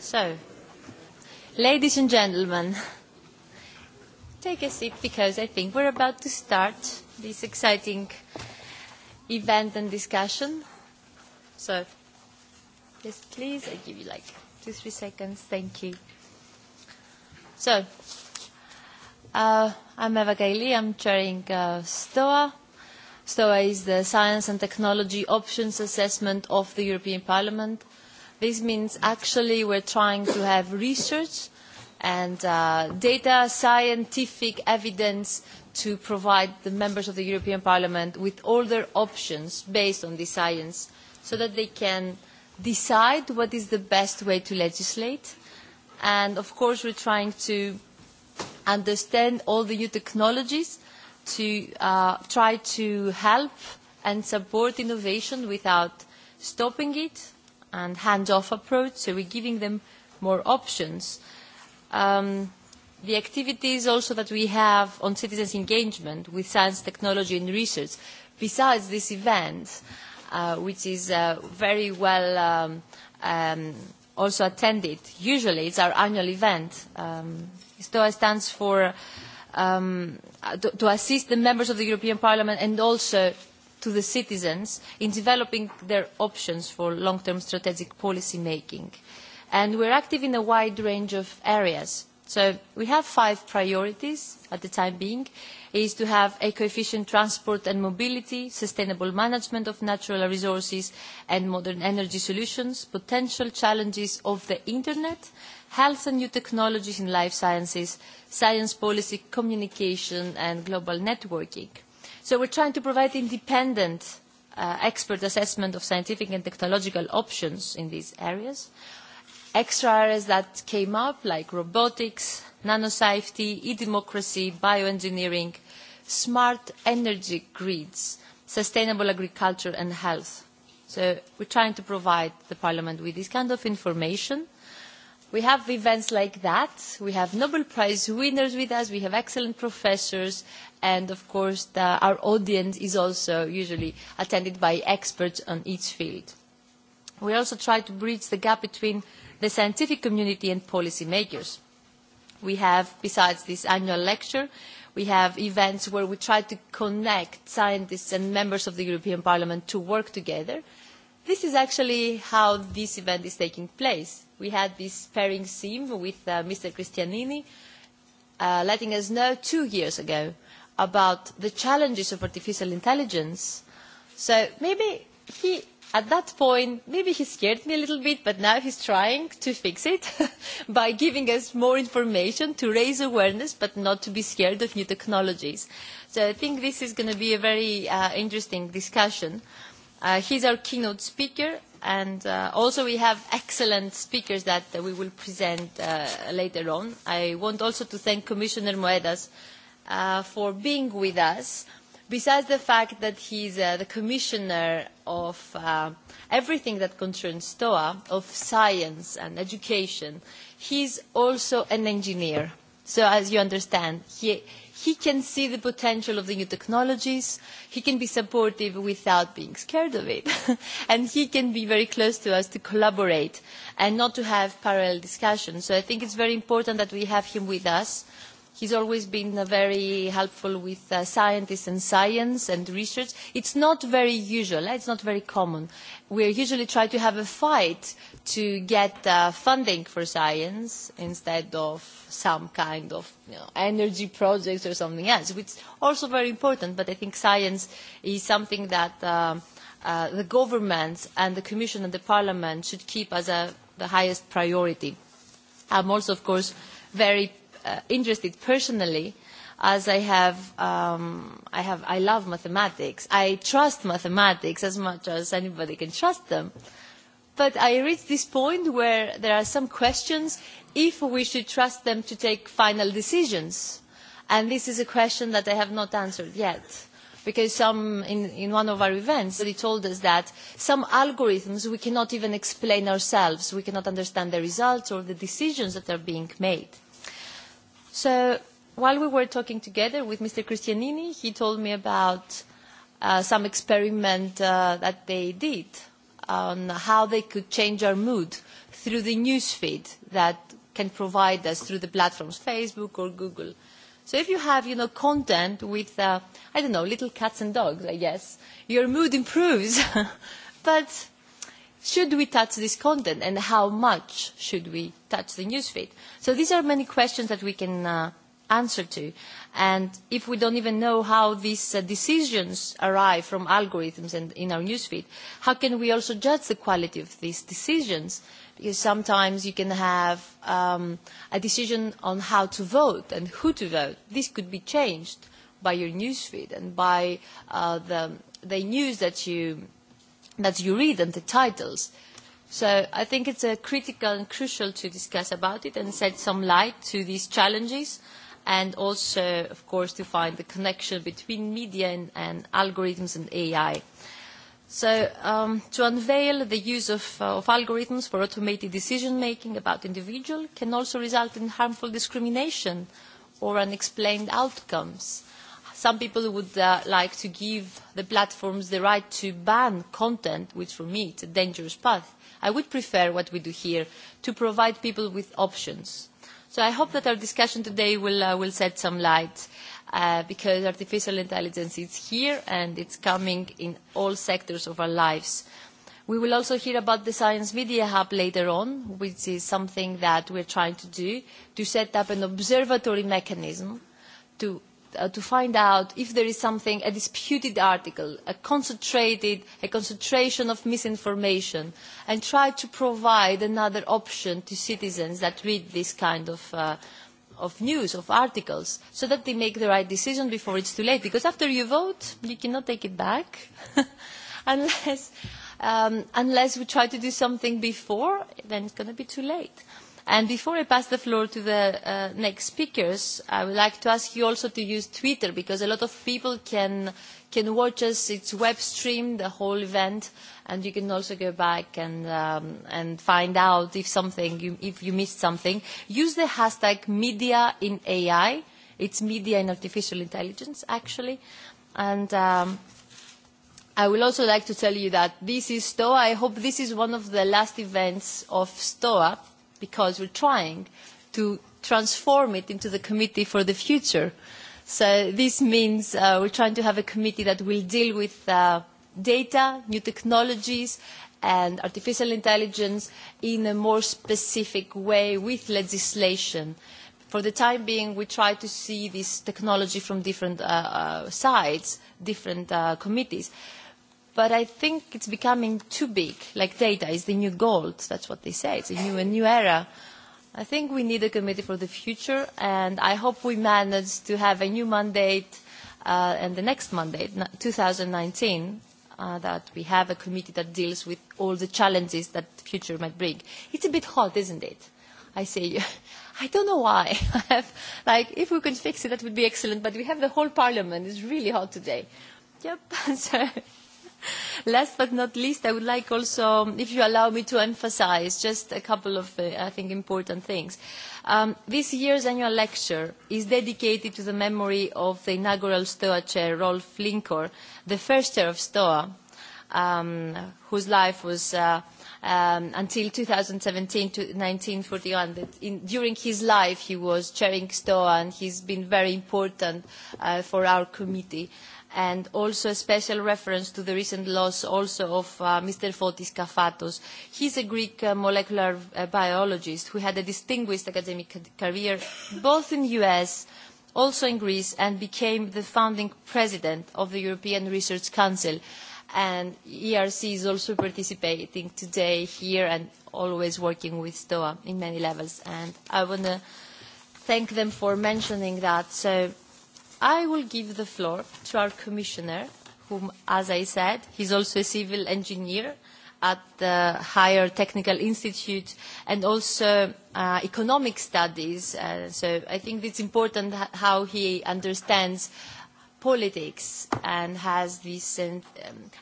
So, ladies and gentlemen, take a seat because I think we're about to start this exciting event and discussion. So, yes, please, I give you like two, three seconds. Thank you. So, uh, I'm Eva Gailey. I'm chairing uh, STOA STOA is the Science and Technology Options Assessment of the European Parliament. This means actually we're trying to have research and uh, data, scientific evidence to provide the members of the European Parliament with all their options based on the science so that they can decide what is the best way to legislate. And of course, we're trying to understand all the new technologies to uh, try to help and support innovation without stopping it and hands-off approach, so we're giving them more options. Um, the activities also that we have on citizens' engagement with science, technology and research, besides this event, uh, which is uh, very well um, um, also attended. Usually it's our annual event. Um, STOA stands for um, to assist the members of the European Parliament and also to the citizens in developing their options for long-term strategic policy making. And we're active in a wide range of areas. So we have five priorities at the time being, is to have eco-efficient transport and mobility, sustainable management of natural resources and modern energy solutions, potential challenges of the internet, health and new technologies in life sciences, science policy, communication, and global networking. So we're trying to provide independent uh, expert assessment of scientific and technological options in these areas. Extra areas that came up, like robotics, nanosafety, e-democracy, bioengineering, smart energy grids, sustainable agriculture and health. So we're trying to provide the Parliament with this kind of information We have events like that. We have Nobel Prize winners with us. We have excellent professors. And of course, the, our audience is also usually attended by experts on each field. We also try to bridge the gap between the scientific community and policymakers. We have, besides this annual lecture, we have events where we try to connect scientists and members of the European Parliament to work together. This is actually how this event is taking place we had this pairing sim with uh, Mr. Cristianini uh, letting us know two years ago about the challenges of artificial intelligence. So maybe he, at that point, maybe he scared me a little bit, but now he's trying to fix it by giving us more information to raise awareness, but not to be scared of new technologies. So I think this is going to be a very uh, interesting discussion. Uh, he's our keynote speaker, And uh, also we have excellent speakers that we will present uh, later on. I want also to thank Commissioner Moedas uh, for being with us. Besides the fact that he's uh, the commissioner of uh, everything that concerns STOA, of science and education, he's also an engineer. So as you understand, he, He can see the potential of the new technologies. He can be supportive without being scared of it. and he can be very close to us to collaborate and not to have parallel discussions. So I think it's very important that we have him with us He's always been very helpful with uh, scientists and science and research. It's not very usual. It's not very common. We usually try to have a fight to get uh, funding for science instead of some kind of you know, energy projects or something else, which is also very important. But I think science is something that uh, uh, the government and the Commission and the Parliament should keep as a, the highest priority. I'm also, of course, very uh, interested personally as I have, um, I have, I love mathematics. I trust mathematics as much as anybody can trust them. But I reached this point where there are some questions if we should trust them to take final decisions. And this is a question that I have not answered yet. Because some, in, in one of our events, they told us that some algorithms we cannot even explain ourselves. We cannot understand the results or the decisions that are being made So while we were talking together with Mr. Christianini, he told me about uh, some experiment uh, that they did on how they could change our mood through the news feed that can provide us through the platforms Facebook or Google. So if you have, you know, content with, uh, I don't know, little cats and dogs, I guess, your mood improves. but should we touch this content and how much should we touch the newsfeed? So these are many questions that we can uh, answer to. And if we don't even know how these uh, decisions arrive from algorithms and in our newsfeed, how can we also judge the quality of these decisions? Because sometimes you can have um, a decision on how to vote and who to vote. This could be changed by your newsfeed and by uh, the, the news that you that you read and the titles. So I think it's uh, critical and crucial to discuss about it and shed some light to these challenges and also, of course, to find the connection between media and, and algorithms and AI. So um, to unveil the use of, uh, of algorithms for automated decision-making about individuals can also result in harmful discrimination or unexplained outcomes some people would uh, like to give the platforms the right to ban content, which for me is a dangerous path. I would prefer what we do here, to provide people with options. So I hope that our discussion today will, uh, will set some light uh, because artificial intelligence is here and it's coming in all sectors of our lives. We will also hear about the Science Media Hub later on, which is something that we're trying to do, to set up an observatory mechanism to uh, to find out if there is something, a disputed article, a concentrated, a concentration of misinformation, and try to provide another option to citizens that read this kind of, uh, of news, of articles, so that they make the right decision before it's too late. Because after you vote, you cannot take it back unless, um, unless we try to do something before, then it's going to be too late. And before I pass the floor to the next speakers, I would like to ask you also to use Twitter because a lot of people can can watch us. It's web streamed the whole event, and you can also go back and um, and find out if something you, if you missed something. Use the hashtag media in AI. It's media in artificial intelligence actually, and. Um, I would also like to tell you that this is STOA. I hope this is one of the last events of STOA because we're trying to transform it into the committee for the future. So this means uh, we're trying to have a committee that will deal with uh, data, new technologies, and artificial intelligence in a more specific way with legislation. For the time being, we try to see this technology from different uh, uh, sides, different uh, committees but I think it's becoming too big. Like data is the new gold. That's what they say. It's a new, a new era. I think we need a committee for the future, and I hope we manage to have a new mandate uh, and the next mandate, 2019, uh, that we have a committee that deals with all the challenges that the future might bring. It's a bit hot, isn't it? I say, I don't know why. I have, like, if we could fix it, that would be excellent, but we have the whole parliament. It's really hot today. Yep, sorry. Last but not least, I would like also, if you allow me, to emphasize just a couple of, I think, important things. Um, this year's annual lecture is dedicated to the memory of the inaugural STOA chair, Rolf Linkor, the first chair of STOA, um, whose life was uh, um, until 2017 to 1941. That in, during his life, he was chairing STOA, and he's been very important uh, for our committee and also a special reference to the recent loss also of uh, Mr. Fotis Kafatos. He's a Greek uh, molecular uh, biologist who had a distinguished academic career both in the U.S., also in Greece, and became the founding president of the European Research Council. And ERC is also participating today here and always working with STOA in many levels. And I want to thank them for mentioning that. So I will give the floor to our commissioner, whom, as I said, he's also a civil engineer at the Higher Technical Institute and also uh, economic studies. Uh, so I think it's important how he understands uh, politics and has this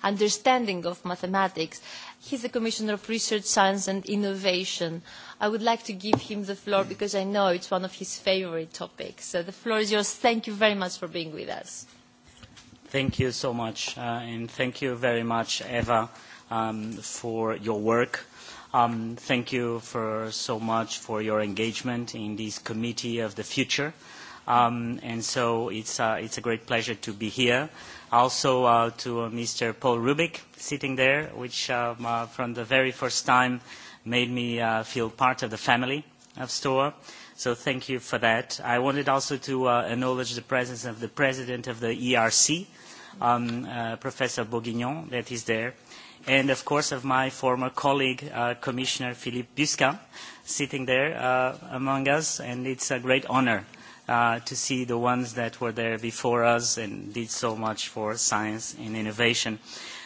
understanding of mathematics. He's the Commissioner of Research, Science and Innovation. I would like to give him the floor because I know it's one of his favorite topics. So the floor is yours. Thank you very much for being with us. Thank you so much, uh, and thank you very much, Eva, um, for your work. Um, thank you for so much for your engagement in this committee of the future. Um, and so it's, uh, it's a great pleasure to be here. Also uh, to uh, Mr. Paul Rubik sitting there, which um, uh, from the very first time made me uh, feel part of the family of STOA. So thank you for that. I wanted also to uh, acknowledge the presence of the president of the ERC, um, uh, Professor Bourguignon, that is there, and of course of my former colleague, uh, Commissioner Philippe Busquin, sitting there uh, among us, and it's a great honor uh, to see the ones that were there before us and did so much for science and innovation.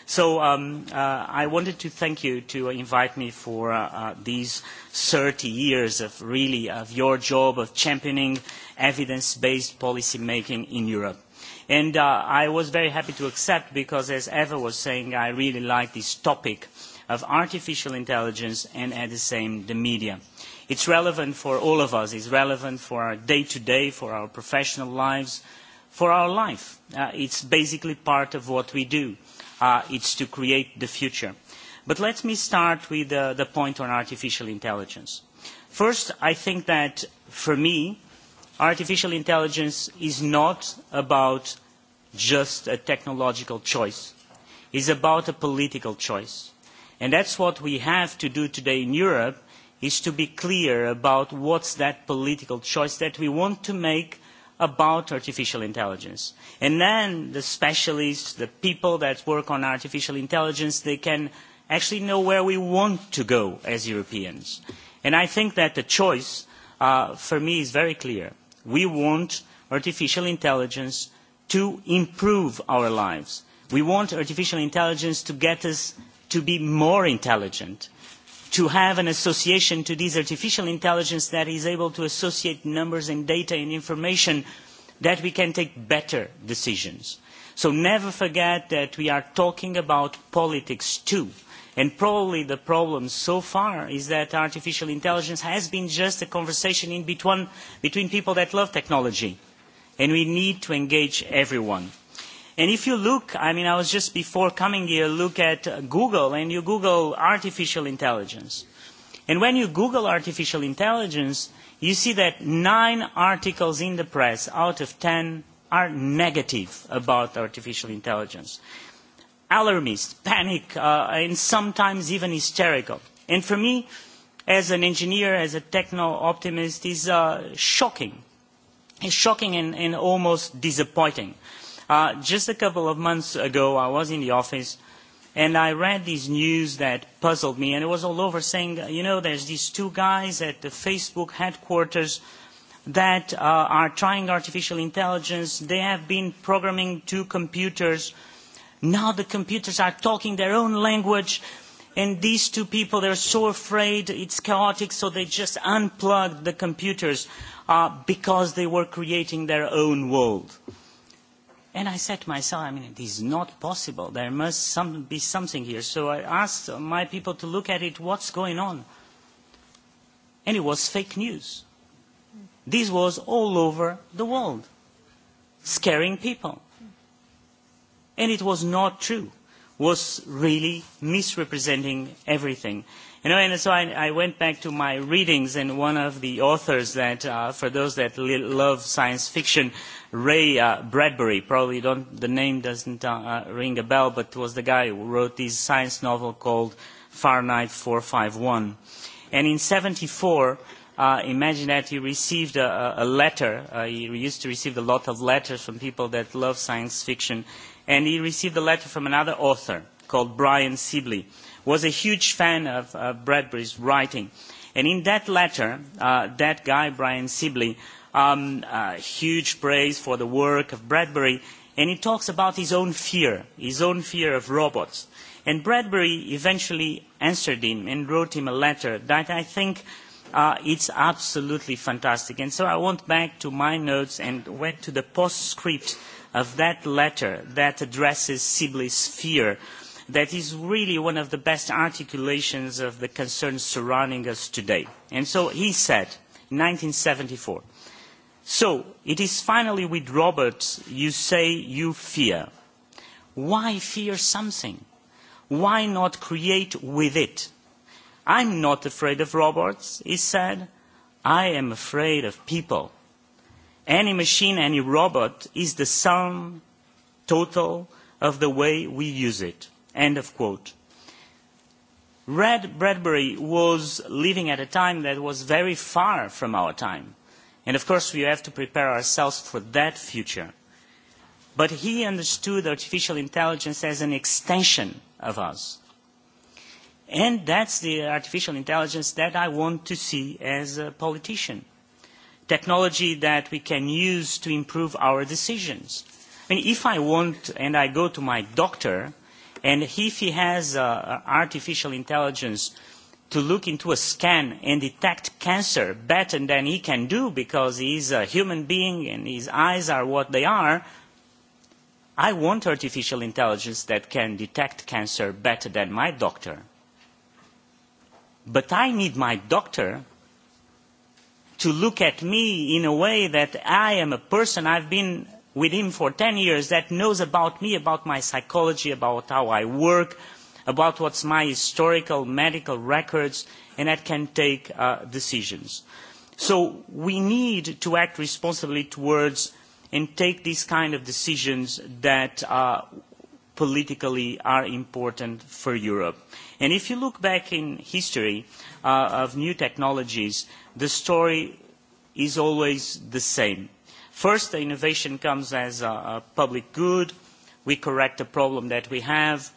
So um, uh, I wanted to thank you to invite me for uh, uh, these 30 years of really of your job of championing evidence-based policy making in Europe. And uh, I was very happy to accept because, as Eva was saying, I really like this topic of artificial intelligence and at the same the media It's relevant for all of us. It's relevant for our day-to-day, for our professional lives, for our life. Uh, it's basically part of what we do. Uh, it's to create the future. But let me start with uh, the point on artificial intelligence. First, I think that for me, artificial intelligence is not about just a technological choice. It's about a political choice. And that's what we have to do today in Europe is to be clear about what is that political choice that we want to make about artificial intelligence. And then the specialists, the people that work on artificial intelligence, they can actually know where we want to go as Europeans. And I think that the choice uh, for me is very clear. We want artificial intelligence to improve our lives. We want artificial intelligence to get us to be more intelligent to have an association to this artificial intelligence that is able to associate numbers and data and information that we can take better decisions. So never forget that we are talking about politics too. And probably the problem so far is that artificial intelligence has been just a conversation in between, between people that love technology. And we need to engage everyone And if you look, I mean, I was just before coming here, look at Google, and you Google artificial intelligence. And when you Google artificial intelligence, you see that nine articles in the press out of ten are negative about artificial intelligence. Alarmist, panic, uh, and sometimes even hysterical. And for me, as an engineer, as a techno-optimist, is uh, shocking. It's shocking and, and almost disappointing Uh, just a couple of months ago, I was in the office and I read this news that puzzled me, and it was all over saying, you know, there's these two guys at the Facebook headquarters that uh, are trying artificial intelligence. They have been programming two computers. Now the computers are talking their own language, and these two people, they're so afraid, it's chaotic, so they just unplugged the computers uh, because they were creating their own world. Uh, And I said to myself, I mean, it is not possible. There must some, be something here. So I asked my people to look at it, what's going on? And it was fake news. This was all over the world, scaring people. And it was not true, was really misrepresenting everything. You know, and so I, I went back to my readings, and one of the authors that, uh, for those that li- love science fiction, Ray uh, Bradbury, probably don't, the name doesn't uh, ring a bell, but was the guy who wrote this science novel called Fahrenheit 451. And in 74, uh, imagine that he received a, a letter. Uh, he used to receive a lot of letters from people that love science fiction. And he received a letter from another author called Brian Sibley was a huge fan of, Bradbury's writing. And in that letter, uh, that guy, Brian Sibley, um, uh, huge praise for the work of Bradbury, and he talks about his own fear, his own fear of robots. And Bradbury eventually answered him and wrote him a letter that I think uh, it's absolutely fantastic. And so I went back to my notes and went to the postscript of that letter that addresses Sibley's fear that is really one of the best articulations of the concerns surrounding us today. And so he said, in seventy four, so it is finally with Roberts you say you fear. Why fear something? Why not create with it? I'm not afraid of robots, he said. I am afraid of people. Any machine, any robot is the sum total of the way we use it. End of quote. Red Bradbury was living at a time that was very far from our time. And of course, we have to prepare ourselves for that future. But he understood artificial intelligence as an extension of us. And that's the artificial intelligence that I want to see as a politician. Technology that we can use to improve our decisions. I mean, if I want and I go to my doctor And if he has uh, artificial intelligence to look into a scan and detect cancer better than he can do because he is a human being and his eyes are what they are, I want artificial intelligence that can detect cancer better than my doctor. But I need my doctor to look at me in a way that I am a person, I've been with him for ten years that knows about me, about my psychology, about how I work, about what's my historical medical records, and that can take uh, decisions. So we need to act responsibly towards and take these kind of decisions that uh, politically are important for Europe. And if you look back in history uh, of new technologies, the story is always the same First, the innovation comes as a public good. We correct a problem that we have.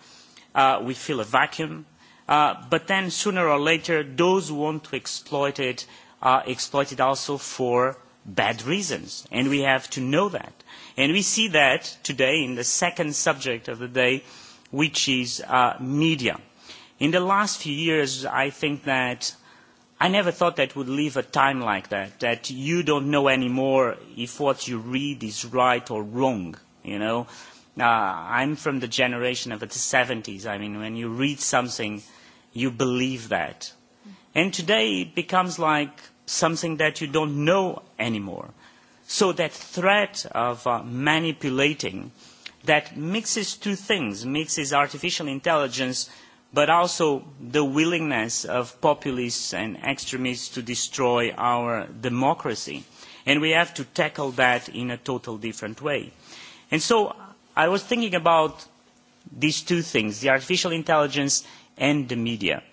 We fill a vacuum. But then sooner or later, those who want to exploit it exploit it also for bad reasons. And we have to know that. And we see that today in the second subject of the day, which is media. In the last few years, I think that I never thought that would leave a time like that, that you don't know anymore if what you read is right or wrong, you know. Uh, I'm from the generation of the 70s. I mean, when you read something, you believe that. And today it becomes like something that you don't know anymore. So that threat of uh, manipulating that mixes two things, mixes artificial intelligence – but also the willingness of populists and extremists to destroy our democracy. And we have to tackle that in a totally different way. And so I was thinking about these two things, the artificial intelligence and the media,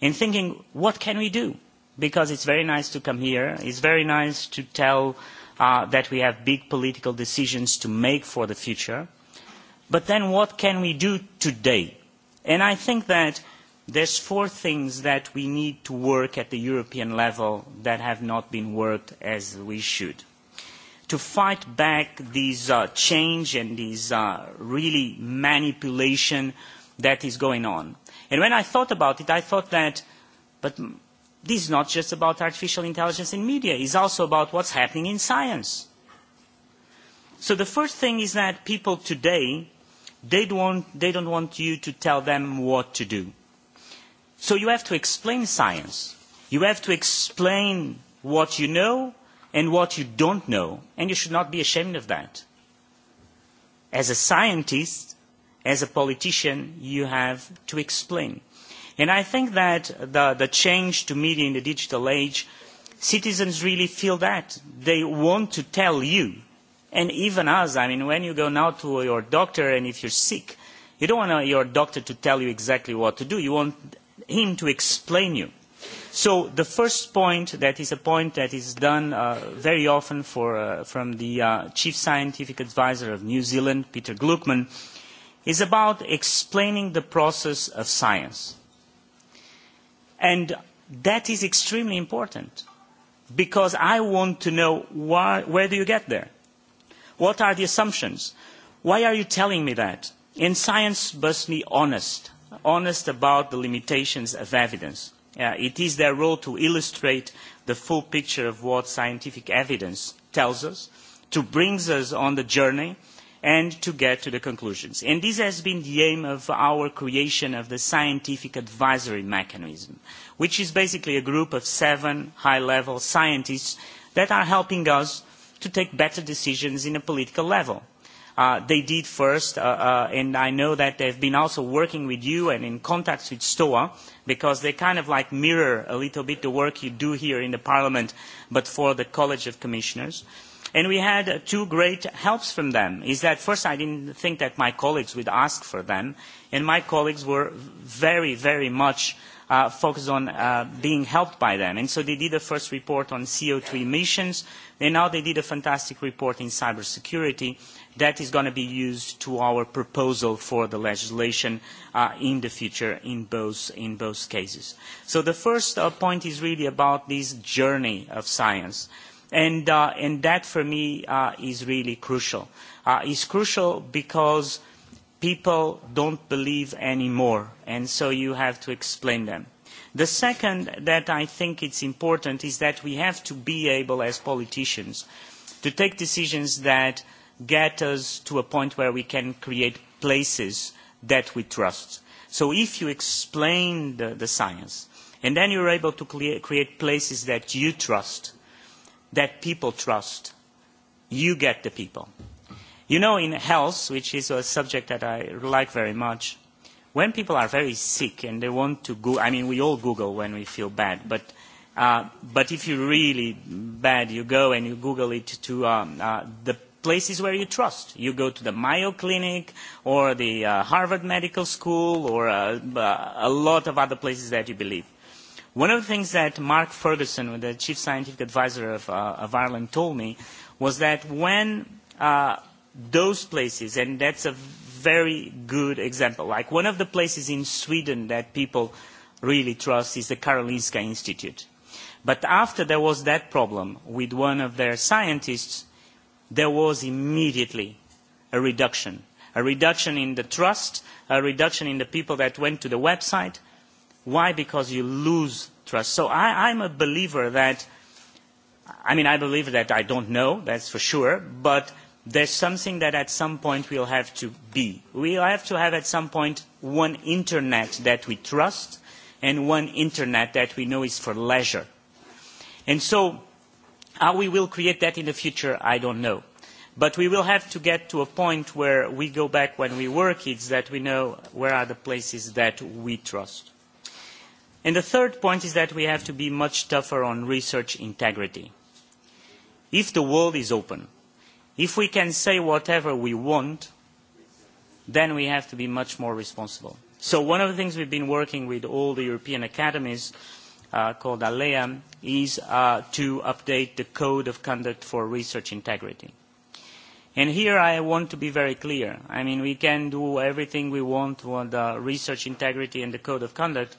and thinking, what can we do? Because it's very nice to come here, it's very nice to tell uh, that we have big political decisions to make for the future, but then what can we do today? And I think that there's four things that we need to work at the European level that have not been worked as we should. To fight back these uh, change and these uh, really manipulation that is going on. And when I thought about it, I thought that, but this is not just about artificial intelligence in media. It's also about what's happening in science. So the first thing is that people today They don't, they don't want you to tell them what to do. So you have to explain science. You have to explain what you know and what you don't know, and you should not be ashamed of that. As a scientist, as a politician, you have to explain. And I think that the, the change to media in the digital age, citizens really feel that. They want to tell you and even us i mean when you go now to your doctor and if you're sick you don't want your doctor to tell you exactly what to do you want him to explain you so the first point that is a point that is done uh, very often for, uh, from the uh, chief scientific advisor of new zealand peter gluckman is about explaining the process of science and that is extremely important because i want to know why, where do you get there What are the assumptions? Why are you telling me that? In science, must be honest, honest about the limitations of evidence. it is their role to illustrate the full picture of what scientific evidence tells us, to bring us on the journey, and to get to the conclusions. And this has been the aim of our creation of the Scientific Advisory Mechanism, which is basically a group of seven high-level scientists that are helping us to take better decisions in a political level. Uh, they did first, uh, uh, and I know that they've been also working with you and in contact with STOA, because they kind of like mirror a little bit the work you do here in the Parliament, but for the College of Commissioners. And we had uh, two great helps from them. Is that first, I didn't think that my colleagues would ask for them, and my colleagues were very, very much uh, focused on uh, being helped by them. And so they did the first report on CO2 emissions, and now they did a fantastic report in cybersecurity that is going to be used to our proposal for the legislation uh, in the future in both, in both cases. So the first uh, point is really about this journey of science. And, uh, and that for me uh, is really crucial. Uh, it's crucial because uh, people don't believe anymore, and so you have to explain them. The second that I think is important is that we have to be able as politicians to take decisions that get us to a point where we can create places that we trust. So if you explain the, the science, and then you're able to create places that you trust, that people trust, you get the people You know, in health, which is a subject that I like very much, when people are very sick and they want to go, I mean, we all Google when we feel bad, but uh, but if you're really bad, you go and you Google it to um, uh, the places where you trust. You go to the Mayo Clinic or the uh, Harvard Medical School or uh, a lot of other places that you believe. One of the things that Mark Ferguson, the chief scientific advisor of, uh, of Ireland, told me was that when uh, those places, and that's a very good example. Like one of the places in Sweden that people really trust is the Karolinska Institute. But after there was that problem with one of their scientists, there was immediately a reduction. A reduction in the trust, a reduction in the people that went to the website. Why? Because you lose trust. So I, I'm a believer that, I mean, I believe that I don't know, that's for sure, but – there is something that at some point we will have to be. We will have to have at some point one internet that we trust and one internet that we know is for leisure. And so how we will create that in the future, I don't know. But we will have to get to a point where we go back when we were kids that we know where are the places that we trust. And the third point is that we have to be much tougher on research integrity. If the world is open, If we can say whatever we want, then we have to be much more responsible. So one of the things we've been working with all the European academies uh, called ALEA is uh, to update the Code of Conduct for Research Integrity. And here I want to be very clear. I mean, we can do everything we want on the research integrity and the code of conduct,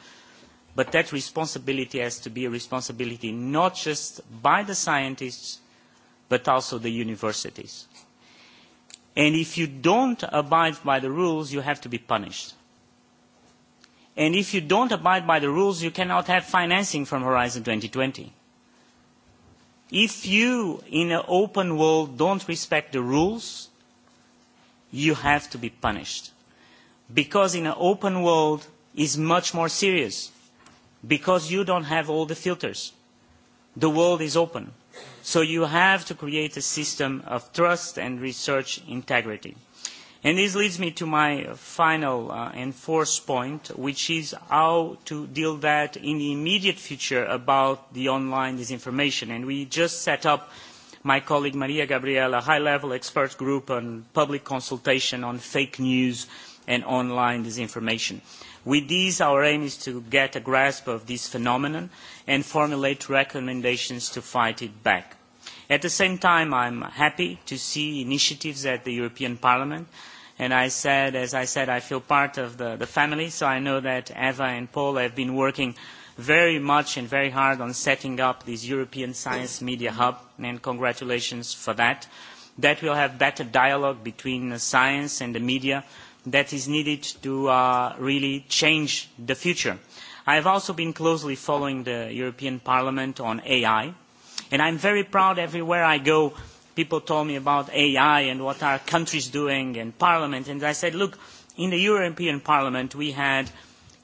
but that responsibility has to be a responsibility not just by the scientists, but also the universities. And if you don't abide by the rules, you have to be punished. And if you don't abide by the rules, you cannot have financing from Horizon 2020. If you, in an open world, don't respect the rules, you have to be punished. Because in an open world is much more serious. Because you don't have all the filters. The world is open So you have to create a system of trust and research integrity. And this leads me to my final uh, and fourth point, which is how to deal that in the immediate future about the online disinformation. And we just set up my colleague Maria Gabriela, high-level expert group on public consultation on fake news and online disinformation. With these, our aim is to get a grasp of this phenomenon and formulate recommendations to fight it back. At the same time, I'm happy to see initiatives at the European Parliament. And I said, as I said, I feel part of the, the family, so I know that Eva and Paul have been working very much and very hard on setting up this European Science Media Hub, and congratulations for that. That will have better dialogue between the science and the media that is needed to uh, really change the future. I have also been closely following the European Parliament on AI, And I'm very proud everywhere I go, people told me about AI and what our is doing and parliament. And I said, look, in the European Parliament we had,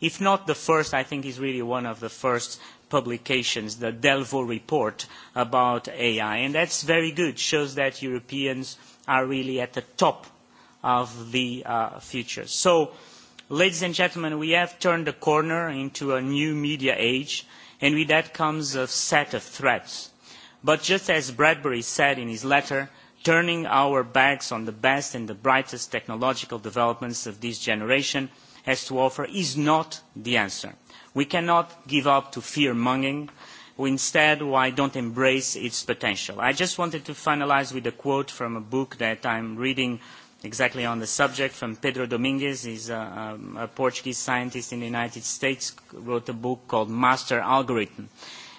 if not the first, I think is really one of the first publications, the Delvo report about AI. And that's very good, shows that Europeans are really at the top of the uh, future. So, ladies and gentlemen, we have turned the corner into a new media age, and with that comes a set of threats But just as Bradbury said in his letter, turning our backs on the best and the brightest technological developments of this generation has to offer is not the answer. We cannot give up to fear-mongering. Instead, why don't embrace its potential? I just wanted to finalise with a quote from a book that I am reading exactly on the subject from Pedro Domingues. who is a Portuguese scientist in the United States, wrote a book called Master Algorithm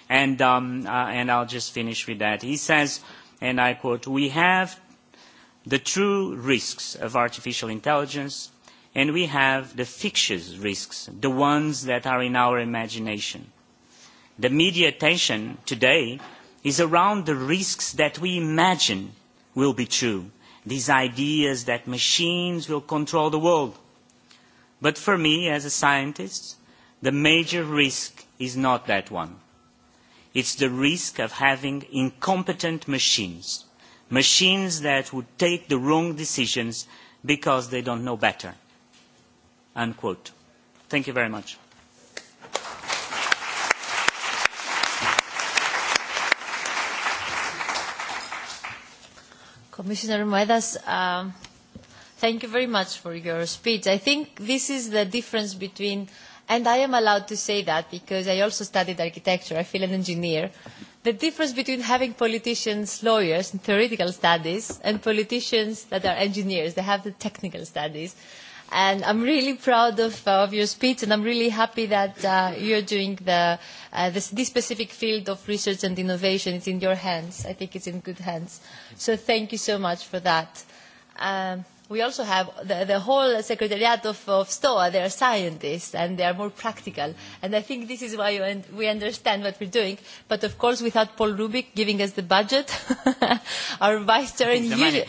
And, um, uh, and I'll just finish with that. He says, and I quote, we have the true risks of artificial intelligence and we have the fictitious risks, the ones that are in our imagination. The media attention today is around the risks that we imagine will be true, these ideas that machines will control the world. But for me, as a scientist, the major risk is not that one It is the risk of having incompetent machines, machines that would take the wrong decisions because they don't know better. Unquote. Thank you very much. Commissioner Moedas, um, thank you very much for your speech. I think this is the difference between uh, and I am allowed to say that because I also studied architecture, I feel an engineer. The difference between having politicians, lawyers, and theoretical studies, and politicians that are engineers, they have the technical studies. And I'm really proud of, uh, of your speech, and I'm really happy that uh, you're doing the, uh, this, this specific field of research and innovation. It's in your hands. I think it's in good hands. So thank you so much for that. Um, we also have the, the whole secretariat of, of STOA. They are scientists and they are more practical. And I think this is why you and we understand what we're doing. But of course, without Paul Rubik giving us the budget, our vice chair in he's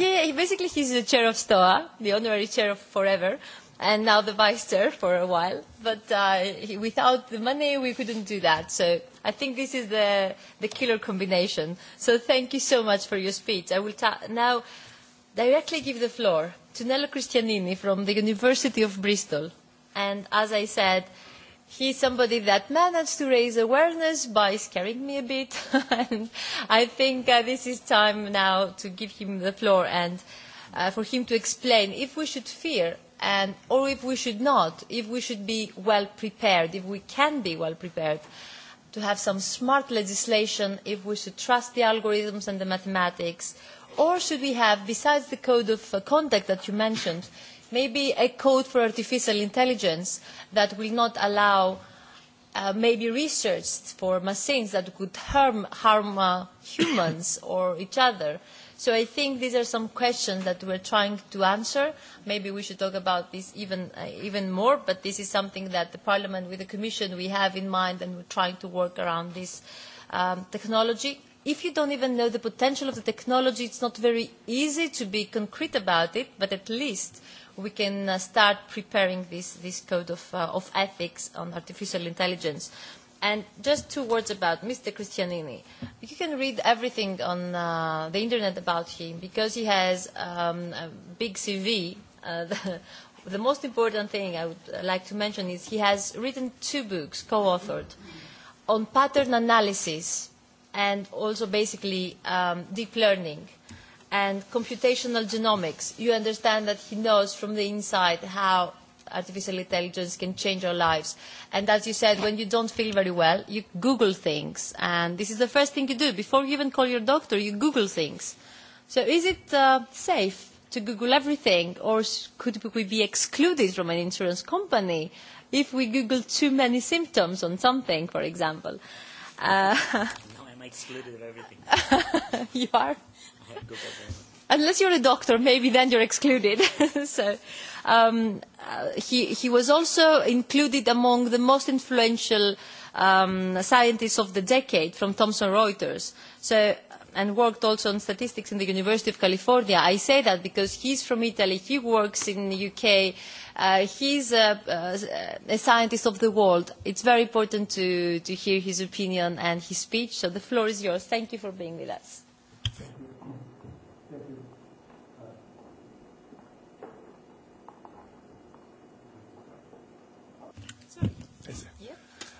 Yeah, basically, he's the chair of STOA, the honorary chair of forever. And now the vice chair for a while, but uh, without the money we couldn't do that. So I think this is the the killer combination. So thank you so much for your speech. I will ta- now directly give the floor to Nello Cristianini from the University of Bristol. And as I said, he's somebody that managed to raise awareness by scaring me a bit. and I think uh, this is time now to give him the floor and uh, for him to explain if we should fear and, or if we should not, if we should be well prepared, if we can be well prepared to have some smart legislation, if we should trust the algorithms and the mathematics, Or should we have, besides the code of conduct that you mentioned, maybe a code for artificial intelligence that will not allow uh, maybe research for machines that could harm, harm uh, humans or each other? So I think these are some questions that we're trying to answer. Maybe we should talk about this even, uh, even more, but this is something that the Parliament with the Commission we have in mind and we're trying to work around this um, technology if you don't even know the potential of the technology, it's not very easy to be concrete about it, but at least we can uh, start preparing this, this code of, uh, of ethics on artificial intelligence. And just two words about Mr. Christianini. You can read everything on uh, the internet about him because he has um, a big CV. Uh, the, the most important thing I would like to mention is he has written two books, co-authored, on pattern analysis and also basically um, deep learning and computational genomics. You understand that he knows from the inside how artificial intelligence can change our lives. And as you said, when you don't feel very well, you Google things. And this is the first thing you do. Before you even call your doctor, you Google things. So is it uh, safe to Google everything, or could we be excluded from an insurance company if we Google too many symptoms on something, for example? Uh, excluded of everything. you are? Unless you're a doctor, maybe then you're excluded. so, um, uh, he, he was also included among the most influential um, scientists of the decade from Thomson Reuters. So, and worked also on statistics in the University of California. I say that because he's from Italy, he works in the UK, Uh, he's a, a scientist of the world. It's very important to, to hear his opinion and his speech. So the floor is yours. Thank you for being with us.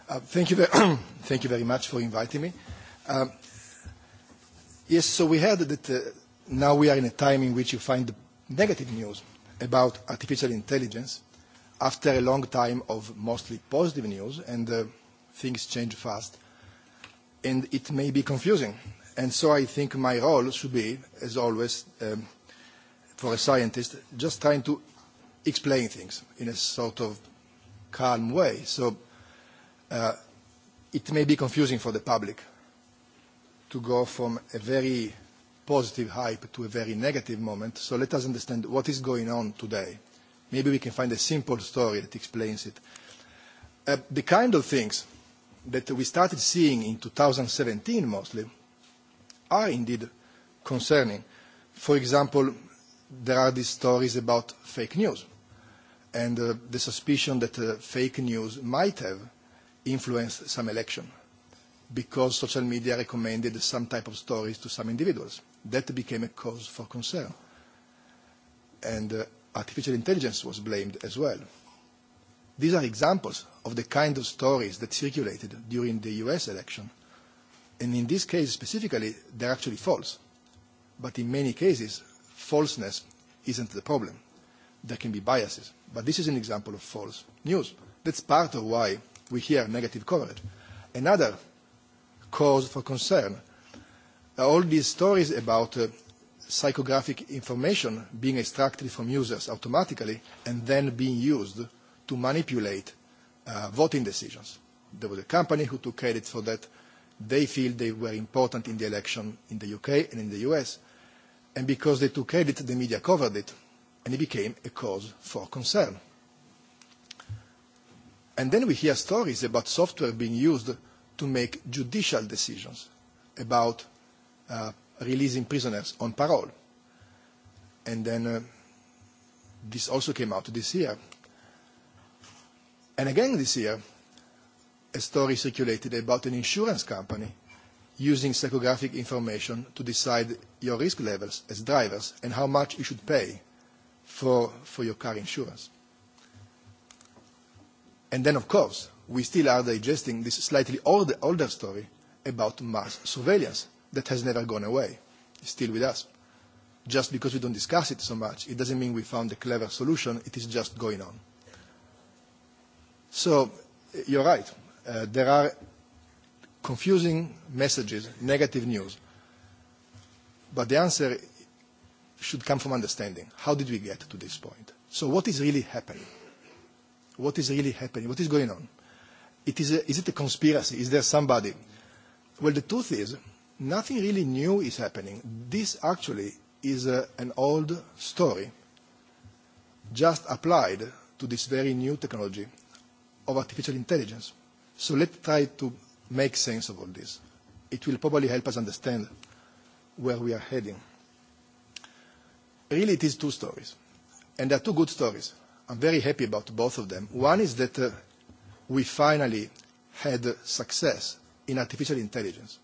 Thank you very much for inviting me. Yes, so we heard that now we are in a time in which you find the negative news about artificial intelligence after a long time of mostly positive news, and uh, things change fast, and it may be confusing. And so I think my role should be, as always, um, for a scientist, just trying to explain things in a sort of calm way. So uh, it may be confusing for the public to go from a very positive hype to a very negative moment. So let us understand what is going on today. Maybe we can find a simple story that explains it. Uh, the kind of things that we started seeing in 2017 mostly are indeed concerning. For example, there are these stories about fake news and uh, the suspicion that uh, fake news might have influenced some election because social media recommended some type of stories to some individuals that became a cause for concern. And uh, artificial intelligence was blamed as well. These are examples of the kind of stories that circulated during the US election. And in this case specifically, they're actually false. But in many cases, falseness isn't the problem. There can be biases. But this is an example of false news. That's part of why we hear negative coverage. Another cause for concern all these stories about uh, psychographic information being extracted from users automatically and then being used to manipulate uh, voting decisions. There was a company who took credit for that. They feel they were important in the election in the UK and in the US. And because they took credit, the media covered it, and it became a cause for concern. And then we hear stories about software being used to make judicial decisions about uh, releasing prisoners on parole. And then uh, this also came out this year. And again this year, a story circulated about an insurance company using psychographic information to decide your risk levels as drivers and how much you should pay for, for your car insurance. And then, of course, we still are digesting this slightly older, older story about mass surveillance that has never gone away. It's still with us. Just because we don't discuss it so much, it doesn't mean we found a clever solution. It is just going on. So you're right. Uh, there are confusing messages, negative news. But the answer should come from understanding. How did we get to this point? So what is really happening? What is really happening? What is going on? It is, a, is it a conspiracy? Is there somebody? Well, the truth is nothing really new is happening. This actually is a, an old story just applied to this very new technology of artificial intelligence. So let's try to make sense of all this. It will probably help us understand where we are heading. Really, it is two stories, and they are two good stories. I'm very happy about both of them. One is that uh, we finally had success in artificial intelligence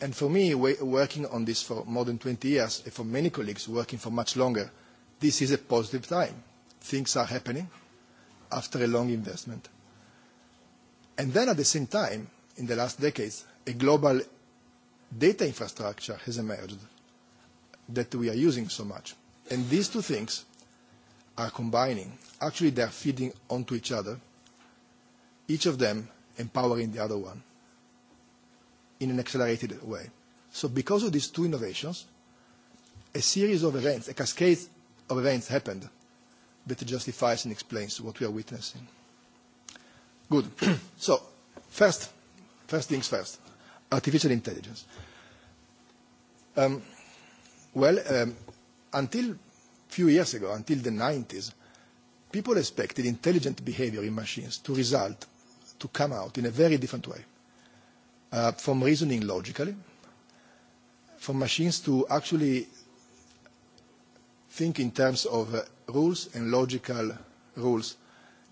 And for me, working on this for more than 20 years, and for many colleagues working for much longer, this is a positive time. Things are happening after a long investment. And then at the same time, in the last decades, a global data infrastructure has emerged that we are using so much. And these two things are combining. Actually, they are feeding onto each other, each of them empowering the other one in an accelerated way. So because of these two innovations, a series of events, a cascade of events happened that justifies and explains what we are witnessing. Good. so first, first things first, artificial intelligence. Um, well, um, until few years ago, until the 90s, people expected intelligent behavior in machines to result, to come out in a very different way uh, from reasoning logically, from machines to actually think in terms of uh, rules and logical rules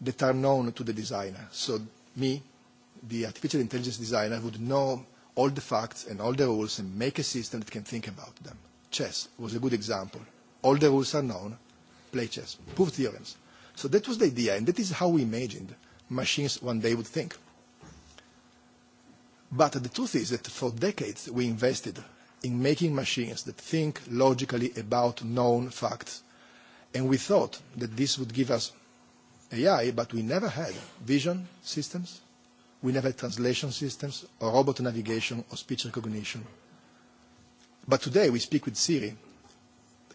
that are known to the designer. So me, the artificial intelligence designer, would know all the facts and all the rules and make a system that can think about them. Chess was a good example. All the rules are known. Play chess. Prove theorems. So that was the idea, and that is how we imagined machines one day would think. But the truth is that for decades we invested in making machines that think logically about known facts. And we thought that this would give us AI, but we never had vision systems, we never had translation systems, or robot navigation, or speech recognition. But today we speak with Siri.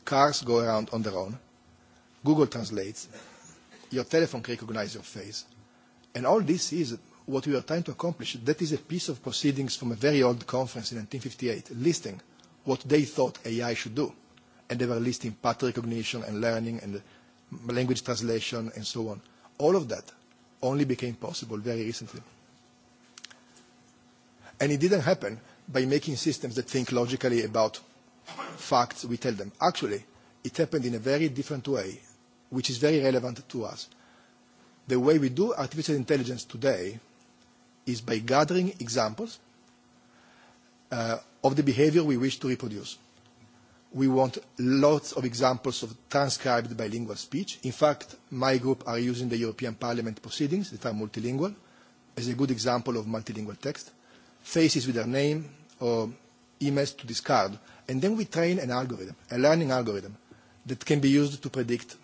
Cars go around on their own. Google translates. Your telephone can recognize your face. And all this is what we are trying to accomplish, that is a piece of proceedings from a very old conference in 1958, listing what they thought AI should do. And they were listing pattern recognition and learning and language translation and so on. All of that only became possible very recently. And it didn't happen by making systems that think logically about facts we tell them. Actually, it happened in a very different way, which is very relevant to us. The way we do artificial intelligence today is by gathering examples uh, of the behavior we wish to reproduce. We want lots of examples of transcribed bilingual speech. In fact, my group are using the European Parliament proceedings that are multilingual as a good example of multilingual text, faces with their name or emails to discard. And then we train an algorithm, a learning algorithm, that can be used to predict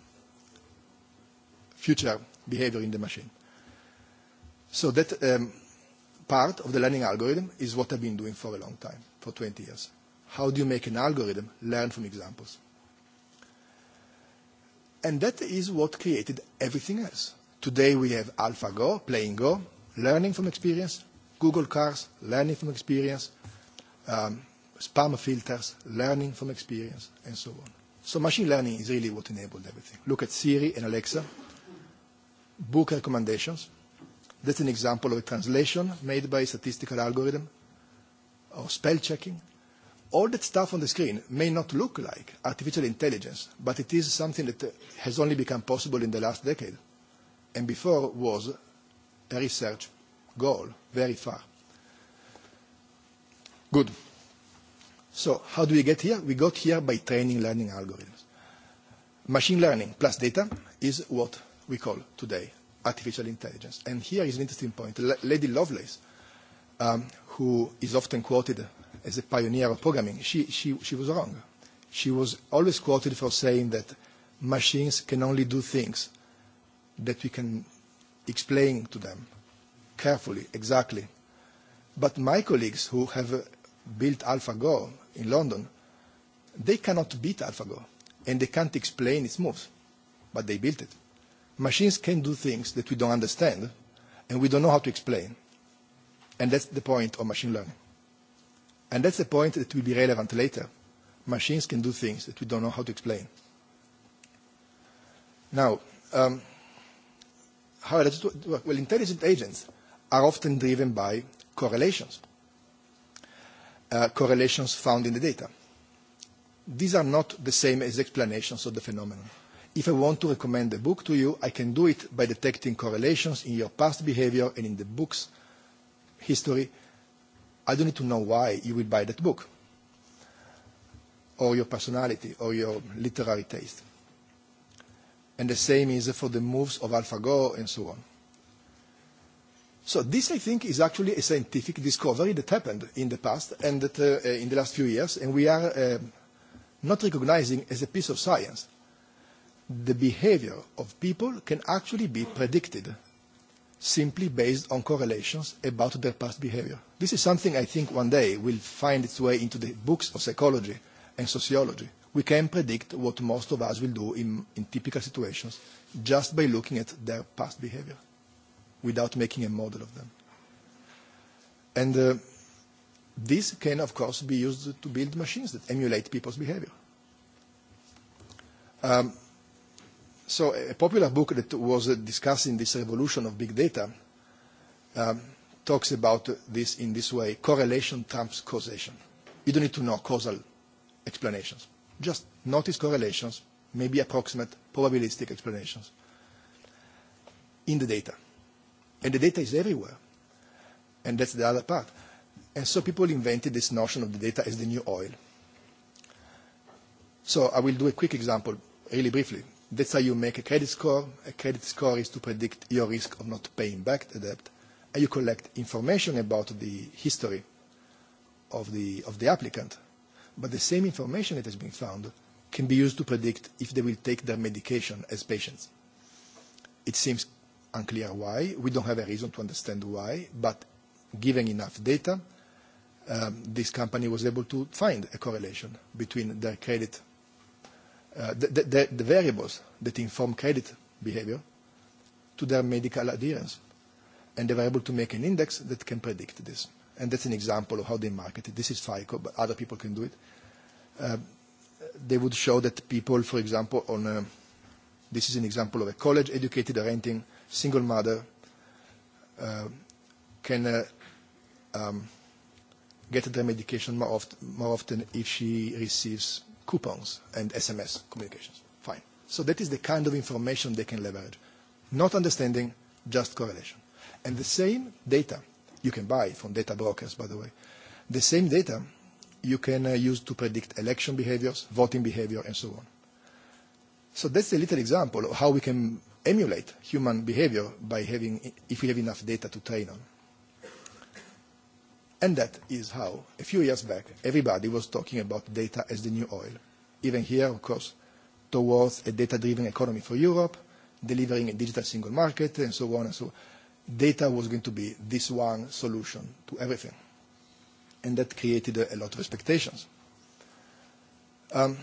future behavior in the machine. So that um, part of the learning algorithm is what I've been doing for a long time, for 20 years. How do you make an algorithm learn from examples? And that is what created everything else. Today we have AlphaGo, playing Go, learning from experience, Google cars, learning from experience, um, spam filters, learning from experience, and so on. So machine learning is really what enabled everything. Look at Siri and Alexa, book recommendations, That's an example of a translation made by a statistical algorithm or spell checking. All that stuff on the screen may not look like artificial intelligence, but it is something that has only become possible in the last decade and before was a research goal very far. Good. So how do we get here? We got here by training learning algorithms. Machine learning plus data is what we call today artificial intelligence. And here is an interesting point. L- Lady Lovelace, um, who is often quoted as a pioneer of programming, she, she, she was wrong. She was always quoted for saying that machines can only do things that we can explain to them carefully, exactly. But my colleagues who have built AlphaGo in London, they cannot beat AlphaGo, and they can't explain its moves, but they built it machines can do things that we don't understand and we don't know how to explain. And that's the point of machine learning. And that's the point that will be relevant later. Machines can do things that we don't know how to explain. Now, um, how does it work? Well, intelligent agents are often driven by correlations, uh, correlations found in the data. These are not the same as explanations of the phenomenon If I want to recommend a book to you, I can do it by detecting correlations in your past behavior and in the book's history. I don't need to know why you will buy that book, or your personality, or your literary taste. And the same is for the moves of AlphaGo and so on. So this, I think, is actually a scientific discovery that happened in the past and that uh, in the last few years, and we are uh, not recognizing as a piece of science – the behavior of people can actually be predicted simply based on correlations about their past behavior. This is something I think one day will find its way into the books of psychology and sociology. We can predict what most of us will do in, in typical situations just by looking at their past behavior without making a model of them. And uh, this can, of course, be used to build machines that emulate people's behavior. Um, So a popular book that was discussing this revolution of big data um, talks about this in this way, correlation trumps causation. You don't need to know causal explanations. Just notice correlations, maybe approximate, probabilistic explanations in the data. And the data is everywhere. And that's the other part. And so people invented this notion of the data as the new oil. So I will do a quick example, really briefly That's how you make a credit score. A credit score is to predict your risk of not paying back the debt. And you collect information about the history of the, of the applicant. But the same information that has been found can be used to predict if they will take their medication as patients. It seems unclear why. We don't have a reason to understand why, but given enough data, um, this company was able to find a correlation between their credit the, the, the variables that inform credit behavior to their medical adherence. And they were able to make an index that can predict this. And that's an example of how they market it. This is FICO, but other people can do it. Uh, they would show that people, for example, on a, this is an example of a college-educated renting single mother uh, can uh, um, get their medication more, oft- more often if she receives coupons and SMS communications. Fine. So that is the kind of information they can leverage. Not understanding, just correlation. And the same data, you can buy from data brokers, by the way, the same data you can uh, use to predict election behaviors, voting behavior, and so on. So that's a little example of how we can emulate human behavior by having, if we have enough data to train on. And that is how, a few years back, everybody was talking about data as the new oil. Even here, of course, towards a data-driven economy for Europe, delivering a digital single market, and so on and so on. Data was going to be this one solution to everything. And that created a, lot of expectations. Um,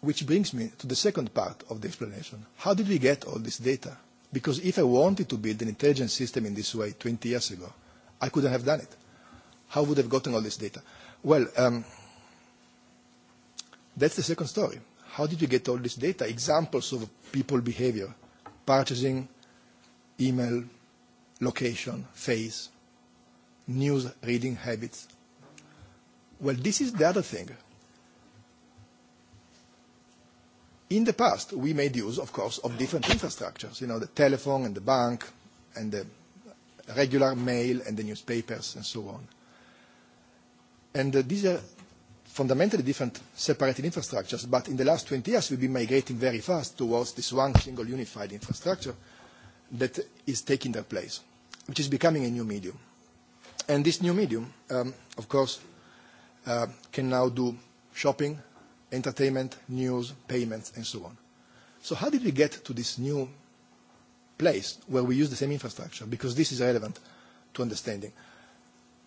which brings me to the second part of the explanation. How did we get all this data? Because if I wanted to build an intelligent system in this way 20 years ago, I couldn't have done it. How would I have gotten all this data? Well, um, that's the second story. How did you get all this data? Examples of people behavior, purchasing, email, location, face, news reading habits. Well, this is the other thing. In the past, we made use, of course, of different infrastructures, you know, the telephone and the bank and the regular mail and the newspapers and so on. And uh, these are fundamentally different separated infrastructures, but in the last 20 years we've been migrating very fast towards this one single unified infrastructure that is taking their place, which is becoming a new medium. And this new medium, um, of course, uh, can now do shopping, entertainment, news, payments, and so on. So how did we get to this new place where we use the same infrastructure, because this is relevant to understanding.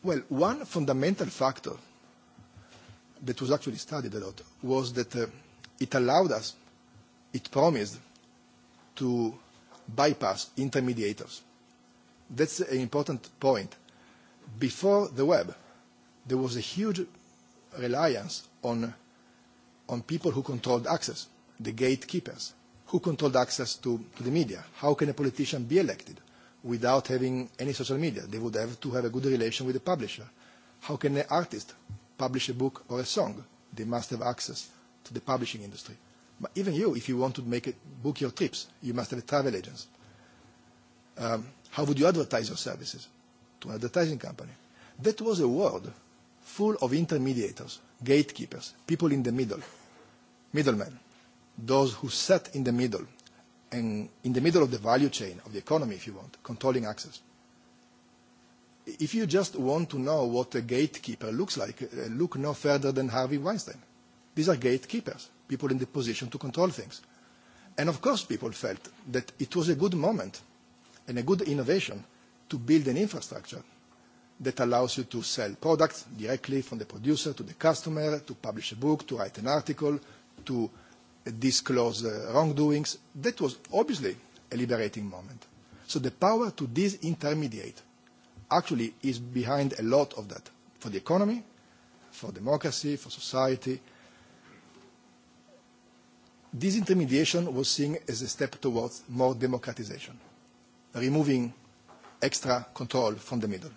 Well, one fundamental factor that was actually studied a lot was that uh, it allowed us, it promised to bypass intermediators. That's an important point. Before the web, there was a huge reliance on, on people who controlled access, the gatekeepers who controlled access to, to the media? How can a politician be elected without having any social media? They would have to have a good relation with the publisher. How can an artist publish a book or a song? They must have access to the publishing industry. But even you, if you want to make it, book your trips, you must have a travel agent. Um, how would you advertise your services to an advertising company? That was a world full of intermediators, gatekeepers, people in the middle, middlemen those who sit in the middle, and in the middle of the value chain of the economy, if you want, controlling access. If you just want to know what a gatekeeper looks like, look no further than Harvey Weinstein. These are gatekeepers, people in the position to control things. And of course, people felt that it was a good moment and a good innovation to build an infrastructure that allows you to sell products directly from the producer to the customer, to publish a book, to write an article, to disclose wrongdoings. That was obviously a liberating moment. So the power to disintermediate actually is behind a lot of that for the economy, for democracy, for society. Disintermediation was seen as a step towards more democratization, removing extra control from the middle,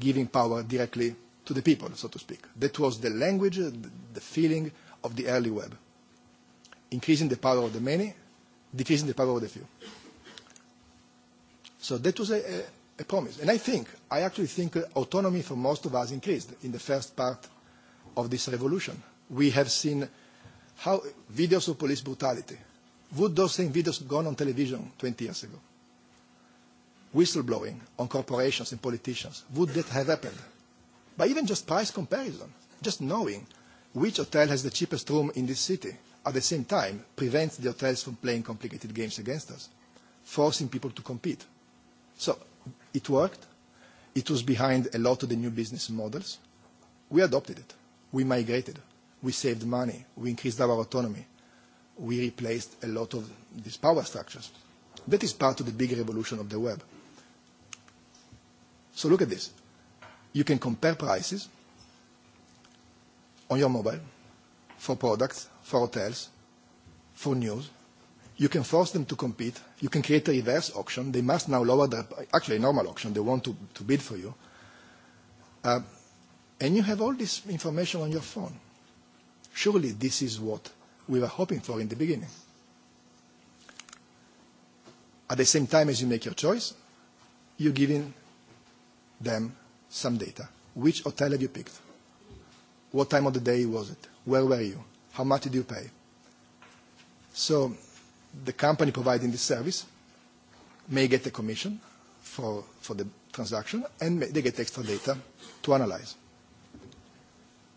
giving power directly to the people, so to speak. That was the language, the feeling of the early web increasing the power of the many, decreasing the power of the few. So that was a, a, a promise. And I think, I actually think autonomy for most of us increased in the first part of this revolution. We have seen how videos of police brutality. Would those same videos have gone on television 20 years ago? Whistleblowing on corporations and politicians. Would that have happened? But even just price comparison, just knowing which hotel has the cheapest room in this city, at the same time, prevents the hotels from playing complicated games against us, forcing people to compete. So it worked. It was behind a lot of the new business models. We adopted it. We migrated. We saved money. We increased our autonomy. We replaced a lot of these power structures. That is part of the big revolution of the web. So look at this. You can compare prices on your mobile for products for hotels, for news. You can force them to compete. You can create a reverse auction. They must now lower their, actually, normal auction. They want to, to bid for you. Uh, and you have all this information on your phone. Surely this is what we were hoping for in the beginning. At the same time as you make your choice, you're giving them some data. Which hotel have you picked? What time of the day was it? Where were you? how much did you pay? So the company providing the service may get a commission for, for the transaction and may they get extra data to analyze.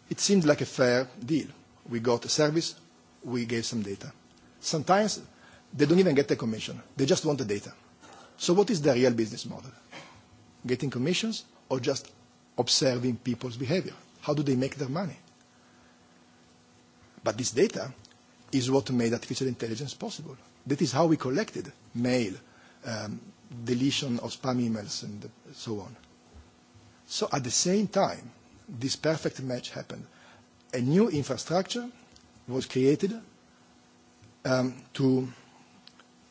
It seems like a fair deal. We got a service, we gave some data. Sometimes they don't even get a commission. They just want the data. So what is the real business model? Getting commissions or just observing people's behavior? How do they make their money? But this data is what made artificial intelligence possible. That is how we collected mail, um, deletion of spam emails, and so on. So at the same time, this perfect match happened. A new infrastructure was created um, to,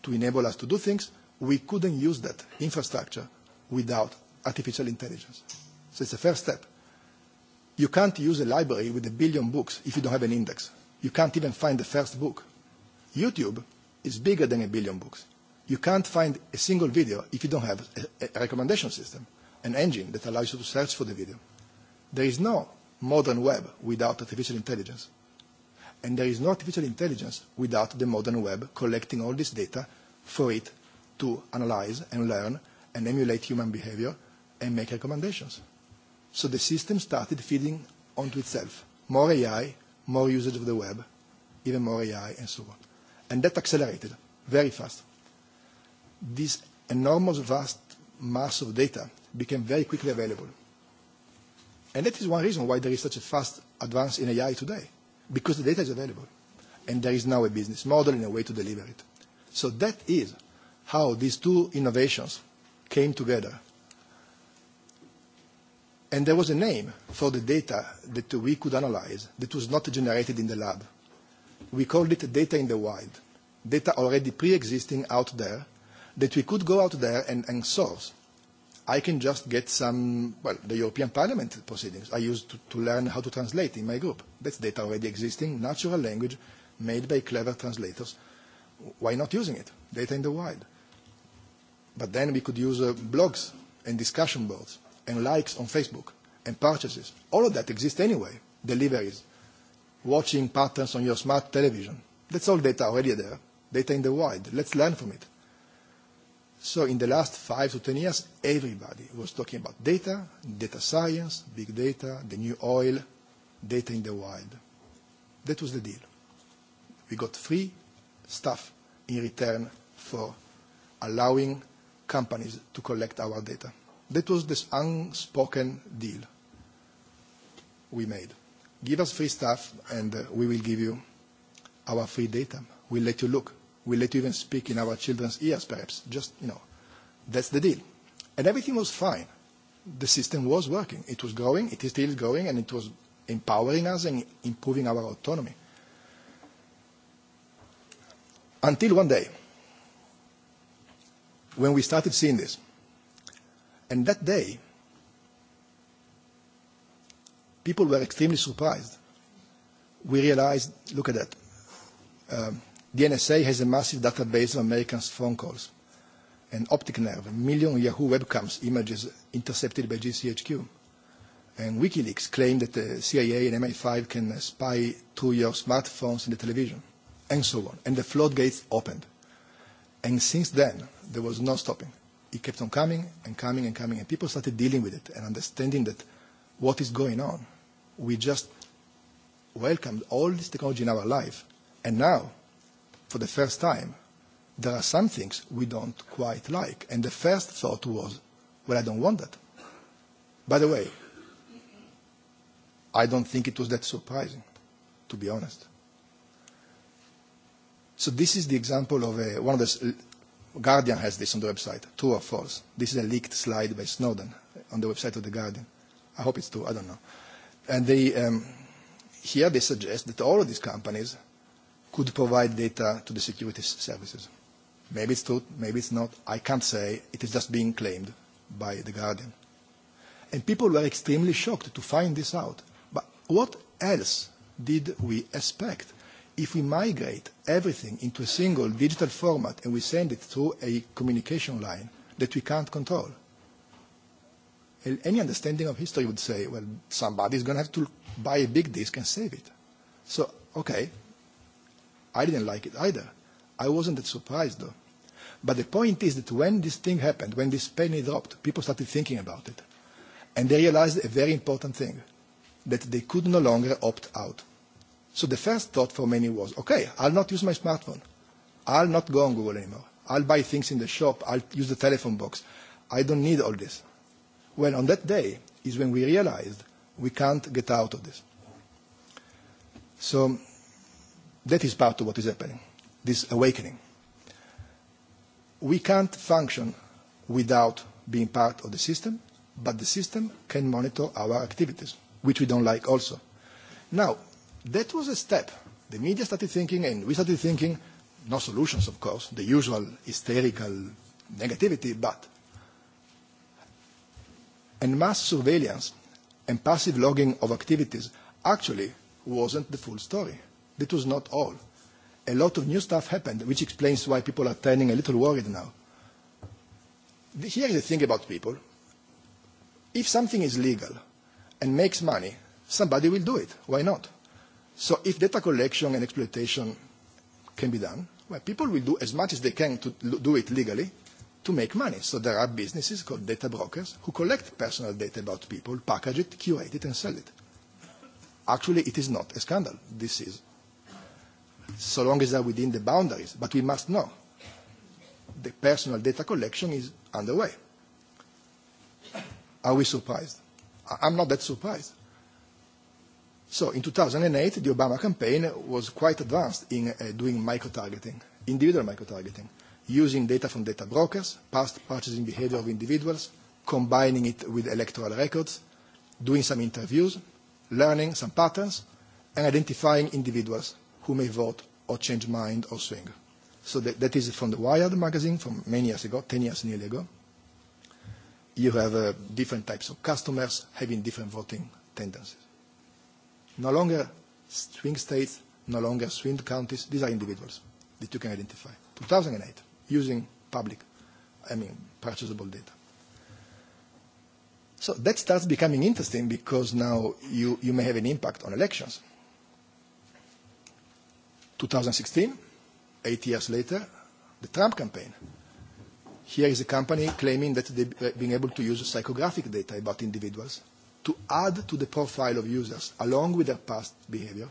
to enable us to do things. We couldn't use that infrastructure without artificial intelligence. So it's the first step. You can't use a library with a billion books if you don't have an index You can't even find the first book. YouTube is bigger than a billion books. You can't find a single video if you don't have a, a recommendation system, an engine that allows you to search for the video. There is no modern web without artificial intelligence. And there is no artificial intelligence without the modern web collecting all this data for it to analyze and learn and emulate human behavior and make recommendations. So the system started feeding onto itself. More AI, more usage of the web, even more AI, and so on. And that accelerated very fast. This enormous, vast mass of data became very quickly available. And that is one reason why there is such a fast advance in AI today, because the data is available. And there is now a business model and a way to deliver it. So that is how these two innovations came together And there was a name for the data that we could analyze that was not generated in the lab. We called it data in the wild, data already pre-existing out there that we could go out there and, and source. I can just get some, well, the European Parliament proceedings I used to, to learn how to translate in my group. That's data already existing, natural language, made by clever translators. Why not using it? Data in the wild. But then we could use uh, blogs and discussion boards and likes on Facebook and purchases. All of that exists anyway. Deliveries, watching patterns on your smart television. That's all data already there, data in the wild. Let's learn from it. So in the last five to ten years, everybody was talking about data, data science, big data, the new oil, data in the wild. That was the deal. We got free stuff in return for allowing companies to collect our data. That was this unspoken deal we made. Give us free stuff and we will give you our free data. We'll let you look. We'll let you even speak in our children's ears perhaps. Just, you know, that's the deal. And everything was fine. The system was working. It was growing. It is still growing and it was empowering us and improving our autonomy. Until one day, when we started seeing this, And that day, people were extremely surprised. We realized, look at that. Um, the NSA has a massive database of Americans' phone calls an optic nerve, a million Yahoo webcams images intercepted by GCHQ. And WikiLeaks claimed that the CIA and MI5 can spy through your smartphones and the television, and so on. And the floodgates opened. And since then, there was no stopping it kept on coming and coming and coming, and people started dealing with it and understanding that what is going on. We just welcomed all this technology in our life, and now, for the first time, there are some things we don't quite like. And the first thought was, well, I don't want that. By the way, I don't think it was that surprising, to be honest. So this is the example of a, one of the Guardian has this on the website, true or false. This is a leaked slide by Snowden on the website of the Guardian. I hope it's true, I don't know. And they, um, here they suggest that all of these companies could provide data to the security services. Maybe it's true, maybe it's not. I can't say. It is just being claimed by the Guardian. And people were extremely shocked to find this out. But what else did we expect? If we migrate everything into a single digital format and we send it through a communication line that we can't control, any understanding of history would say, well, somebody's going to have to buy a big disk and save it. So, okay, I didn't like it either. I wasn't that surprised, though. But the point is that when this thing happened, when this penny dropped, people started thinking about it. And they realized a very important thing, that they could no longer opt out. So the first thought for many was, okay, I'll not use my smartphone. I'll not go on Google anymore. I'll buy things in the shop. I'll use the telephone box. I don't need all this. Well, on that day is when we realized we can't get out of this. So that is part of what is happening, this awakening. We can't function without being part of the system, but the system can monitor our activities, which we don't like also. Now, That was a step. The media started thinking, and we started thinking, no solutions, of course, the usual hysterical negativity, but and mass surveillance and passive logging of activities actually wasn't the full story. That was not all. A lot of new stuff happened, which explains why people are turning a little worried now. Here is the thing about people. If something is legal and makes money, somebody will do it. Why not? So if data collection and exploitation can be done, well, people will do as much as they can to do it legally to make money. So there are businesses called data brokers who collect personal data about people, package it, curate it, and sell it. Actually, it is not a scandal. This is, so long as they are within the boundaries. But we must know the personal data collection is underway. Are we surprised? I'm not that surprised So in 2008, the Obama campaign was quite advanced in uh, doing micro-targeting, individual micro-targeting, using data from data brokers, past purchasing behavior of individuals, combining it with electoral records, doing some interviews, learning some patterns, and identifying individuals who may vote or change mind or swing. So that, that is from the Wired magazine from many years ago, 10 years nearly ago. You have uh, different types of customers having different voting tendencies no longer swing states, no longer swing counties. These are individuals that you can identify. 2008, using public, I mean, purchasable data. So that starts becoming interesting because now you, you may have an impact on elections. 2016, eight years later, the Trump campaign. Here is a company claiming that they've been able to use psychographic data about individuals to add to the profile of users along with their past behavior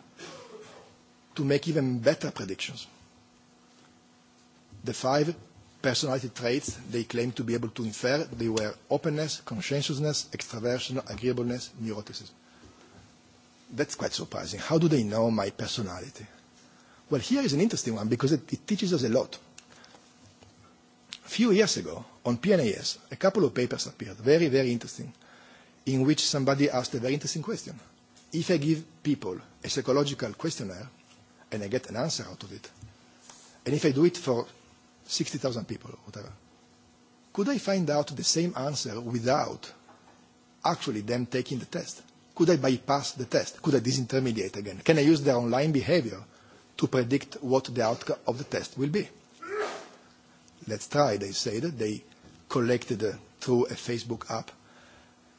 to make even better predictions. The five personality traits they claim to be able to infer, they were openness, conscientiousness, extraversion, agreeableness, neuroticism. That's quite surprising. How do they know my personality? Well, here is an interesting one because it, it teaches us a lot. A few years ago, on PNAS, a couple of papers appeared, very, very interesting – in which somebody asked a very interesting question. If I give people a psychological questionnaire and I get an answer out of it, and if I do it for 60,000 people or whatever, could I find out the same answer without actually them taking the test? Could I bypass the test? Could I disintermediate again? Can I use their online behavior to predict what the outcome of the test will be? Let's try, they said. They collected, through a Facebook app,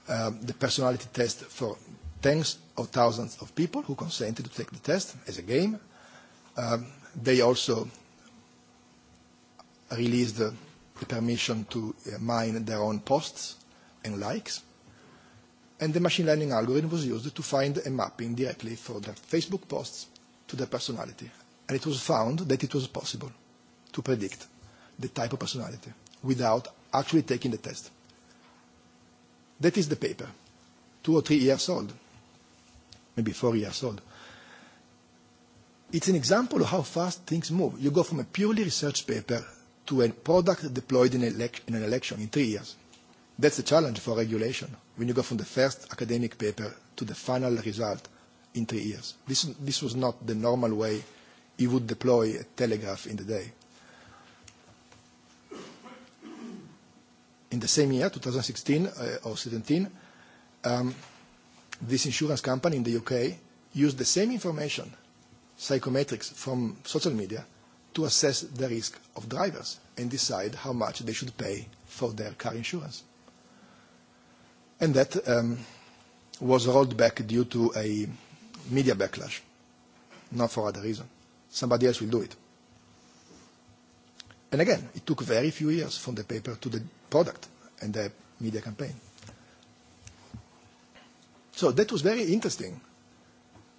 the personality test for tens of thousands of people who consented to take the test as a game. Um, they also released the, the permission to uh, mine their own posts and likes. And the machine learning algorithm was used to find a mapping directly for their Facebook posts to their personality. And it was found that it was possible to predict the type of personality without actually taking the test. That is the paper, two or three years old, maybe four years old. It's an example of how fast things move. You go from a purely research paper to a product deployed in, elec- in an election in three years. That's the challenge for regulation, when you go from the first academic paper to the final result in three years. This, this was not the normal way you would deploy a telegraph in the day. in the same year, 2016 uh, or 17, um, this insurance company in the UK used the same information, psychometrics from social media, to assess the risk of drivers and decide how much they should pay for their car insurance. And that um, was rolled back due to a media backlash, not for other reason. Somebody else will do it. And again, it took very few years from the paper to the product and the media campaign. So that was very interesting,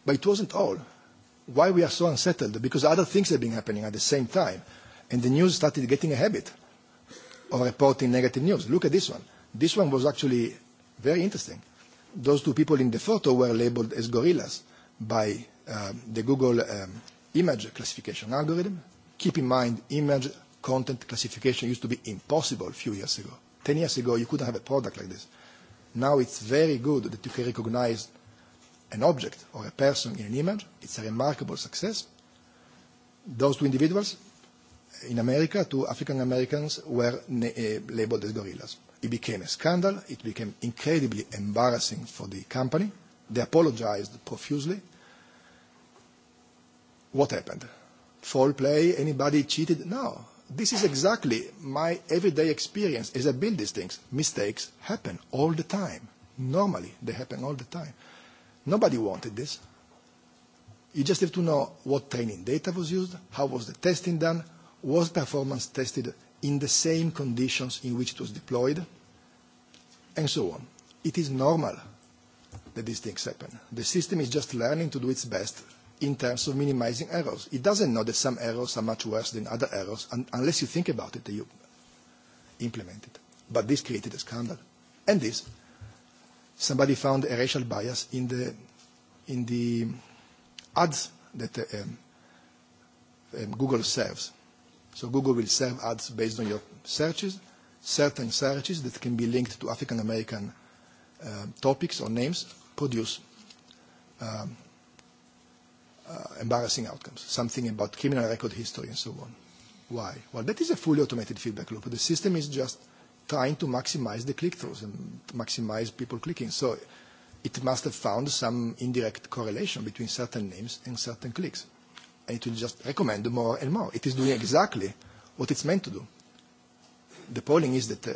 but it wasn't all. Why we are so unsettled? Because other things have been happening at the same time, and the news started getting a habit of reporting negative news. Look at this one. This one was actually very interesting. Those two people in the photo were labeled as gorillas by um, the Google um, image classification algorithm. Keep in mind, image content classification used to be impossible a few years ago. Ten years ago, you couldn't have a product like this. Now it's very good that you can recognize an object or a person in an image. It's a remarkable success. Those two individuals in America, two African Americans, were uh labeled as gorillas. It became a scandal. It became incredibly embarrassing for the company. They apologized profusely. What happened? Foul play? Anybody cheated? No this is exactly my everyday experience as I build these things. Mistakes happen all the time. Normally, they happen all the time. Nobody wanted this. You just have to know what training data was used, how was the testing done, was performance tested in the same conditions in which it was deployed, and so on. It is normal that these things happen. The system is just learning to do its best in terms of minimizing errors. It doesn't know that some errors are much worse than other errors un unless you think about it that you implement it. But this created a scandal. And this, somebody found a racial bias in the, in the ads that uh, um, um, Google serves. So Google will serve ads based on your searches, certain searches that can be linked to African American uh, topics or names produce um, uh, embarrassing outcomes, something about criminal record history and so on. Why? Well, that is a fully automated feedback loop. The system is just trying to maximize the click-throughs and maximize people clicking. So it must have found some indirect correlation between certain names and certain clicks. And it will just recommend more and more. It is doing exactly what it's meant to do. The polling is that uh,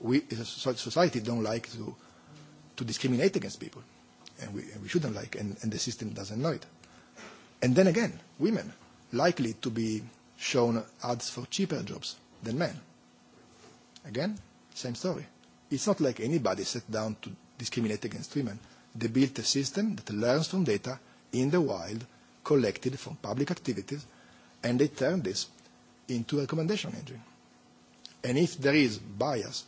we as a society don't like to, to discriminate against people. And we, and we shouldn't like, and, and the system doesn't know it. And then again, women likely to be shown ads for cheaper jobs than men. Again, same story. It's not like anybody sat down to discriminate against women. They built a system that learns from data in the wild, collected from public activities, and they turned this into a recommendation engine. And if there is bias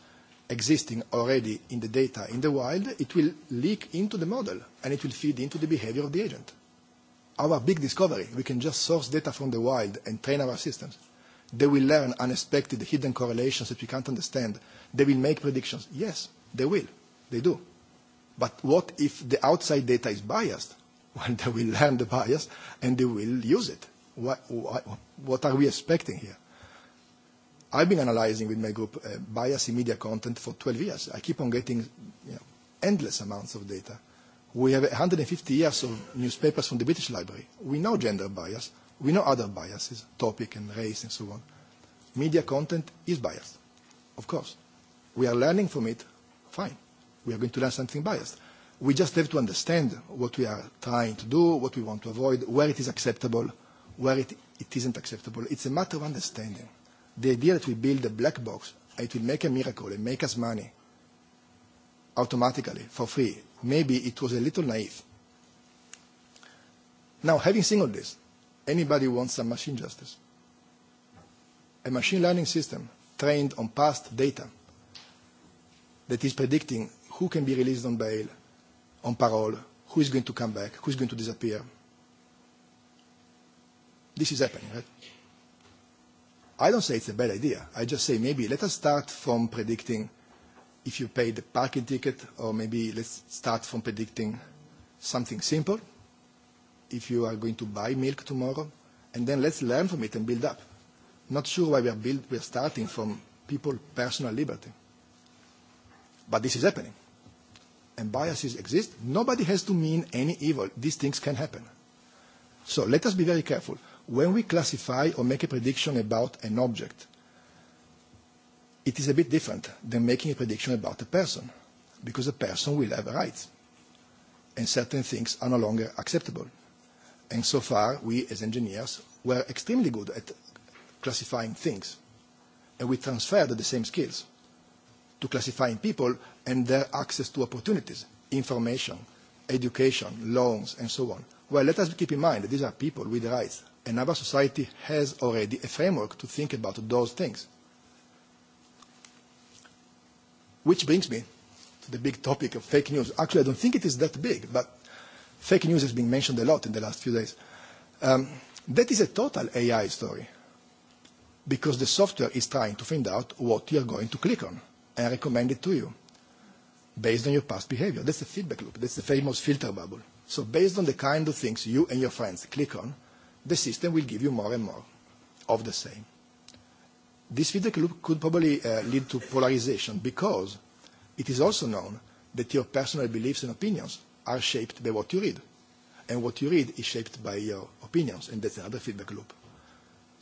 existing already in the data in the wild, it will leak into the model, and it will feed into the behavior of the agent our big discovery. We can just source data from the wild and train our systems. They will learn unexpected hidden correlations that we can't understand. They will make predictions. Yes, they will. They do. But what if the outside data is biased? Well, they will learn the bias and they will use it. What, what, what are we expecting here? I've been analyzing with my group uh, bias in media content for 12 years. I keep on getting you know, endless amounts of data We have 150 years of newspapers from the British Library. We know gender bias. We know other biases, topic and race and so on. Media content is biased, of course. We are learning from it, fine. We are going to learn something biased. We just have to understand what we are trying to do, what we want to avoid, where it is acceptable, where it, it isn't acceptable. It's a matter of understanding. The idea that we build a black box, it will make a miracle and make us money, automatically for free. Maybe it was a little naive. Now, having seen all this, anybody wants some machine justice. A machine learning system trained on past data that is predicting who can be released on bail, on parole, who is going to come back, who is going to disappear. This is happening, right? I don't say it's a bad idea. I just say maybe let us start from predicting if you pay the parking ticket, or maybe let's start from predicting something simple, if you are going to buy milk tomorrow, and then let's learn from it and build up. Not sure why we are, build, we are starting from people personal liberty. But this is happening. And biases exist. Nobody has to mean any evil. These things can happen. So let us be very careful. When we classify or make a prediction about an object, it is a bit different than making a prediction about a person, because a person will have rights, and certain things are no longer acceptable. And so far, we as engineers were extremely good at classifying things, and we transferred the same skills to classifying people and their access to opportunities, information, education, loans, and so on. Well, let us keep in mind that these are people with rights, and our society has already a framework to think about those things Which brings me to the big topic of fake news. Actually, I don't think it is that big, but fake news has been mentioned a lot in the last few days. Um, that is a total AI story because the software is trying to find out what you're going to click on and recommend it to you based on your past behavior. That's the feedback loop. That's the famous filter bubble. So based on the kind of things you and your friends click on, the system will give you more and more of the same. This feedback loop could probably uh, lead to polarization because it is also known that your personal beliefs and opinions are shaped by what you read. And what you read is shaped by your opinions, and that's another feedback loop.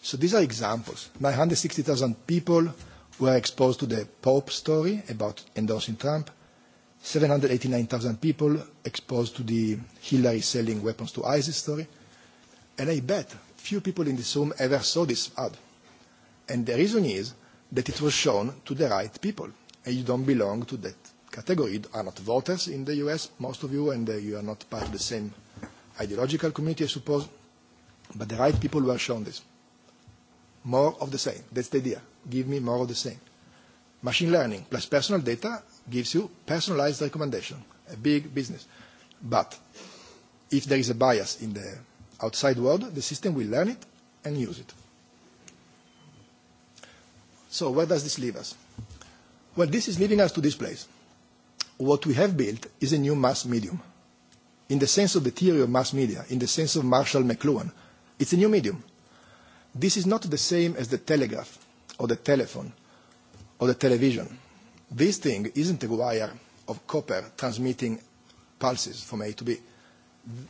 So these are examples. 960,000 people were exposed to the Pope story about endorsing Trump, 789,000 people exposed to the Hillary selling weapons to ISIS story. And I bet few people in this room ever saw this ad And the reason is that it was shown to the right people, and you don't belong to that category. You are not voters in the US, most of you, and uh, you are not part of the same ideological community, I suppose. But the right people were shown this. More of the same. That's the idea. Give me more of the same. Machine learning plus personal data gives you personalized recommendation, a big business. But if there is a bias in the outside world, the system will learn it and use it. So where does this leave us? Well, this is leading us to this place. What we have built is a new mass medium. In the sense of the theory of mass media, in the sense of Marshall McLuhan, it's a new medium. This is not the same as the telegraph or the telephone or the television. This thing isn't a wire of copper transmitting pulses from A to B.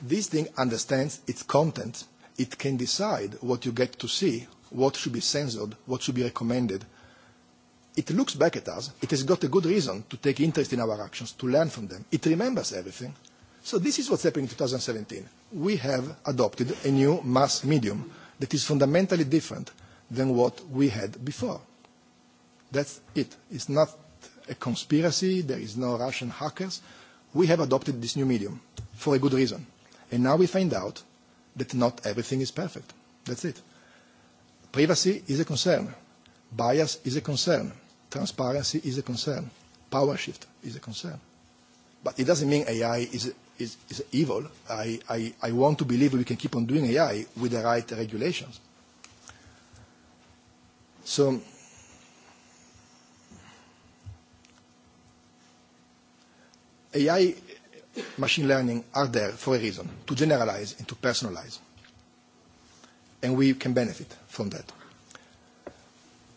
This thing understands its content. It can decide what you get to see what should be censored, what should be recommended. It looks back at us. It has got a good reason to take interest in our actions, to learn from them. It remembers everything. So this is what's happening in 2017. We have adopted a new mass medium that is fundamentally different than what we had before. That's it. It's not a conspiracy. There is no Russian hackers. We have adopted this new medium for a good reason. And now we find out that not everything is perfect. That's it. Privacy is a concern. Bias is a concern. Transparency is a concern. Power shift is a concern. But it doesn't mean AI is, is, is evil. I, I, I want to believe we can keep on doing AI with the right regulations. So AI, machine learning are there for a reason, to generalize and to personalize and we can benefit from that.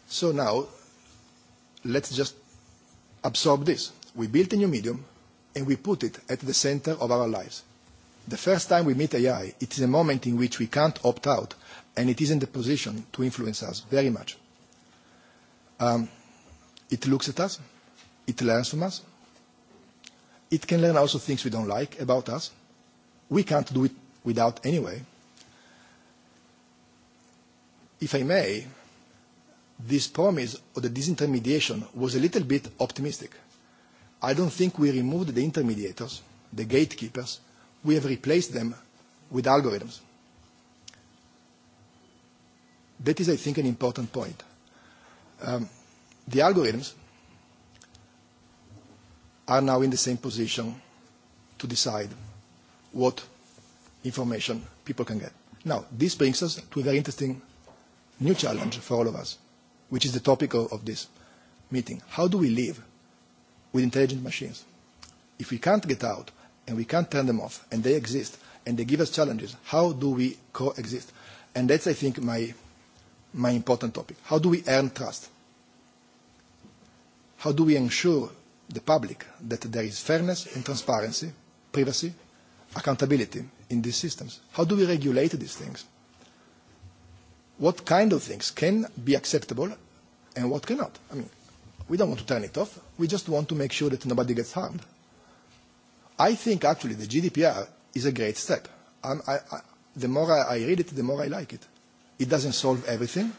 So now, let's just absorb this. We built a new medium, and we put it at the center of our lives. The first time we meet AI, it is a moment in which we can't opt out, and it is in the position to influence us very much. it looks at us, it learns from us, it can learn also things we don't like about us. We can't do it without anyway, if I may, this promise of the disintermediation was a little bit optimistic. I don't think we removed the intermediators, the gatekeepers. We have replaced them with algorithms. That is, I think, an important point. Um, the algorithms are now in the same position to decide what information people can get. Now, this brings us to a very interesting new challenge for all of us, which is the topic of, of this meeting. How do we live with intelligent machines? If we can't get out and we can't turn them off and they exist and they give us challenges, how do we coexist? And that's, I think, my, my important topic. How do we earn trust? How do we ensure the public that there is fairness and transparency, privacy, accountability in these systems? How do we regulate these things? what kind of things can be acceptable and what cannot. I mean, we don't want to turn it off. We just want to make sure that nobody gets harmed. I think actually the GDPR is a great step. I'm, I, I, the more I, I read it, the more I like it. It doesn't solve everything,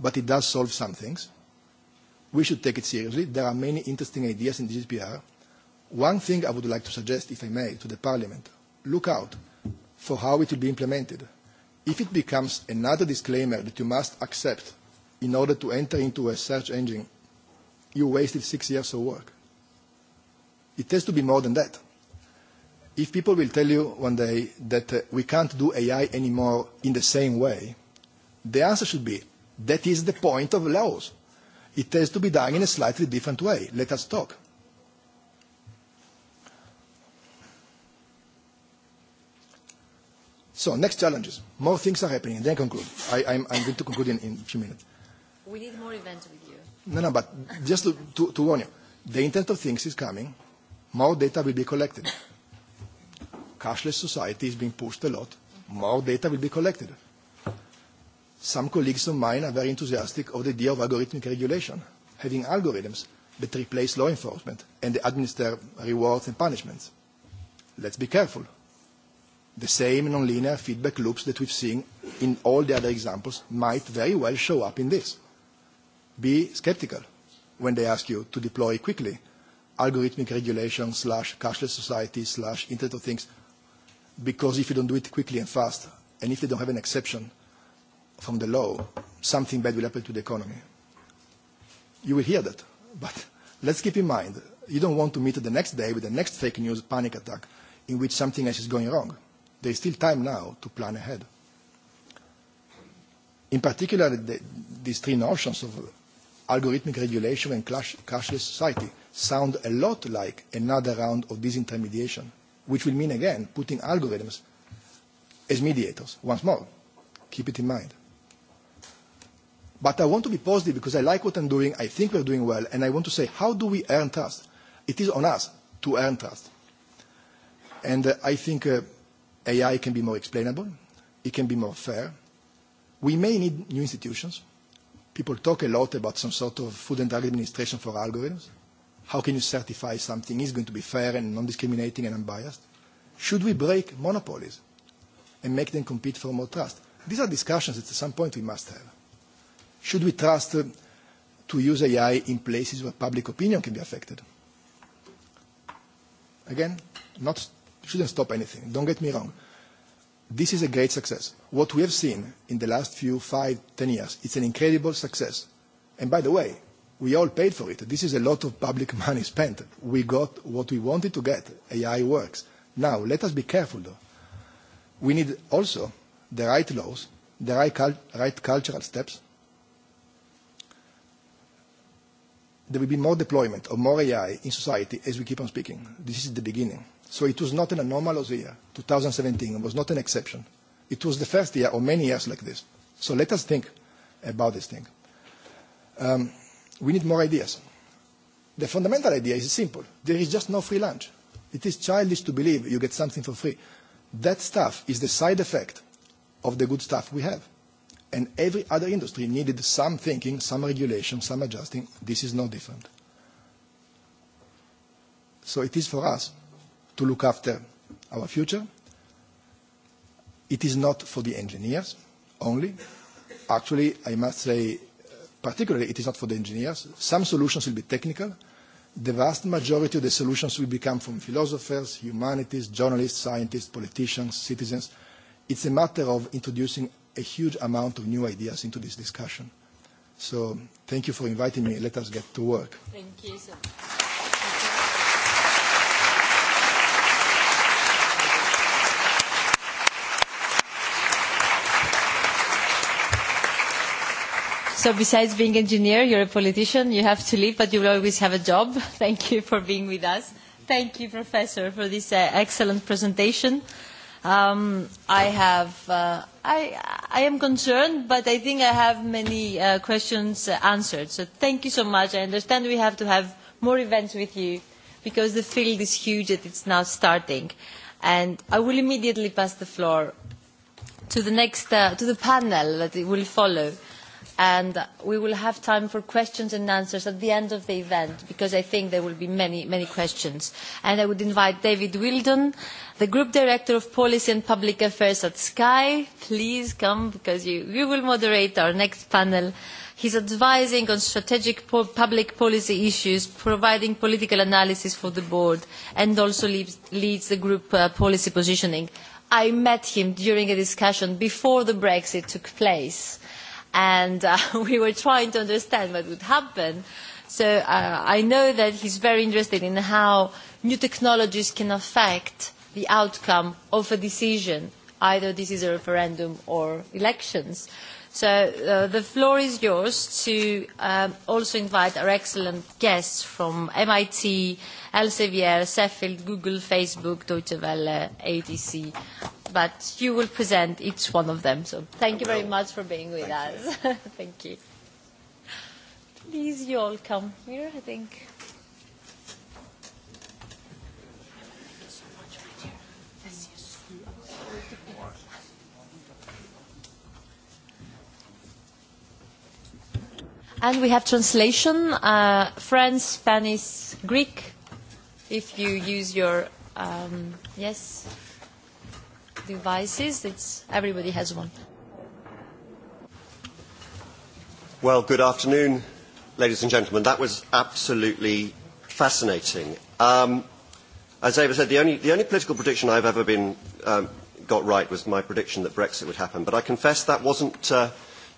but it does solve some things. We should take it seriously. There are many interesting ideas in the GDPR. One thing I would like to suggest, if I may, to the Parliament, look out for how it will be implemented if it becomes another disclaimer that you must accept in order to enter into a search engine, you wasted six years of work. It has to be more than that. If people will tell you one day that uh, we can't do AI anymore in the same way, the answer should be that is the point of laws. It has to be done in a slightly different way. Let us talk So next challenges. More things are happening. Then conclude. I, I'm, I'm going to conclude in, in a few minutes. We need more events with you. No, no, but just to, to, to warn you, the Internet of Things is coming. More data will be collected. Cashless society is being pushed a lot. More data will be collected. Some colleagues of mine are very enthusiastic of the idea of algorithmic regulation, having algorithms that replace law enforcement and administer rewards and punishments. Let's be careful the same nonlinear feedback loops that we've seen in all the other examples might very well show up in this. Be skeptical when they ask you to deploy quickly algorithmic regulation slash cashless society slash Internet of Things, because if you don't do it quickly and fast, and if they don't have an exception from the law, something bad will happen to the economy. You will hear that, but let's keep in mind, you don't want to meet the next day with the next fake news panic attack in which something else is going wrong There is still time now to plan ahead. In particular, the, these three notions of algorithmic regulation and clash, cashless society sound a lot like another round of disintermediation, which will mean again putting algorithms as mediators once more. Keep it in mind. But I want to be positive because I like what I'm doing, I think we're doing well, and I want to say, how do we earn trust? It is on us to earn trust. And uh, I think uh, AI can be more explainable. It can be more fair. We may need new institutions. People talk a lot about some sort of Food and Drug Administration for algorithms. How can you certify something is going to be fair and non-discriminating and unbiased? Should we break monopolies and make them compete for more trust? These are discussions that at some point we must have. Should we trust to use AI in places where public opinion can be affected? Again, not shouldn't stop anything. Don't get me wrong. This is a great success. What we have seen in the last few five, ten years, it's an incredible success. And by the way, we all paid for it. This is a lot of public money spent. We got what we wanted to get. AI works. Now, let us be careful, though. We need also the right laws, the right, cul- right cultural steps. There will be more deployment of more AI in society as we keep on speaking. This is the beginning So it was not an anomalous year. 2017 was not an exception. It was the first year or many years like this. So let us think about this thing. Um, we need more ideas. The fundamental idea is simple. There is just no free lunch. It is childish to believe you get something for free. That stuff is the side effect of the good stuff we have. And every other industry needed some thinking, some regulation, some adjusting. This is no different. So it is for us to look after our future. It is not for the engineers only. Actually, I must say, particularly, it is not for the engineers. Some solutions will be technical. The vast majority of the solutions will become from philosophers, humanities, journalists, scientists, politicians, citizens. It's a matter of introducing a huge amount of new ideas into this discussion. So thank you for inviting me. Let us get to work. Thank you, sir. So besides being engineer, you're a politician. You have to leave, but you will always have a job. Thank you for being with us. Thank you, Professor, for this uh, excellent presentation. Um, I have, uh, I, I am concerned, but I think I have many uh, questions answered. So thank you so much. I understand we have to have more events with you because the field is huge and it's now starting. And I will immediately pass the floor to the next, uh, to the panel that will follow and we will have time for questions and answers at the end of the event because I think there will be many, many questions. And I would invite David Wilden, the Group Director of Policy and Public Affairs at Sky. Please come because you, you will moderate our next panel. He's advising on strategic public policy issues, providing political analysis for the board, and also leads, leads the group uh, policy positioning. I met him during a discussion before the Brexit took place and uh, we were trying to understand what would happen. So uh, I know that he's very interested in how new technologies can affect the outcome of a decision, either this is a referendum or elections. So the floor is yours to um also invite our excellent guests from MIT, Elsevier, Sheffield, Google, Facebook, Deutsche Welle, ADC. But you will present each one of them. So thank you very much for being with us. thank you. Please, you all come here, I think. And we have translation, uh, French, Spanish, Greek, if you use your, um, yes, devices, it's, everybody has one. Well, good afternoon, ladies and gentlemen. That was absolutely fascinating. Um, as Ava said, the only, the only political prediction I've ever been um, got right was my prediction that Brexit would happen. But I confess that wasn't... Uh,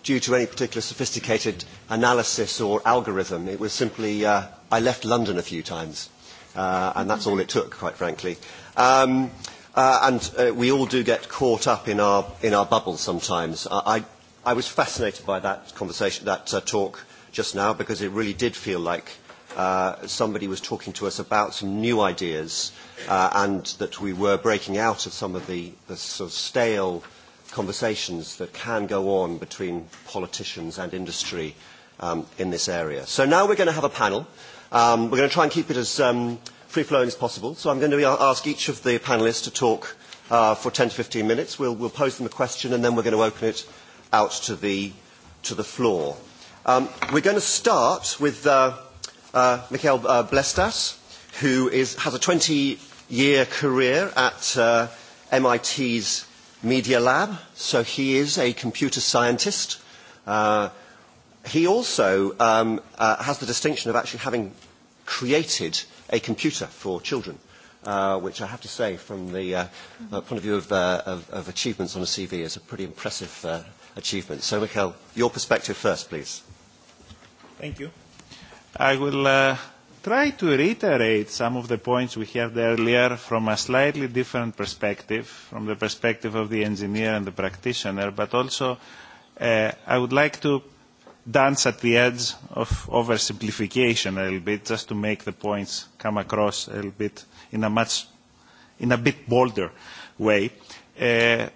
due to any particular sophisticated analysis or algorithm. It was simply, uh, I left London a few times, uh, and that's all it took, quite frankly. Um, uh, and uh, we all do get caught up in our, in our bubbles sometimes. I, I, I was fascinated by that conversation, that uh, talk just now, because it really did feel like uh, somebody was talking to us about some new ideas uh, and that we were breaking out of some of the, the sort of stale conversations that can go on between politicians and industry um, in this area. So now we're going to have a panel. Um, we're going to try and keep it as um, free-flowing as possible. So I'm going to ask each of the panelists to talk uh, for 10 to 15 minutes. We'll, we'll pose them a question and then we're going to open it out to the, to the floor. Um, we're going to start with uh, uh, Mikhail uh, Blestas, who is, has a 20-year career at uh, MIT's Media Lab. So he is a computer scientist. Uh, he also um, uh, has the distinction of actually having created a computer for children, uh, which I have to say, from the uh, mm-hmm. point of view of, uh, of, of achievements on a CV, is a pretty impressive uh, achievement. So, Mikhail, your perspective first, please. Thank you. I will uh, try to reiterate some of the points we heard earlier from a slightly different perspective, from the perspective of the engineer and the practitioner, but also uh, I would like to dance at the edge of oversimplification a little bit, just to make the points come across a little bit in a much, in a bit bolder way. Uh,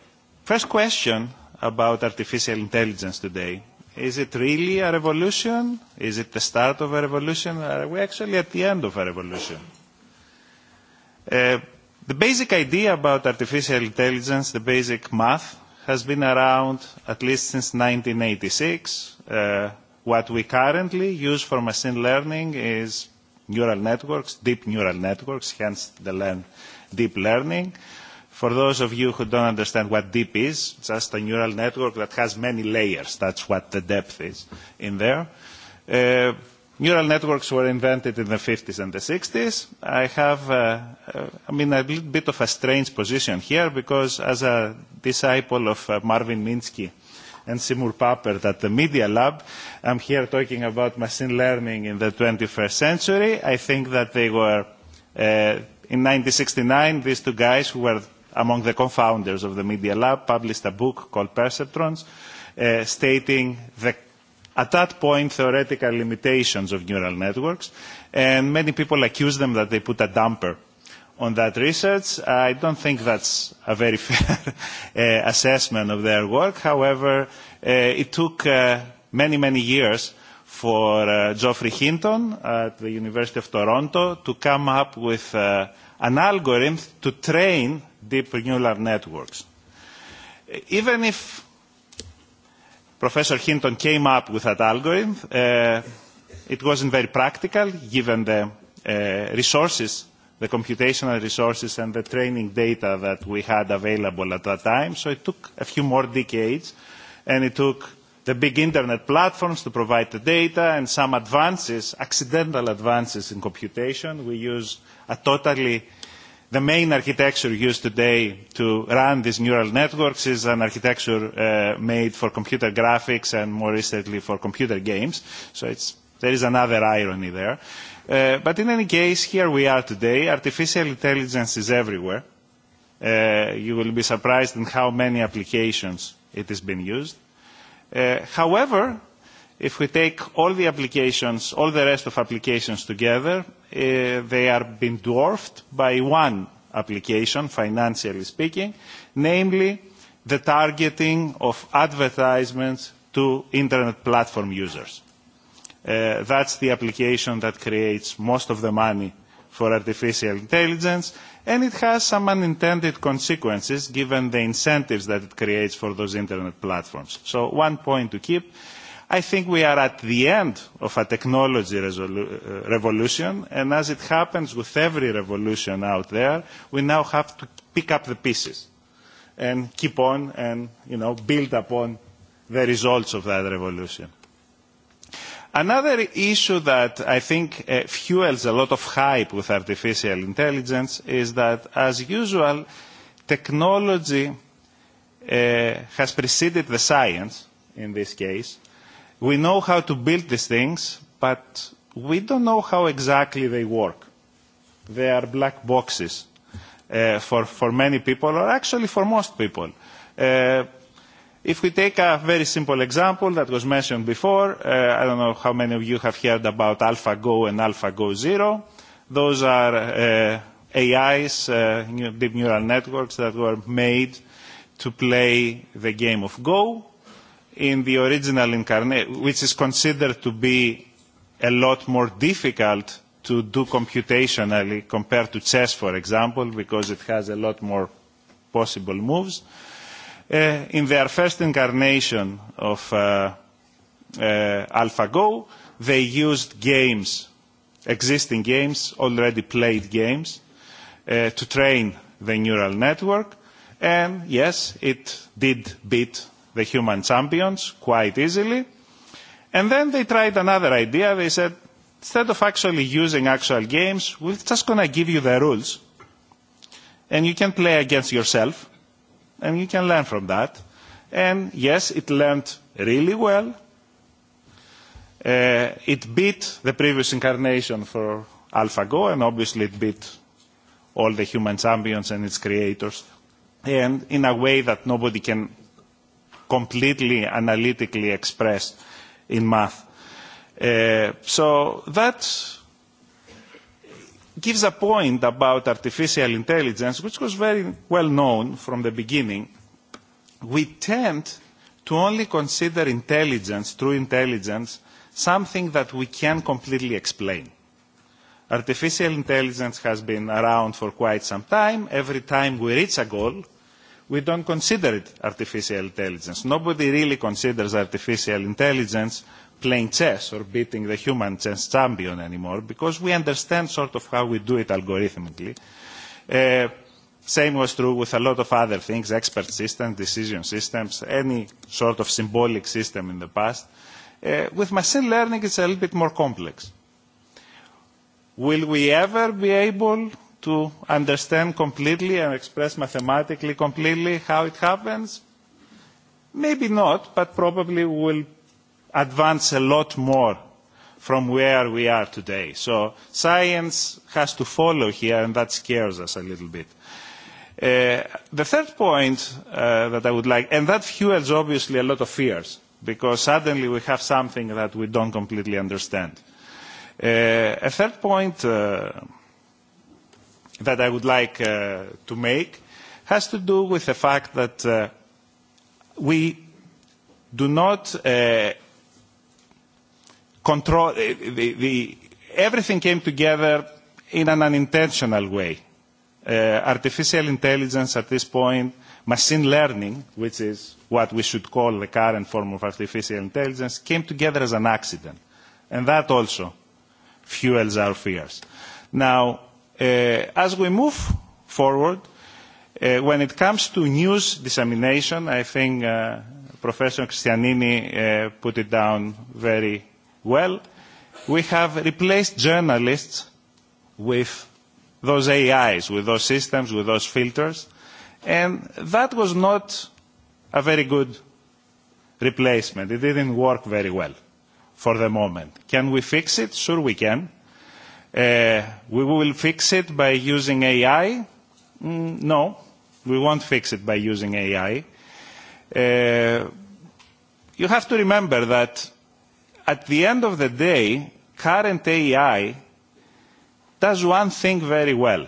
first question about artificial intelligence today Is it really a revolution? Is it the start of a revolution? Are we actually at the end of a revolution? Uh, the basic idea about artificial intelligence, the basic math, has been around at least since 1986. Uh, what we currently use for machine learning is neural networks, deep neural networks, hence the learn, deep learning. Uh, For those of you who don't understand what deep is, just a neural network that has many layers. That's what the depth is in there. Uh, neural networks were invented in the 50s and the 60s. I have, uh, I mean, a little bit of a strange position here because as a disciple of uh, Marvin Minsky and Simur Papert at the Media Lab, I'm here talking about machine learning in the 21st century. I think that they were, uh, in 1969, these two guys who were among the co-founders of the Media Lab, published a book called Perceptrons, uh, stating the, at that point, theoretical limitations of neural networks, and many people accuse them that they put a damper on that research. I don't think that's a very fair assessment of their work. However, uh, it took uh, many, many years for uh, Geoffrey Hinton at the University of Toronto to come up with uh, an algorithm to train deep neural networks. Even if Professor Hinton came up with that algorithm, uh, it wasn't very practical given the uh, resources, the computational resources and the training data that we had available at that time. So it took a few more decades and it took the big internet platforms to provide the data and some advances, accidental advances in computation. We use a totally The main architecture used today to run these neural networks is an architecture made for computer graphics and more recently for computer games. So it's, there is another irony there. but in any case, here we are today. Artificial intelligence is everywhere. you will be surprised in how many applications it has been used. however, If we take all the applications, all the rest of applications together, they are being dwarfed by one application, financially speaking, namely the targeting of advertisements to internet platform users. That's the application that creates most of the money for artificial intelligence, and it has some unintended consequences given the incentives that it creates for those internet platforms. So one point to keep I think we are at the end of a technology revolution, and as it happens with every revolution out there, we now have to pick up the pieces and keep on and you know, build upon the results of that revolution. Another issue that I think uh, fuels a lot of hype with artificial intelligence is that, as usual, technology uh, has preceded the science in this case, We know how to build these things, but we don't know how exactly they work. They are black boxes uh, for, for many people, or actually for most people. Uh, if we take a very simple example that was mentioned before, uh, I don't know how many of you have heard about AlphaGo and AlphaGo Zero. Those are uh, AIs, uh, deep neural networks that were made to play the game of Go in the original incarnation, which is considered to be a lot more difficult to do computationally compared to chess, for example, because it has a lot more possible moves. Uh, in their first incarnation of uh, uh, AlphaGo, they used games, existing games, already played games, uh, to train the neural network. And yes, it did beat the human champions quite easily. And then they tried another idea. They said, instead of actually using actual games, we're just going to give you the rules. And you can play against yourself. And you can learn from that. And yes, it learned really well. Uh, it beat the previous incarnation for AlphaGo, and obviously it beat all the human champions and its creators. And in a way that nobody can completely analytically expressed in math. so that gives a point about artificial intelligence, which was very well known from the beginning. We tend to only consider intelligence, true intelligence, something that we can completely explain. Artificial intelligence has been around for quite some time. Every time we reach a goal, we don't consider it artificial intelligence. Nobody really considers artificial intelligence playing chess or beating the human chess champion anymore because we understand sort of how we do it algorithmically. Uh, same was true with a lot of other things, expert systems, decision systems, any sort of symbolic system in the past. Uh, with machine learning, it's a little bit more complex. Will we ever be able to understand completely and express mathematically completely how it happens? Maybe not, but probably we will advance a lot more from where we are today. So science has to follow here, and that scares us a little bit. The third point that I would like, and that fuels obviously a lot of fears, because suddenly we have something that we don't completely understand. A third point that I would like uh, to make has to do with the fact that uh, we do not uh, control the, the everything came together in an unintentional way. Uh, artificial intelligence at this point, machine learning, which is what we should call the current form of artificial intelligence, came together as an accident. And that also fuels our fears. Now, as we move forward, when it comes to news dissemination, I think Professor Christianini put it down very well. We have replaced journalists with those AIs, with those systems, with those filters, and that was not a very good replacement. It didn't work very well for the moment. Can we fix it? Sure we can we will fix it by using AI? Mm, no, we won't fix it by using AI. Uh, you have to remember that at the end of the day, current AI does one thing very well.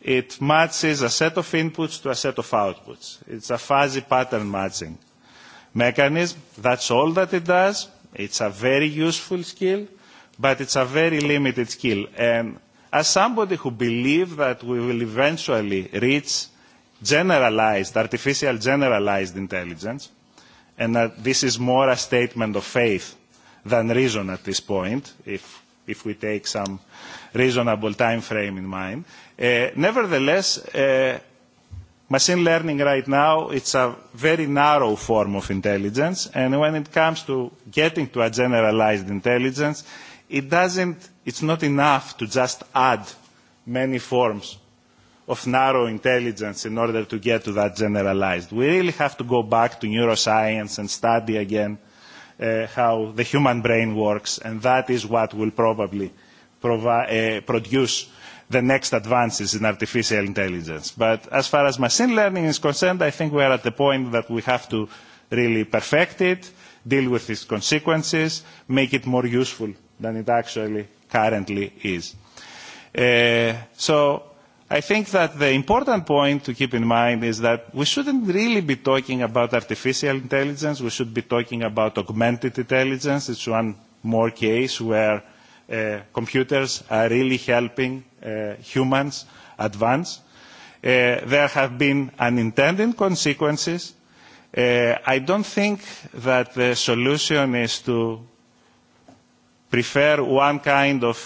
It matches a set of inputs to a set of outputs. It's a fuzzy pattern matching mechanism. That's all that it does. It's a very useful skill but it's a very limited skill. And as somebody who believes that we will eventually reach generalized, artificial generalized intelligence, and that this is more a statement of faith than reason at this point, if, if we take some reasonable time frame in mind. Uh, nevertheless, uh, machine learning right now, it's a very narrow form of intelligence, and when it comes to getting to a generalized intelligence, it doesn't, it's not enough to just add many forms of narrow intelligence in order to get to that generalized. We really have to go back to neuroscience and study again uh, how the human brain works, and that is what will probably provi- uh, produce the next advances in artificial intelligence. But as far as machine learning is concerned, I think we are at the point that we have to really perfect it, deal with its consequences, make it more useful than it actually currently is. so I think that the important point to keep in mind is that we shouldn't really be talking about artificial intelligence. We should be talking about augmented intelligence. It's one more case where computers are really helping humans advance. there have been unintended consequences. I don't think that the solution is to prefer one kind of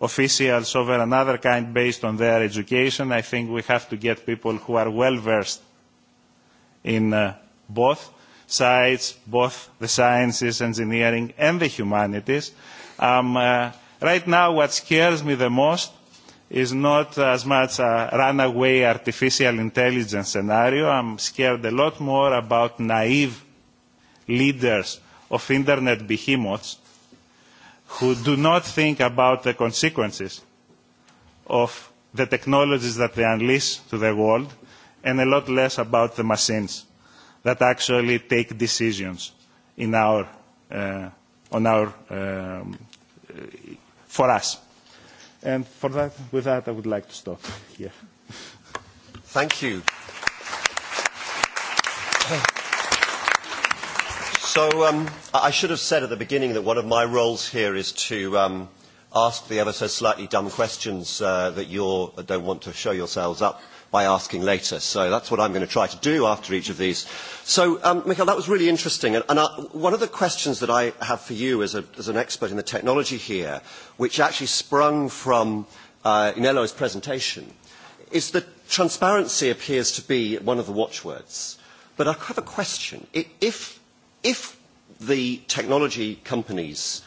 officials over another kind based on their education. I think we have to get people who are well versed in uh, both sides, both the sciences, engineering, and the humanities. Um, uh, right now, what scares me the most is not as much a runaway artificial intelligence scenario. I'm scared a lot more about naive leaders of internet behemoths who do not think about the consequences of the technologies that they unleash to the world and a lot less about the machines that actually take decisions in our, uh, on our, um, for us. And for that, with that, I would like to stop here. Thank you. So um, I should have said at the beginning that one of my roles here is to um, ask the ever so slightly dumb questions uh, that you don't want to show yourselves up by asking later. So that's what I'm going to try to do after each of these. So, um, Michael, that was really interesting. And, and I, one of the questions that I have for you as, a, as an expert in the technology here, which actually sprung from uh, Inelo's presentation, is that transparency appears to be one of the watchwords. But I have a question. If If the technology companies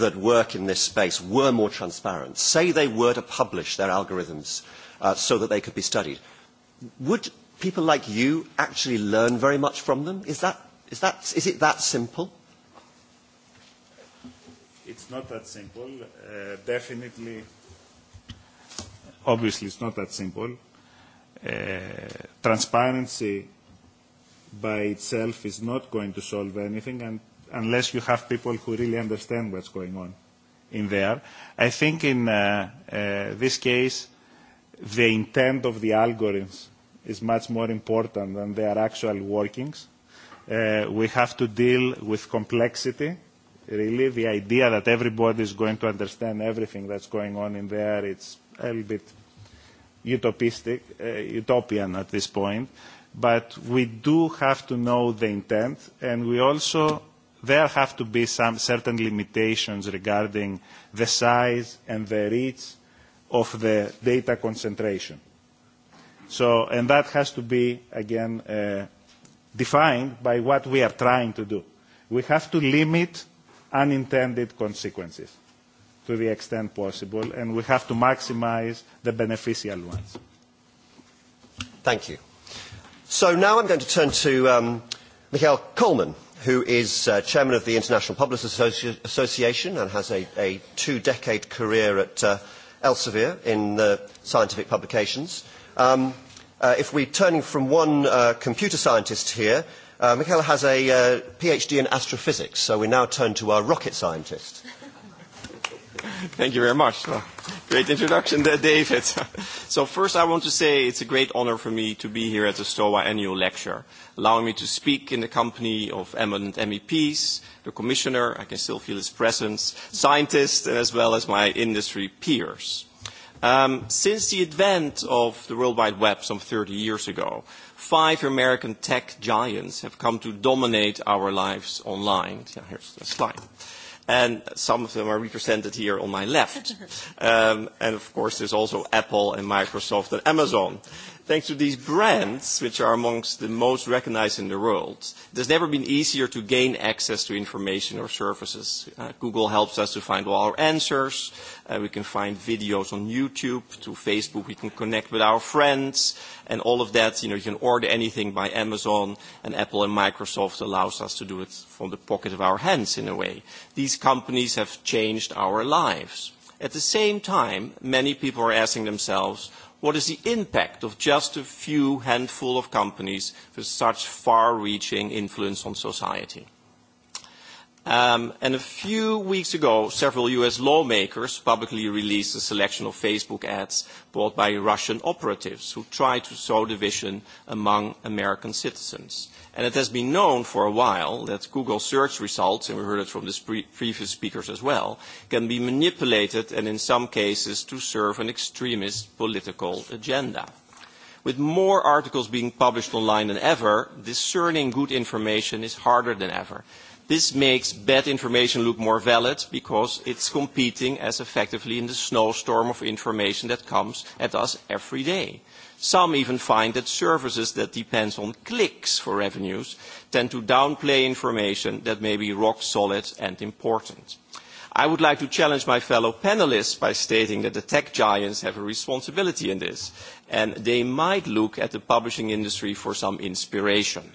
that work in this space were more transparent, say they were to publish their algorithms so that they could be studied, would people like you actually learn very much from them? Is, that, is, that, is it that simple? It's not that simple. Uh, definitely, obviously, it's not that simple. Uh, transparency by itself is not going to solve anything and unless you have people who really understand what's going on in there. I think in uh, uh, this case, the intent of the algorithms is much more important than their actual workings. Uh, we have to deal with complexity. Really, the idea that everybody is going to understand everything that's going on in there, it's a little bit utopistic, uh, utopian at this point but we do have to know the intent, and we also there have to be some certain limitations regarding the size and the reach of the data concentration. So, and that has to be, again, uh, defined by what we are trying to do. We have to limit unintended consequences to the extent possible, and we have to maximize the beneficial ones. Thank you. So now I'm going to turn to um, Mikhail Coleman, who is uh, chairman of the International Publishers Association and has a, a two-decade career at uh, Elsevier in the scientific publications. Um, uh, if we're turning from one uh, computer scientist here, uh, Mikhail has a uh, PhD in astrophysics, so we now turn to our rocket scientist. Thank you very much. Great introduction, there, David. So first I want to say it's a great honor for me to be here at the STOA annual lecture, allowing me to speak in the company of eminent MEPs, the commissioner, I can still feel his presence, scientists, as well as my industry peers. Um, since the advent of the World Wide Web some 30 years ago, five American tech giants have come to dominate our lives online. Yeah, here's the slide and some of them are represented here on my left. Um, and of course, there's also Apple and Microsoft and Amazon thanks to these brands, which are amongst the most recognized in the world, it has never been easier to gain access to information or services. Uh, Google helps us to find all our answers. Uh, we can find videos on YouTube. To Facebook, we can connect with our friends. And all of that, you know, you can order anything by Amazon. And Apple and Microsoft allows us to do it from the pocket of our hands, in a way. These companies have changed our lives. At the same time, many people are asking themselves, what is the impact of just a few handful of companies with such far-reaching influence on society? Um, and a few weeks ago, several U.S. lawmakers publicly released a selection of Facebook ads bought by Russian operatives who tried to sow division among American citizens. And it has been known for a while that Google search results, and we heard it from the pre- previous speakers as well, can be manipulated and in some cases to serve an extremist political agenda. With more articles being published online than ever, discerning good information is harder than ever. This makes bad information look more valid because it's competing as effectively in the snowstorm of information that comes at us every day. Some even find that services that depend on clicks for revenues tend to downplay information that may be rock solid and important. I would like to challenge my fellow panelists by stating that the tech giants have a responsibility in this, and they might look at the publishing industry for some inspiration.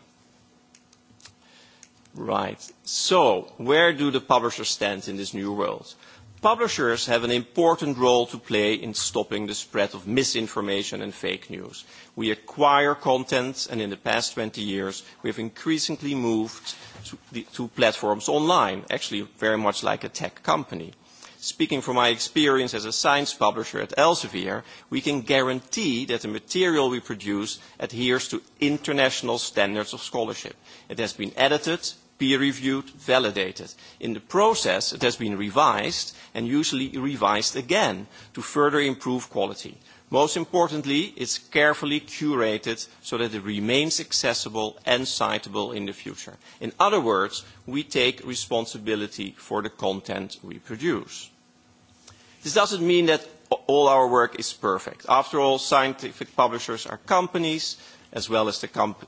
Right. So, where do the publishers stand in this new world? Publishers have an important role to play in stopping the spread of misinformation and fake news. We acquire content, and in the past 20 years, we have increasingly moved to, the, to platforms online, actually very much like a tech company. Speaking from my experience as a science publisher at Elsevier, we can guarantee that the material we produce adheres to international standards of scholarship. It has been edited, peer-reviewed, validated. In the process, it has been revised and usually revised again to further improve quality. Most importantly, it's carefully curated so that it remains accessible and citable in the future. In other words, we take responsibility for the content we produce. This doesn't mean that all our work is perfect. After all, scientific publishers are companies, as well as the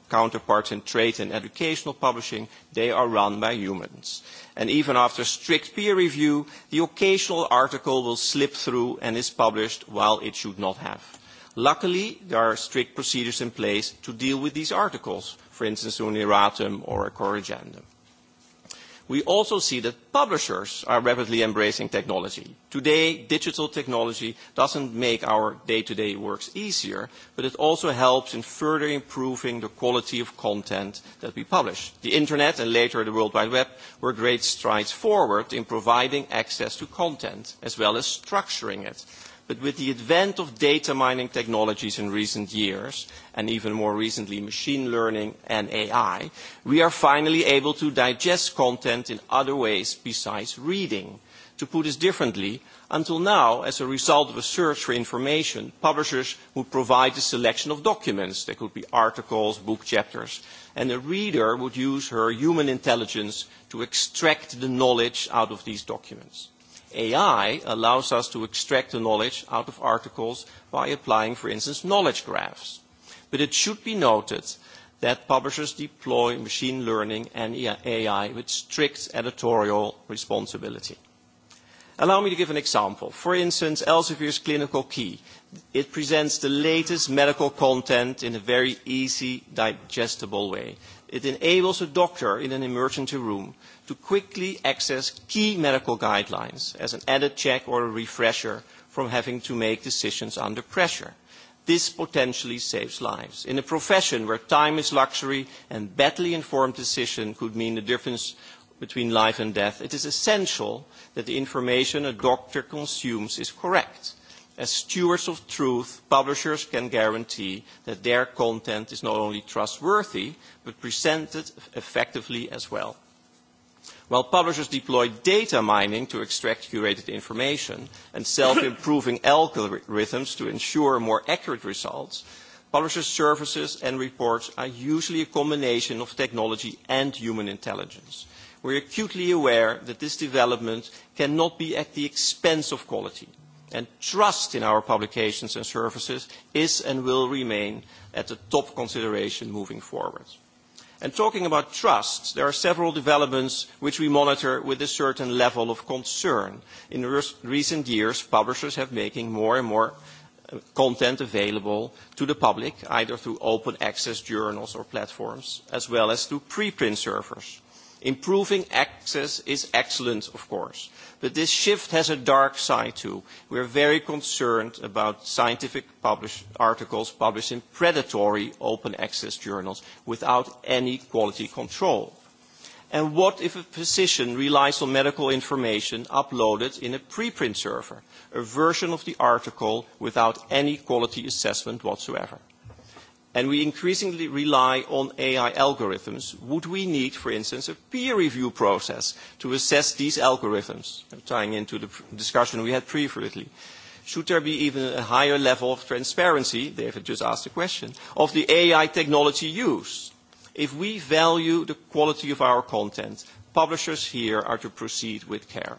counterparts in trade and educational publishing, they are run by humans. And even after strict peer review, the occasional article will slip through and is published while it should not have. Luckily, there are strict procedures in place to deal with these articles, for instance, uniratum erratum or a corrigendum. We also see that publishers are rapidly embracing technology. Today, digital technology doesn't make our day-to-day works easier, but it also helps in further improving the quality of content that we publish. The internet and later the World Wide Web were great strides forward in providing access to content, as well as structuring it. But with the advent of data mining technologies in recent years, and even more recently machine learning and AI, we are finally able to digest content in other ways besides reading. To put this differently, until now, as a result of a search for information, publishers would provide a selection of documents. They could be articles, book chapters, and the reader would use her human intelligence to extract the knowledge out of these documents. AI allows us to extract the knowledge out of articles by applying, for instance, knowledge graphs. But it should be noted that publishers deploy machine learning and AI with strict editorial responsibility. Allow me to give an example. For instance, Elsevier's Clinical Key. It presents the latest medical content in a very easy, digestible way. It enables a doctor in an emergency room to quickly access key medical guidelines as an added check or a refresher from having to make decisions under pressure. This potentially saves lives. In a profession where time is luxury and badly informed decision could mean the difference between life and death, it is essential that the information a doctor consumes is correct. As stewards of truth, publishers can guarantee that their content is not only trustworthy, but presented effectively as well while publishers deploy data mining to extract curated information and self-improving algorithms to ensure more accurate results, publishers' services and reports are usually a combination of technology and human intelligence. We are acutely aware that this development cannot be at the expense of quality, and trust in our publications and services is and will remain at the top consideration moving forward talking about trust, there are several developments which we monitor with a certain level of concern. In recent years, publishers have making more and more content available to the public, either through open access journals or platforms, as well as through preprint servers. Improving access is excellent, of course, but this shift has a dark side too. We are very concerned about scientific publish articles published in predatory open access journals without any quality control. And what if a physician relies on medical information uploaded in a preprint server, a version of the article without any quality assessment whatsoever? and we increasingly rely on AI algorithms, would we need, for instance, a peer review process to assess these algorithms, tying into the discussion we had previously? Should there be even a higher level of transparency, David just asked the question, of the AI technology used? If we value the quality of our content, publishers here are to proceed with care.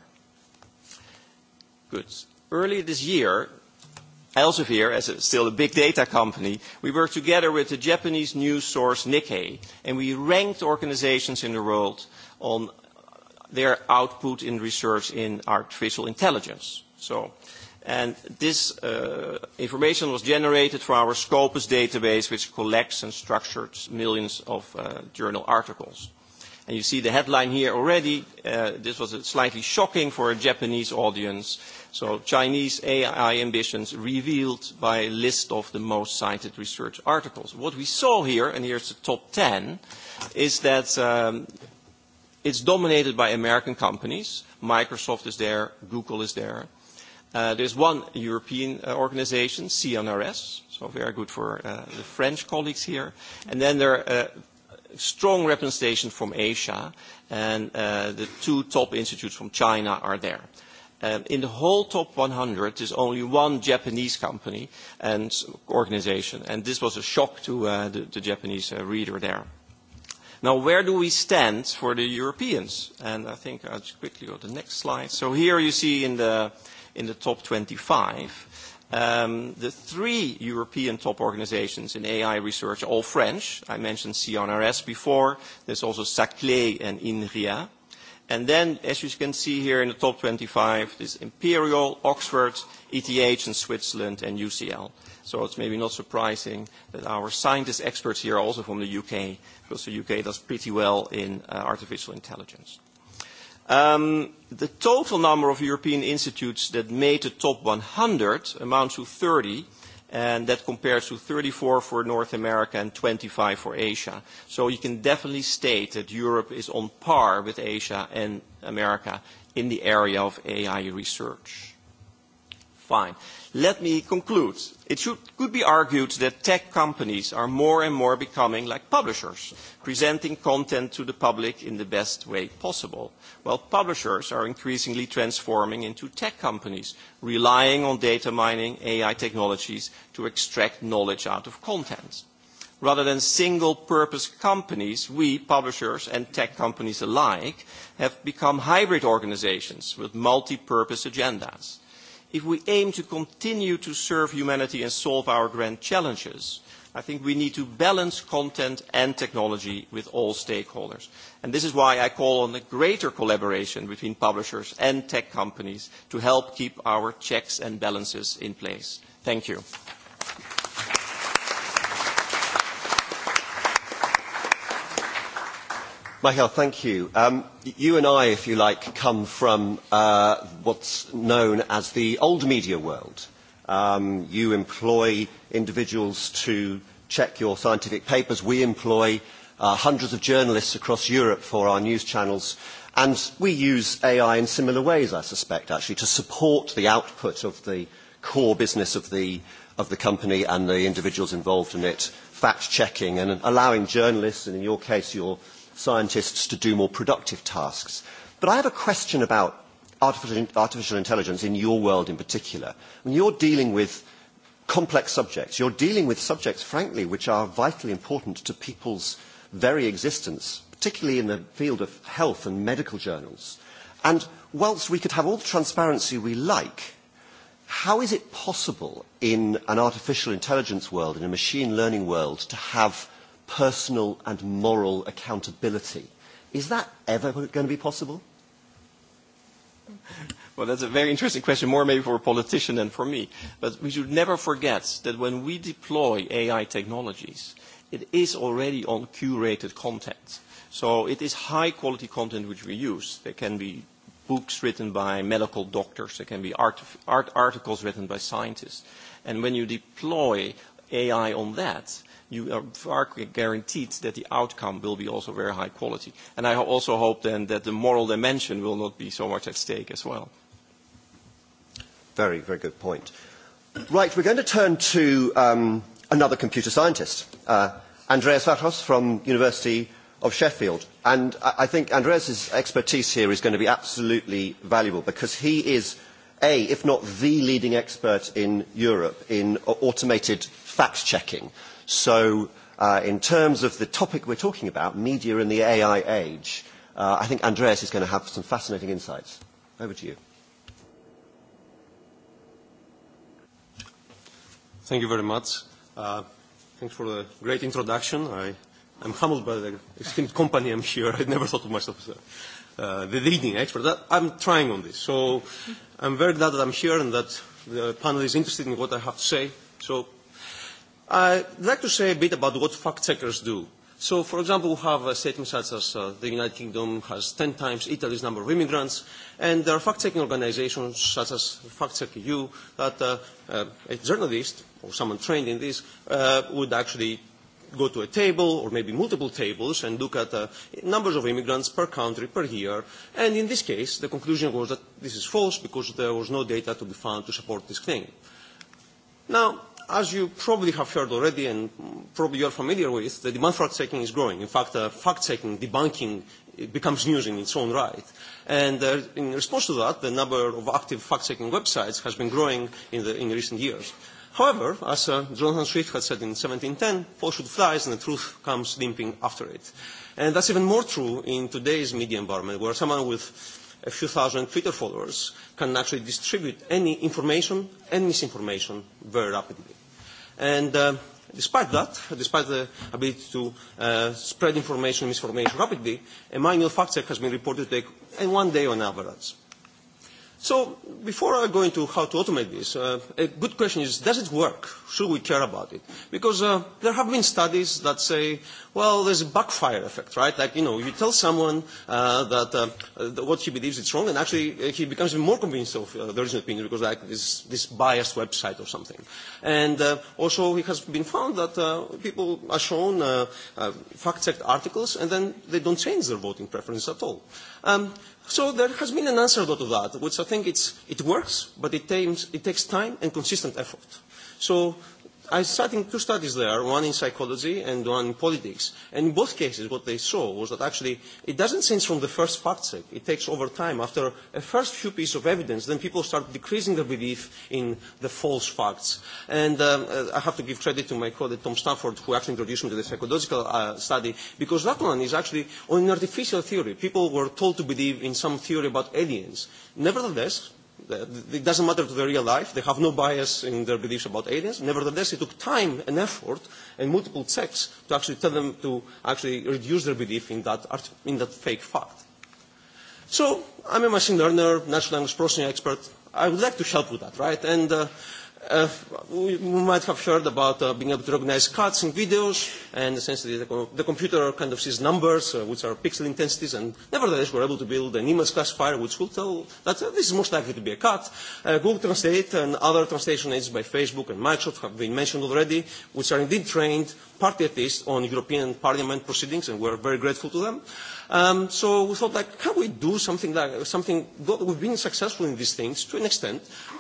Good. Earlier this year, Elsevier, as a, still a big data company, we worked together with the Japanese news source Nikkei, and we ranked organizations in the world on their output in research in artificial intelligence. So, and this uh, information was generated from our Scopus database, which collects and structures millions of uh, journal articles. And you see the headline here already. Uh, this was a slightly shocking for a Japanese audience So Chinese AI ambitions revealed by a list of the most cited research articles. What we saw here, and here's the top 10, is that um, it's dominated by American companies. Microsoft is there, Google is there. Uh, there's one European uh, organization, CNRS, so very good for uh, the French colleagues here. And then there are uh, strong representation from Asia, and uh, the two top institutes from China are there in the whole top 100, there's only one Japanese company and organization, and this was a shock to uh, the, the Japanese uh, reader there. Now, where do we stand for the Europeans? And I think I'll just quickly go to the next slide. So here you see in the, in the top 25, um, the three European top organizations in AI research, all French. I mentioned CNRS before. There's also Saclay and INRIA And then, as you can see here in the top 25, this Imperial, Oxford, ETH in Switzerland, and UCL. So it's maybe not surprising that our scientist experts here are also from the UK, because the UK does pretty well in uh, artificial intelligence. Um, the total number of European institutes that made the top 100 amounts to 30, and that compares to 34 for North America and 25 for Asia. So you can definitely state that Europe is on par with Asia and America in the area of AI research. Fine. Let me conclude. It should, could be argued that tech companies are more and more becoming like publishers, presenting content to the public in the best way possible, while publishers are increasingly transforming into tech companies, relying on data mining, AI technologies to extract knowledge out of content. Rather than single-purpose companies, we, publishers and tech companies alike, have become hybrid organizations with multi-purpose agendas if we aim to continue to serve humanity and solve our grand challenges, I think we need to balance content and technology with all stakeholders. And this is why I call on a greater collaboration between publishers and tech companies to help keep our checks and balances in place. Thank you. Michael, thank you. Um, you and I, if you like, come from uh, what's known as the old media world. Um, you employ individuals to check your scientific papers. We employ uh, hundreds of journalists across Europe for our news channels. And we use AI in similar ways, I suspect, actually, to support the output of the core business of the, of the company and the individuals involved in it, fact-checking and allowing journalists, and in your case, your scientists to do more productive tasks. But I have a question about artificial, artificial intelligence in your world in particular. When you're dealing with complex subjects, you're dealing with subjects, frankly, which are vitally important to people's very existence, particularly in the field of health and medical journals. And whilst we could have all the transparency we like, how is it possible in an artificial intelligence world, in a machine learning world, to have personal and moral accountability. Is that ever going to be possible? Well, that's a very interesting question, more maybe for a politician than for me. But we should never forget that when we deploy AI technologies, it is already on curated content. So it is high quality content which we use. There can be books written by medical doctors, there can be art, art articles written by scientists. And when you deploy AI on that, you are far guaranteed that the outcome will be also very high quality. And I also hope then that the moral dimension will not be so much at stake as well. Very, very good point. Right, we're going to turn to um, another computer scientist, uh, Andreas Vatos from University of Sheffield. And I think Andreas' expertise here is going to be absolutely valuable because he is a, if not the leading expert in Europe in automated fact-checking. So uh, in terms of the topic we're talking about, media in the AI age, uh, I think Andreas is going to have some fascinating insights. Over to you. Thank you very much. Uh, thanks for the great introduction. I, I'm humbled by the esteemed company I'm here. I never thought of myself as a uh, the leading expert. I'm trying on this. So I'm very glad that I'm here and that the panel is interested in what I have to say. So I'd like to say a bit about what fact-checkers do. So, for example, we have a statement such as uh, the United Kingdom has 10 times Italy's number of immigrants, and there are fact-checking organizations such as Fact-Check EU that uh, uh, a journalist or someone trained in this uh, would actually go to a table or maybe multiple tables and look at uh, numbers of immigrants per country per year. And in this case, the conclusion was that this is false because there was no data to be found to support this claim. Now, as you probably have heard already and probably you're familiar with, the demand for fact-checking is growing. In fact, uh, fact-checking, debunking, it becomes news in its own right. And uh, in response to that, the number of active fact-checking websites has been growing in, the, in recent years. However, as uh, Jonathan Swift had said in 1710, falsehood flies and the truth comes limping after it. And that's even more true in today's media environment, where someone with a few thousand Twitter followers can actually distribute any information and misinformation very rapidly. And uh, despite that, despite the ability to uh, spread information and misinformation rapidly, a minor fact check has been reported to take one day on average. So before I go into how to automate this, uh, a good question is, does it work? Should we care about it? Because uh, there have been studies that say, well, there's a backfire effect, right? Like, you know, you tell someone uh, that, uh, that what he believes is wrong, and actually uh, he becomes even more convinced of uh, the original opinion because, like, this, this biased website or something. And uh, also it has been found that uh, people are shown uh, uh, fact-checked articles, and then they don't change their voting preference at all. Uh, Um, so there has been an answer to that, which I think it's, it works, but it, tames it takes time and consistent effort. So I started two studies there, one in psychology and one in politics. And in both cases, what they saw was that actually it doesn't change from the first fact check. It takes over time. After a first few pieces of evidence, then people start decreasing their belief in the false facts. And um, I have to give credit to my colleague Tom Stafford, who actually introduced me to the psychological uh, study, because that one is actually on an artificial theory. People were told to believe in some theory about aliens. Nevertheless, it doesn't matter to their real life. They have no bias in their beliefs about aliens. Nevertheless, it took time and effort and multiple checks to actually tell them to actually reduce their belief in that, art, in that fake fact. So I'm a machine learner, natural language processing expert. I would like to help with that, right? And uh, uh, we might have heard about uh, being able to recognize cuts in videos, and essentially the, the computer kind of sees numbers, uh, which are pixel intensities, and nevertheless we're able to build an image classifier which will tell that uh, this is most likely to be a cut. Uh, Google Translate and other translation aids by Facebook and Microsoft have been mentioned already, which are indeed trained, partly at least, on European Parliament proceedings, and we're very grateful to them. Uh, Um, so we thought, like, can we do something like something? We've been successful in these things to an extent.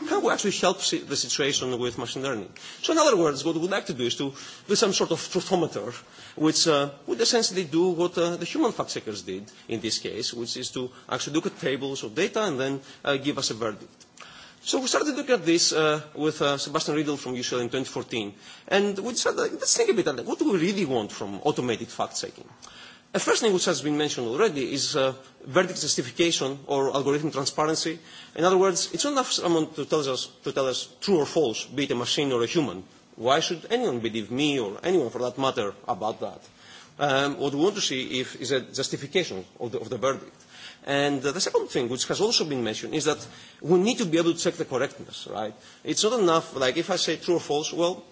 Can we actually help the situation with machine learning? So, in other words, what we'd like to do is to do some sort of truthometer, which uh, would essentially do what uh, the human fact checkers did in this case, which is to actually look at tables of data and then uh, give us a verdict. So we started looking at this uh, with uh, Sebastian Riddle from UCL in 2014, and we decided, like, let's think a bit like, what do we really want from automated fact-checking? Uh, A first thing which has been mentioned already is uh, verdict justification or algorithm transparency. In other words, it's not enough for someone to tell, us, to tell us true or false, be it a machine or a human. Why should anyone believe me or anyone for that matter about that? Um, what we want to see if, is a justification of the, of the verdict. And uh, the second thing, which has also been mentioned, is that we need to be able to check the correctness, right? It's not enough, like, if I say true or false, well,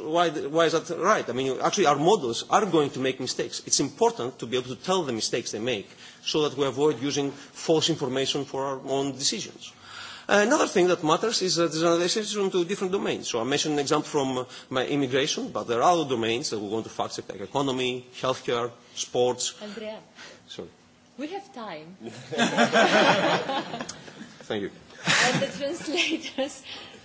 why, why is that right? I mean, actually, our models are going to make mistakes. It's important to be able to tell the mistakes they make so that we avoid using false information for our own decisions. Another thing that matters is that an association to different domains. So I mentioned an example from my immigration, but there are other domains that we want to fact check, like economy, healthcare, sports. Andrea. Sorry. We have time. Thank you. And the translators,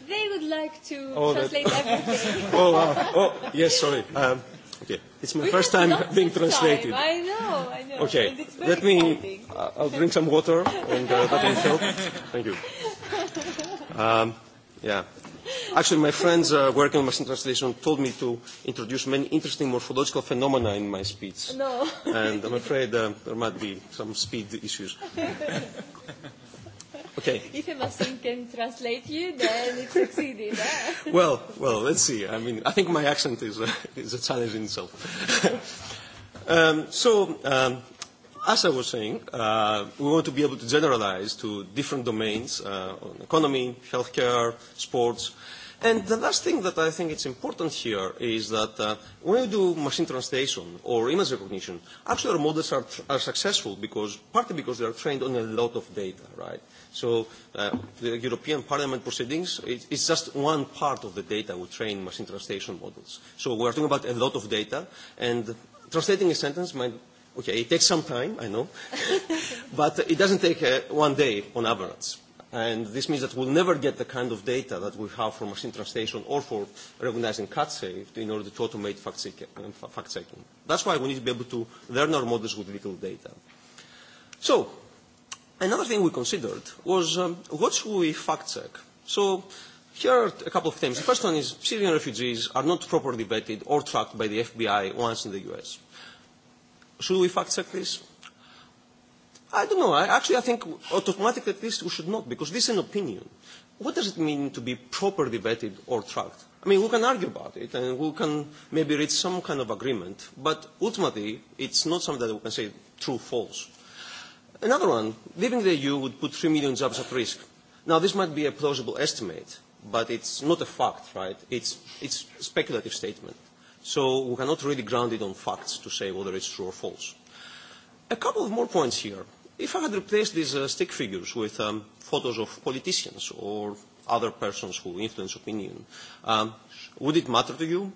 they would like to oh, translate that. everything. oh, uh, oh, yes, sorry. Um, okay, it's my we first time being translated. Time. I know, I know. Okay, let me. Uh, I'll drink some water, and uh, that will help. Thank you. Um, yeah. Actually, my friends uh, working on machine translation told me to introduce many interesting morphological phenomena in my speech. No. And I'm afraid uh, there might be some speed issues. Okay. If a machine can translate you, then it succeeded. Eh? well, well, let's see. I mean, I think my accent is a, is a challenge in itself. um, so, um, as I was saying, uh, we want to be able to generalize to different domains uh, on economy, healthcare, sports. And the last thing that I think is important here is that uh, when we do machine translation or image recognition, actually our models are, are successful because, partly because they are trained on a lot of data, right? So uh, the European Parliament proceedings, it, it's just one part of the data we train machine translation models. So we're talking about a lot of data, and translating a sentence might Okay, it takes some time, I know, but it doesn't take uh, one day on average. And this means that we'll never get the kind of data that we have for machine translation or for recognizing cut saved in order to automate fact-checking. That's why we need to be able to learn our models with little data. So, another thing we considered was um, what should we fact-check? So, here are a couple of things. The first one is Syrian refugees are not properly vetted or tracked by the FBI once in the U.S. Should we fact check this? I don't know. I, actually, I think automatically at least we should not, because this is an opinion. What does it mean to be properly vetted or tracked? I mean, we can argue about it, and we can maybe reach some kind of agreement, but ultimately, it's not something that we can say true, false. Another one, leaving the EU would put 3 million jobs at risk. Now, this might be a plausible estimate, but it's not a fact, right? It's, it's a speculative statement. So we cannot really ground it on facts to say whether it's true or false. A couple of more points here. If I had replaced these uh, stick figures with um, photos of politicians or other persons who influence opinion, um, would it matter to you?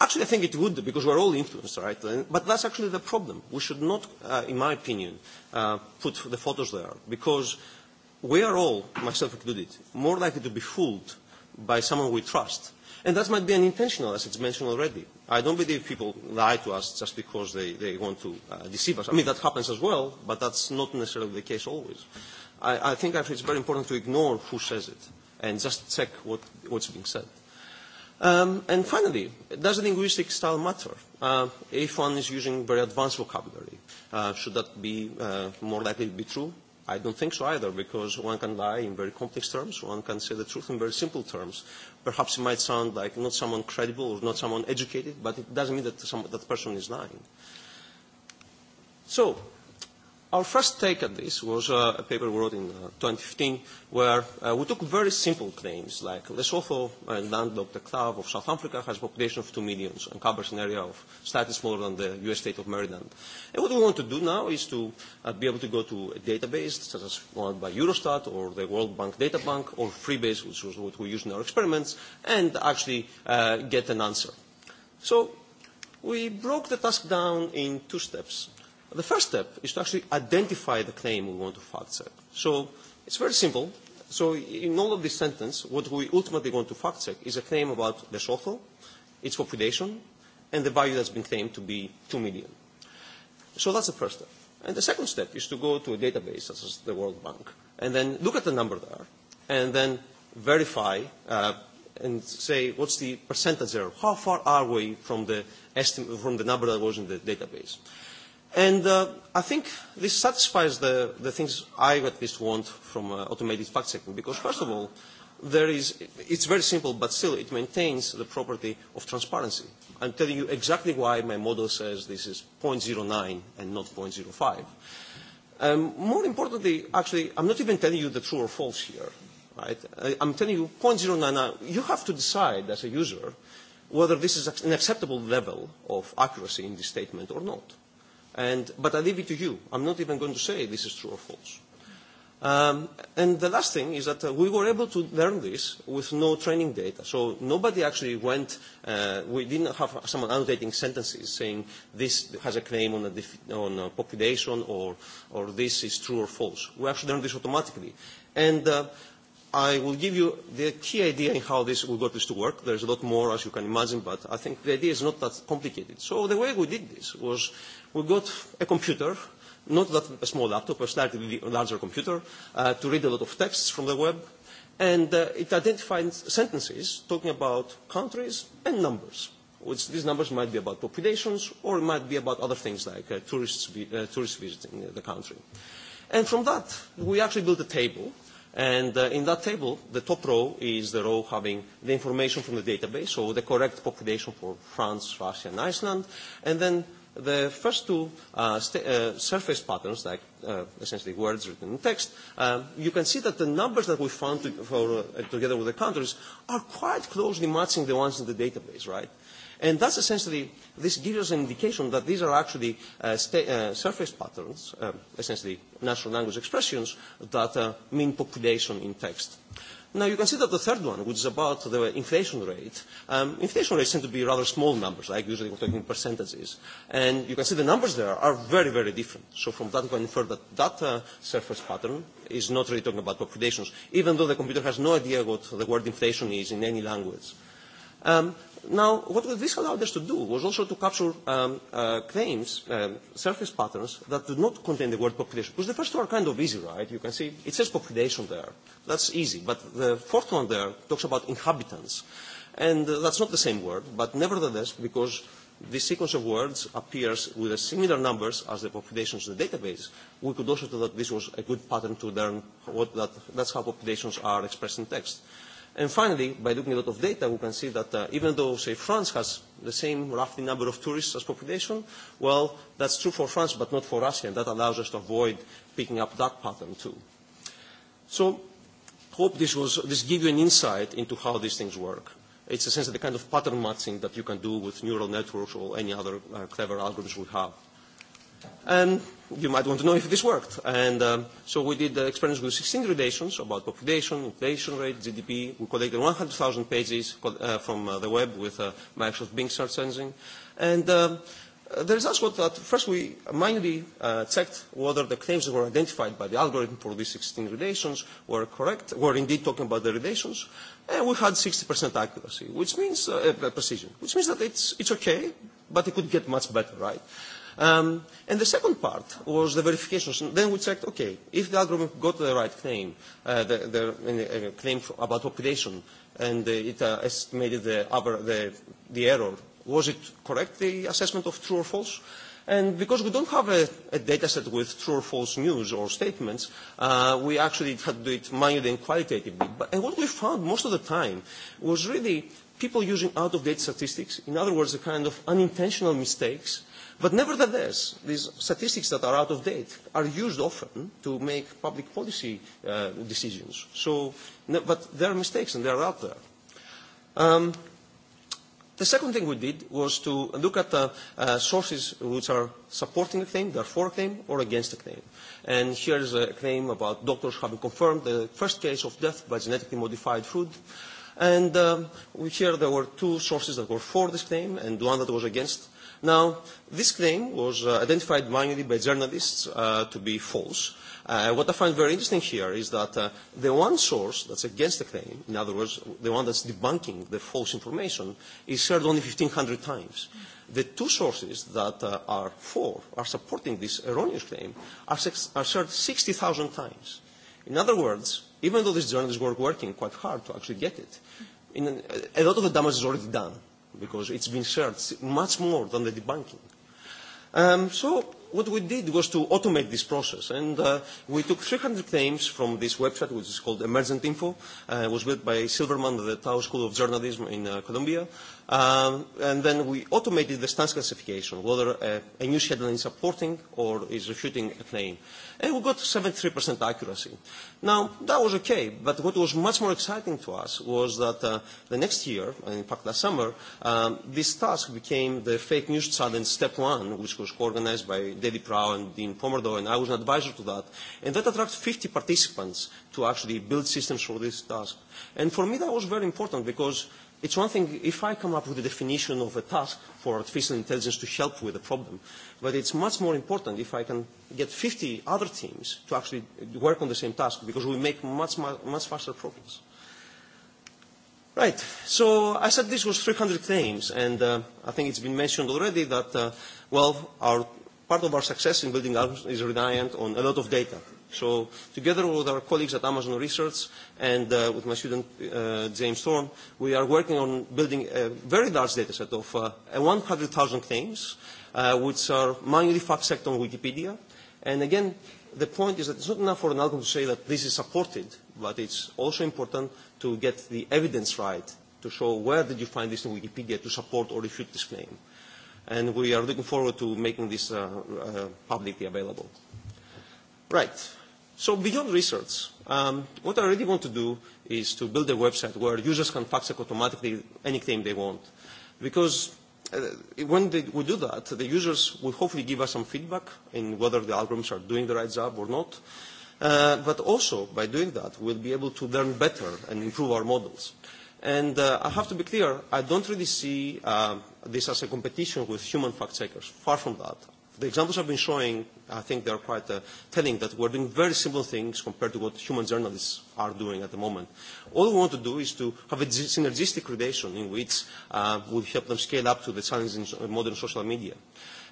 Actually, I think it would, because we're all influenced, right? But that's actually the problem. We should not, uh, in my opinion, uh, put the photos there, because we are all, myself included, more likely to be fooled by someone we trust And that might be unintentional, as it's mentioned already. I don't believe people lie to us just because they, they want to uh, deceive us. I mean, that happens as well, but that's not necessarily the case always. I, I think actually it's very important to ignore who says it and just check what, what's being said. Um, and finally, does the linguistic style matter? Uh, if one is using very advanced vocabulary, uh, should that be uh, more likely to be true? I don't think so either, because one can lie in very complex terms, one can say the truth in very simple terms. Perhaps it might sound like not someone credible or not someone educated, but it doesn't mean that some, that person is lying. So Our first take at this was uh, a paper we wrote in uh, 2015 where uh, we took very simple claims like Lesotho, a landlocked enclave of South Africa, has a population of 2 million and covers an area of slightly smaller than the US state of Maryland. And what we want to do now is to uh, be able to go to a database such as one by Eurostat or the World Bank Data Bank or Freebase, which was what we used in our experiments, and actually uh, get an answer. So we broke the task down in two steps. The first step is to actually identify the claim we want to fact check. So it's very simple. So in all of this sentence, what we ultimately want to fact check is a claim about the shortfall, its population, and the value that's been claimed to be 2 million. So that's the first step. And the second step is to go to a database such as the World Bank and then look at the number there and then verify uh, and say what's the percentage error, how far are we from the, from the number that was in the database. And uh, I think this satisfies the, the things I at least want from uh, automated fact-checking, because first of all, there is, it's very simple, but still it maintains the property of transparency. I'm telling you exactly why my model says this is 0.09 and not 0.05. Um, more importantly, actually, I'm not even telling you the true or false here. Right? I, I'm telling you 0.09. You have to decide as a user whether this is an acceptable level of accuracy in this statement or not. And, but I leave it to you. I'm not even going to say this is true or false. Um, and the last thing is that uh, we were able to learn this with no training data. So nobody actually went, uh, we didn't have someone annotating sentences saying this has a claim on a, def on a population or, or this is true or false. We actually learned this automatically. And uh, I will give you the key idea in how this, we got this to work. There's a lot more, as you can imagine, but I think the idea is not that complicated. So the way we did this was we got a computer, not that a small laptop, a slightly larger computer, uh, to read a lot of texts from the web, and uh, it identified sentences talking about countries and numbers, which these numbers might be about populations or it might be about other things like uh, tourists, uh, tourists visiting the country. And from that, we actually built a table And uh, in that table, the top row is the row having the information from the database, so the correct population for France, Russia, and Iceland. And then The first two uh, st- uh, surface patterns, like uh, essentially words written in text, uh, you can see that the numbers that we found to, for, uh, together with the countries are quite closely matching the ones in the database, right? And that's essentially, this gives us an indication that these are actually uh, sta- uh, surface patterns, uh, essentially natural language expressions, that uh, mean population in text. Now you can see that the third one, which is about the inflation rate. Um, inflation rates tend to be rather small numbers, like usually we're talking percentages. And you can see the numbers there are very, very different. So from that we can infer that that uh, surface pattern is not really talking about populations, even though the computer has no idea what the word inflation is in any language. Um, Now, what this allowed us to do was also to capture um, uh, claims, um, surface patterns that do not contain the word population. Because the first two are kind of easy, right? You can see it says population there. That's easy. But the fourth one there talks about inhabitants. And uh, that's not the same word, but nevertheless, because this sequence of words appears with a similar numbers as the populations in the database, we could also tell that this was a good pattern to learn what that, that's how populations are expressed in text. Uh, And finally, by looking at a lot of data, we can see that uh, even though, say, France has the same roughly number of tourists as population, well, that's true for France, but not for Russia, and that allows us to avoid picking up that pattern too. So, hope this was this gives you an insight into how these things work. It's essentially the kind of pattern matching that you can do with neural networks or any other uh, clever algorithms we have. And you might want to know if this worked. And um, so we did the experiments with 16 gradations about population, inflation rate, GDP. We collected 100,000 pages uh, from uh, the web with uh, Microsoft Bing search engine. And uh, the results were that first we manually uh, checked whether the claims that were identified by the algorithm for these 16 gradations were correct, were indeed talking about the gradations, and we had 60% accuracy, which means uh, precision, which means that it's, it's okay, but it could get much better, right? Uh, Um, and the second part was the verification. Then we checked, okay, if the algorithm got the right claim, uh, the, the uh, claim about population, and uh, it uh, estimated the, upper, the, the error, was it correct, the assessment of true or false? And because we don't have a, a data set with true or false news or statements, uh, we actually had to do it manually and qualitatively. But, and what we found most of the time was really people using out-of-date statistics, in other words, the kind of unintentional mistakes But nevertheless, these statistics that are out of date are used often to make public policy uh, decisions. So, but there are mistakes and they are out there. Um, the second thing we did was to look at uh, uh, sources which are supporting a claim, they're for a claim, or against a claim. And here is a claim about doctors having confirmed the first case of death by genetically modified food. And um, here there were two sources that were for this claim and one that was against Now, this claim was uh, identified manually by journalists uh, to be false. Uh, what I find very interesting here is that uh, the one source that's against the claim, in other words, the one that's debunking the false information, is shared only 1,500 times. The two sources that uh, are for, are supporting this erroneous claim, are, six, are shared 60,000 times. In other words, even though these journalists were working quite hard to actually get it, in, a lot of the damage is already done because it's been shared much more than the debunking. Um, so what we did was to automate this process, and uh, we took 300 claims from this website, which is called Emergent Info. Uh, it was built by Silverman at the Tao School of Journalism in uh, Colombia, Um, and then we automated the stance classification, whether a, a news headline is supporting or is refuting a claim. And we got 73% accuracy. Now, that was okay, but what was much more exciting to us was that uh, the next year, and in fact last summer, um, this task became the fake news challenge step one, which was co-organized by Daddy Prow and Dean Pomerdo, and I was an advisor to that. And that attracted 50 participants to actually build systems for this task. And for me, that was very important because It's one thing if I come up with a definition of a task for artificial intelligence to help with a problem, but it's much more important if I can get 50 other teams to actually work on the same task because we make much, much, much faster progress. Right, so I said this was 300 claims, and uh, I think it's been mentioned already that, uh, well, our, part of our success in building algorithms is reliant on a lot of data. So together with our colleagues at Amazon Research and uh, with my student uh, James Thorne, we are working on building a very large data set of uh, 100,000 claims, uh, which are manually fact-checked on Wikipedia. And again, the point is that it's not enough for an algorithm to say that this is supported, but it's also important to get the evidence right to show where did you find this in Wikipedia to support or refute this claim. And we are looking forward to making this uh, uh, publicly available. Right. So beyond research, um, what I really want to do is to build a website where users can fax automatically any claim they want. Because uh, when they, we do that, the users will hopefully give us some feedback in whether the algorithms are doing the right job or not. Uh, but also, by doing that, we'll be able to learn better and improve our models. And uh, I have to be clear, I don't really see uh, this as a competition with human fact-checkers. Far from that. The examples I've been showing, I think they are quite uh, telling that we're doing very simple things compared to what human journalists are doing at the moment. All we want to do is to have a synergistic relation in which uh, we help them scale up to the challenges in modern social media.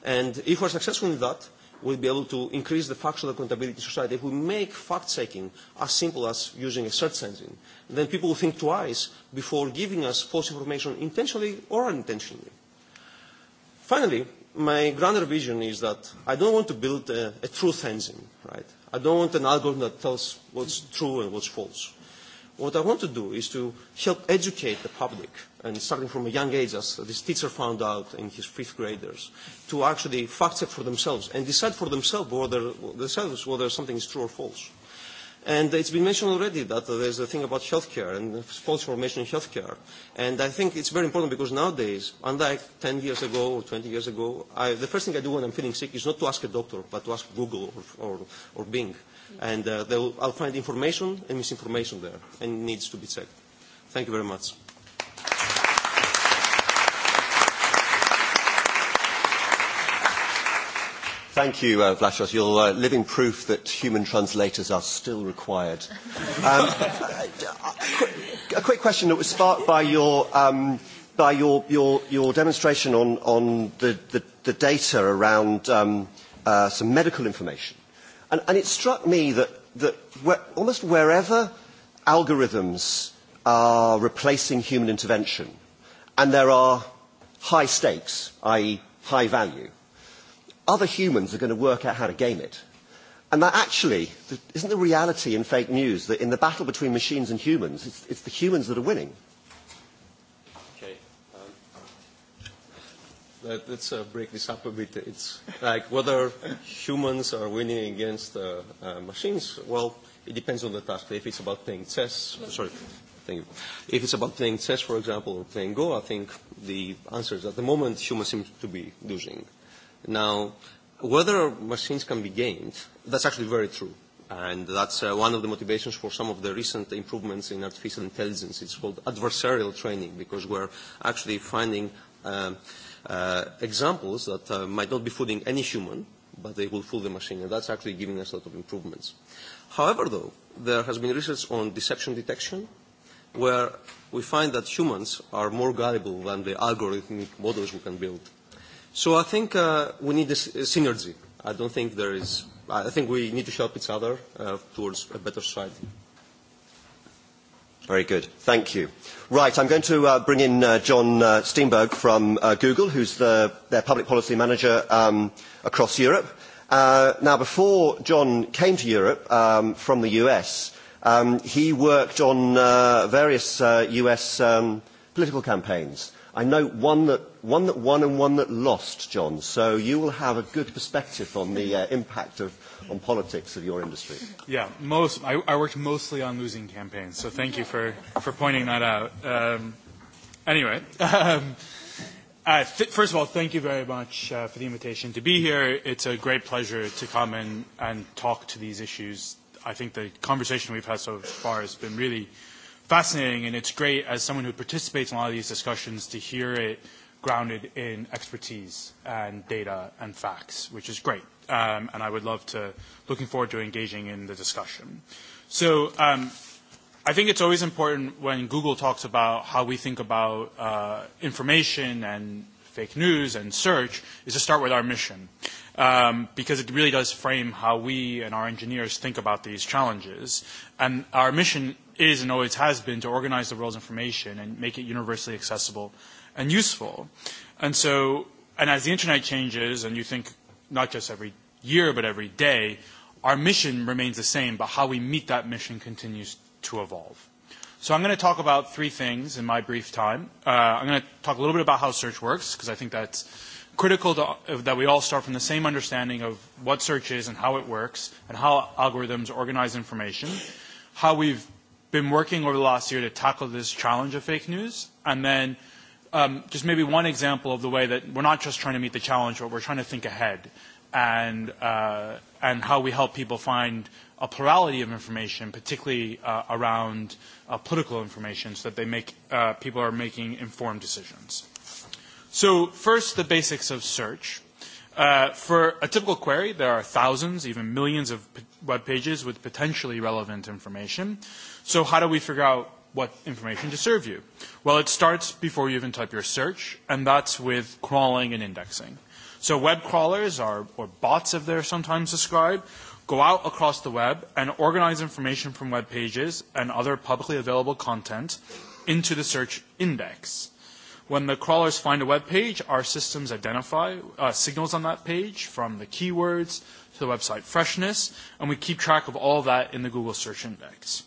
And if we're successful in that, we'll be able to increase the factual accountability in society. If we make fact-checking as simple as using a search engine, then people will think twice before giving us false information intentionally or unintentionally. Finally, my grander vision is that I don't want to build a, a truth engine, right? I don't want an algorithm that tells what's true and what's false. What I want to do is to help educate the public, and starting from a young age, as this teacher found out in his fifth graders, to actually fact check for themselves and decide for themselves whether, themselves whether something is true or false. And it's been mentioned already that there's a thing about healthcare and false formation in healthcare. And I think it's very important because nowadays, unlike 10 years ago or 20 years ago, I, the first thing I do when I'm feeling sick is not to ask a doctor, but to ask Google or, or, or Bing. And uh, I'll find information and misinformation there and it needs to be checked. Thank you very much. Thank you, uh, Vlachos. You're uh, living proof that human translators are still required. Um, a, quick, a quick question that was sparked by your, um, by your, your, your demonstration on, on the, the, the data around um, uh, some medical information. And, and it struck me that, that where, almost wherever algorithms are replacing human intervention, and there are high stakes, i.e. high value, other humans are going to work out how to game it. And that actually, isn't the reality in fake news that in the battle between machines and humans, it's, it's the humans that are winning? Okay. let, let's uh, break this up a bit. It's like whether humans are winning against uh, uh, machines. Well, it depends on the task. If it's about playing chess, sorry, thank you. If it's about playing chess, for example, or playing Go, I think the answer is at the moment humans seem to be losing. Now, whether machines can be gamed, that's actually very true. And that's uh, one of the motivations for some of the recent improvements in artificial intelligence. It's called adversarial training because we're actually finding uh, uh, examples that uh, might not be fooling any human, but they will fool the machine. And that's actually giving us a lot of improvements. However, though, there has been research on deception detection where we find that humans are more gullible than the algorithmic models we can build. So I think uh, we need a synergy. I don't think there is. I think we need to help each other uh, towards a better society. Very good. Thank you. Right, I'm going to uh, bring in uh, John uh, Steinberg from uh, Google, who's the, their public policy manager um, across Europe. Uh, now, before John came to Europe um, from the US, um, he worked on uh, various uh, US um, political campaigns I know one that, one that won and one that lost, John, so you will have a good perspective on the uh, impact of, on politics of your industry. Yeah, most, I, I worked mostly on losing campaigns, so thank you for, for pointing that out. Um, anyway, um, uh, th- first of all, thank you very much uh, for the invitation to be here. It's a great pleasure to come and, and talk to these issues. I think the conversation we've had so far has been really fascinating, and it's great as someone who participates in a lot of these discussions to hear it grounded in expertise and data and facts, which is great. Um, and I would love to, looking forward to engaging in the discussion. So um, I think it's always important when Google talks about how we think about uh, information and fake news and search is to start with our mission um, because it really does frame how we and our engineers think about these challenges. And our mission is and always has been to organize the world's information and make it universally accessible and useful. And so, and as the internet changes, and you think not just every year but every day, our mission remains the same, but how we meet that mission continues to evolve. So I'm going to talk about three things in my brief time. Uh, I'm going to talk a little bit about how search works because I think that's critical to, uh that we all start from the same understanding of what search is and how it works and how algorithms organize information, how we've been working over the last year to tackle this challenge of fake news. And then um, just maybe one example of the way that we're not just trying to meet the challenge, but we're trying to think ahead and, uh, and how we help people find a plurality of information, particularly uh, around uh, political information, so that they make, uh, people are making informed decisions. So first, the basics of search. Uh, for a typical query, there are thousands, even millions of web pages with potentially relevant information. So how do we figure out what information to serve you? Well, it starts before you even type your search, and that's with crawling and indexing. So web crawlers, are, or bots if they're sometimes described, go out across the web and organize information from web pages and other publicly available content into the search index. When the crawlers find a web page, our systems identify uh, signals on that page from the keywords to the website freshness, and we keep track of all that in the Google Search Index.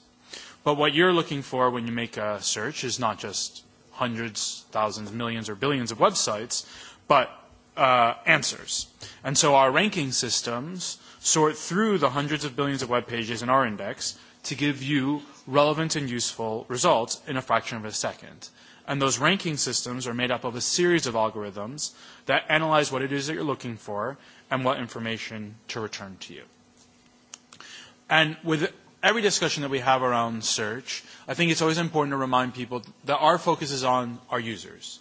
But what you're looking for when you make a search is not just hundreds, thousands, millions, or billions of websites, but uh, answers. And so our ranking systems sort through the hundreds of billions of web pages in our index to give you relevant and useful results in a fraction of a second. And those ranking systems are made up of a series of algorithms that analyze what it is that you're looking for and what information to return to you. And with every discussion that we have around search, I think it's always important to remind people that our focus is on our users.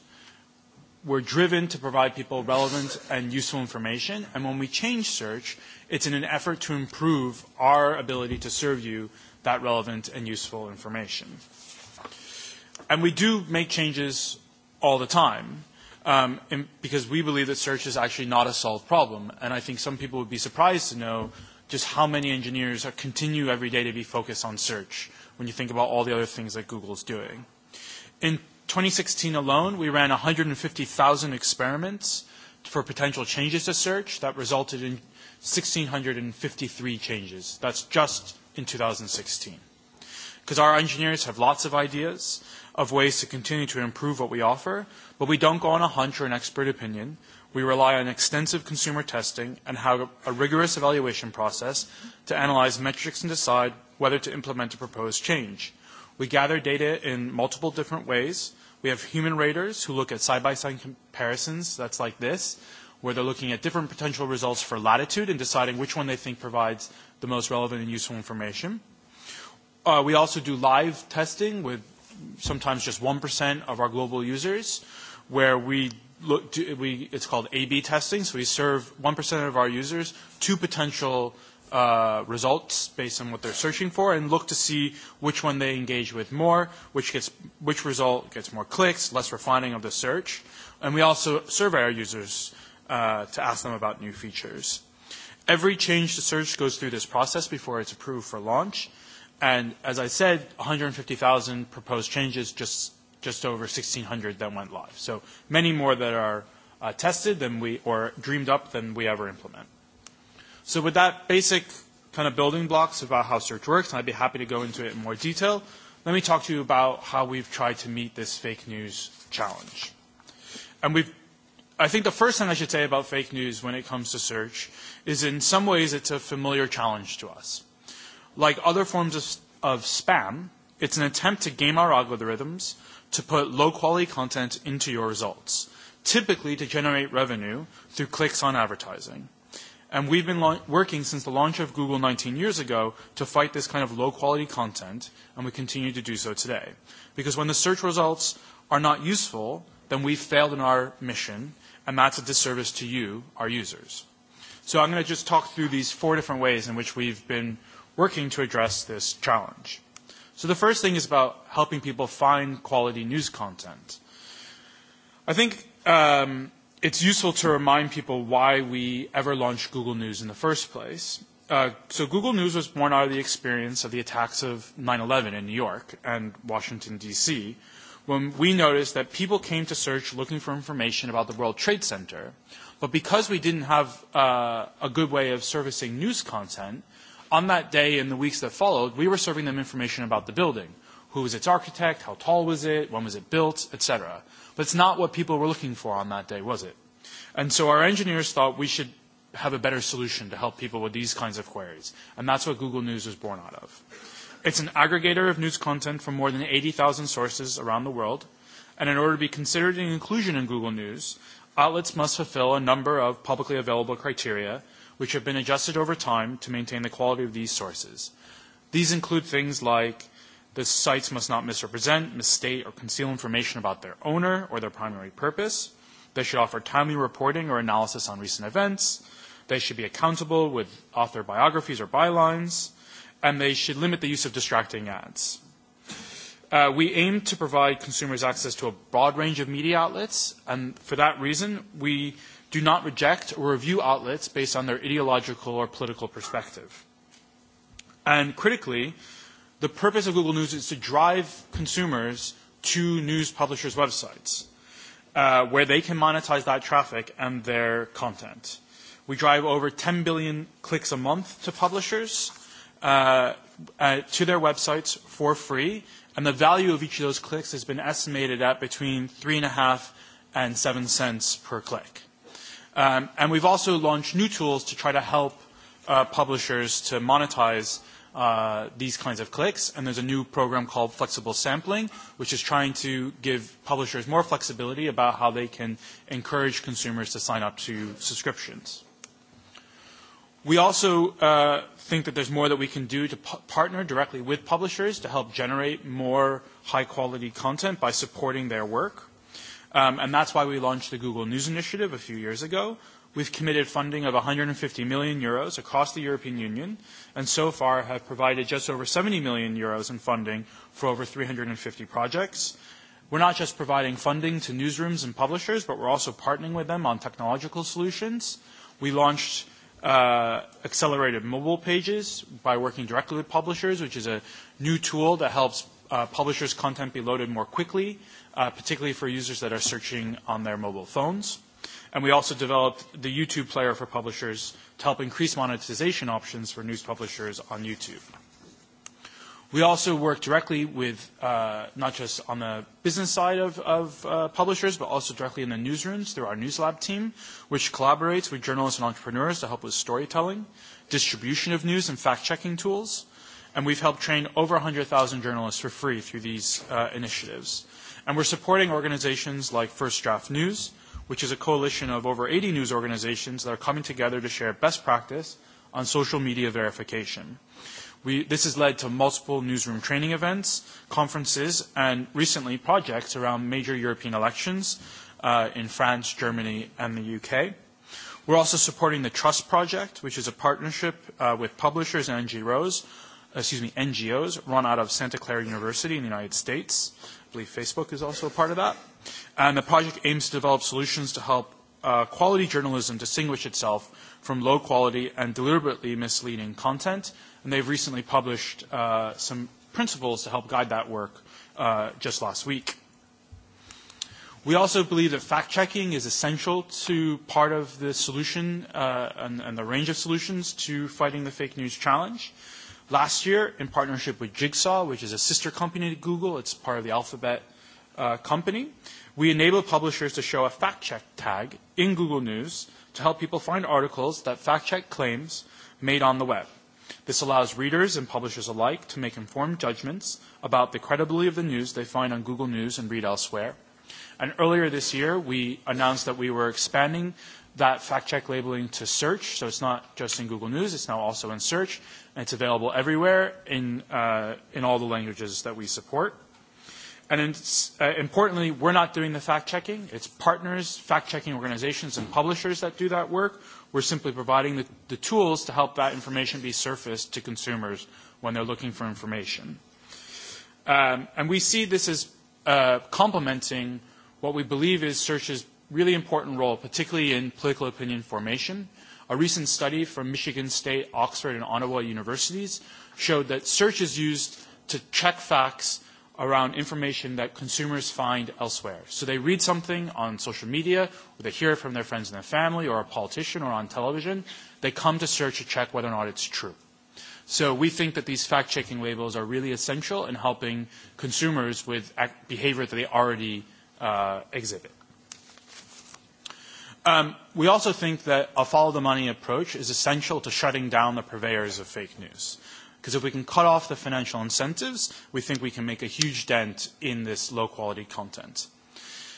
We're driven to provide people relevant and useful information, and when we change search, it's in an effort to improve our ability to serve you that relevant and useful information. And we do make changes all the time um, because we believe that search is actually not a solved problem. And I think some people would be surprised to know just how many engineers are continue every day to be focused on search when you think about all the other things that Google's doing. In 2016 alone, we ran 150,000 experiments for potential changes to search that resulted in 1,653 changes. That's just in 2016. Because our engineers have lots of ideas of ways to continue to improve what we offer, but we don't go on a hunch or an expert opinion we rely on extensive consumer testing and have a rigorous evaluation process to analyze metrics and decide whether to implement a proposed change. We gather data in multiple different ways. We have human raters who look at side-by-side comparisons, that's like this, where they're looking at different potential results for latitude and deciding which one they think provides the most relevant and useful information. Uh, we also do live testing with sometimes just 1% of our global users, where we look, do, we, it's called A-B testing. So we serve 1% of our users two potential uh, results based on what they're searching for and look to see which one they engage with more, which, gets, which result gets more clicks, less refining of the search. And we also survey our users uh, to ask them about new features. Every change to search goes through this process before it's approved for launch. And as I said, 150,000 proposed changes just just over 1,600 that went live. So many more that are uh, tested than we or dreamed up than we ever implement. So with that basic kind of building blocks about how search works, and I'd be happy to go into it in more detail, let me talk to you about how we've tried to meet this fake news challenge. And we've I think the first thing I should say about fake news when it comes to search is in some ways it's a familiar challenge to us. Like other forms of, of spam, it's an attempt to game our algorithms to put low-quality content into your results, typically to generate revenue through clicks on advertising. And we've been working since the launch of Google 19 years ago to fight this kind of low-quality content, and we continue to do so today. Because when the search results are not useful, then we've failed in our mission, and that's a disservice to you, our users. So I'm going to just talk through these four different ways in which we've been working to address this challenge. So the first thing is about helping people find quality news content. I think um, it's useful to remind people why we ever launched Google News in the first place. Uh, so Google News was born out of the experience of the attacks of 9/11 in New York and Washington D.C., when we noticed that people came to search looking for information about the World Trade Center, but because we didn't have uh, a good way of servicing news content, On that day and the weeks that followed, we were serving them information about the building. Who was its architect? How tall was it? When was it built? Etc. But it's not what people were looking for on that day, was it? And so our engineers thought we should have a better solution to help people with these kinds of queries. And that's what Google News was born out of. It's an aggregator of news content from more than 80,000 sources around the world. And in order to be considered an inclusion in Google News, outlets must fulfill a number of publicly available criteria, which have been adjusted over time to maintain the quality of these sources. These include things like the sites must not misrepresent, misstate, or conceal information about their owner or their primary purpose. They should offer timely reporting or analysis on recent events. They should be accountable with author biographies or bylines. And they should limit the use of distracting ads. Uh, we aim to provide consumers access to a broad range of media outlets, and for that reason, we do not reject or review outlets based on their ideological or political perspective. And critically, the purpose of Google News is to drive consumers to news publishers' websites, uh, where they can monetize that traffic and their content. We drive over 10 billion clicks a month to publishers, uh, uh, to their websites for free, and the value of each of those clicks has been estimated at between three and a half and seven cents per click. Um, and we've also launched new tools to try to help uh, publishers to monetize uh, these kinds of clicks. And there's a new program called Flexible Sampling, which is trying to give publishers more flexibility about how they can encourage consumers to sign up to subscriptions. We also uh, think that there's more that we can do to partner directly with publishers to help generate more high quality content by supporting their work and that's why we launched the Google News Initiative a few years ago. We've committed funding of 150 million euros across the European Union, and so far have provided just over 70 million euros in funding for over 350 projects. We're not just providing funding to newsrooms and publishers, but we're also partnering with them on technological solutions. We launched uh, accelerated mobile pages by working directly with publishers, which is a new tool that helps uh, publishers' content be loaded more quickly uh, particularly for users that are searching on their mobile phones. And we also developed the YouTube player for publishers to help increase monetization options for news publishers on YouTube. We also work directly with uh, not just on the business side of, of uh, publishers, but also directly in the newsrooms through our News Lab team, which collaborates with journalists and entrepreneurs to help with storytelling, distribution of news, and fact checking tools. And we've helped train over 100,000 journalists for free through these uh, initiatives. And we're supporting organizations like First Draft News, which is a coalition of over 80 news organizations that are coming together to share best practice on social media verification. We, this has led to multiple newsroom training events, conferences, and recently projects around major European elections uh, in France, Germany, and the UK. We're also supporting the Trust Project, which is a partnership uh, with publishers and NGOs, excuse me, NGOs run out of Santa Clara University in the United States. I believe Facebook is also a part of that. And the project aims to develop solutions to help uh, quality journalism distinguish itself from low quality and deliberately misleading content. And they've recently published uh, some principles to help guide that work uh, just last week. We also believe that fact checking is essential to part of the solution uh, and, and the range of solutions to fighting the fake news challenge. Uh, Last year, in partnership with Jigsaw, which is a sister company to Google, it's part of the Alphabet uh, company, we enabled publishers to show a fact check tag in Google News to help people find articles that fact check claims made on the web. This allows readers and publishers alike to make informed judgments about the credibility of the news they find on Google News and read elsewhere. And earlier this year, we announced that we were expanding that fact-check labeling to search, so it's not just in Google News, it's now also in search, and it's available everywhere in, uh, in all the languages that we support. And uh, importantly, we're not doing the fact-checking. It's partners, fact-checking organizations, and publishers that do that work. We're simply providing the, the tools to help that information be surfaced to consumers when they're looking for information. Um, and we see this as uh, complementing what we believe is search's really important role, particularly in political opinion formation. A recent study from Michigan State, Oxford, and Ottawa universities showed that search is used to check facts around information that consumers find elsewhere. So they read something on social media, or they hear it from their friends and their family, or a politician, or on television. They come to search to check whether or not it's true. So we think that these fact-checking labels are really essential in helping consumers with behavior that they already uh, exhibit we also think that a follow the money approach is essential to shutting down the purveyors of fake news. Because if we can cut off the financial incentives, we think we can make a huge dent in this low quality content.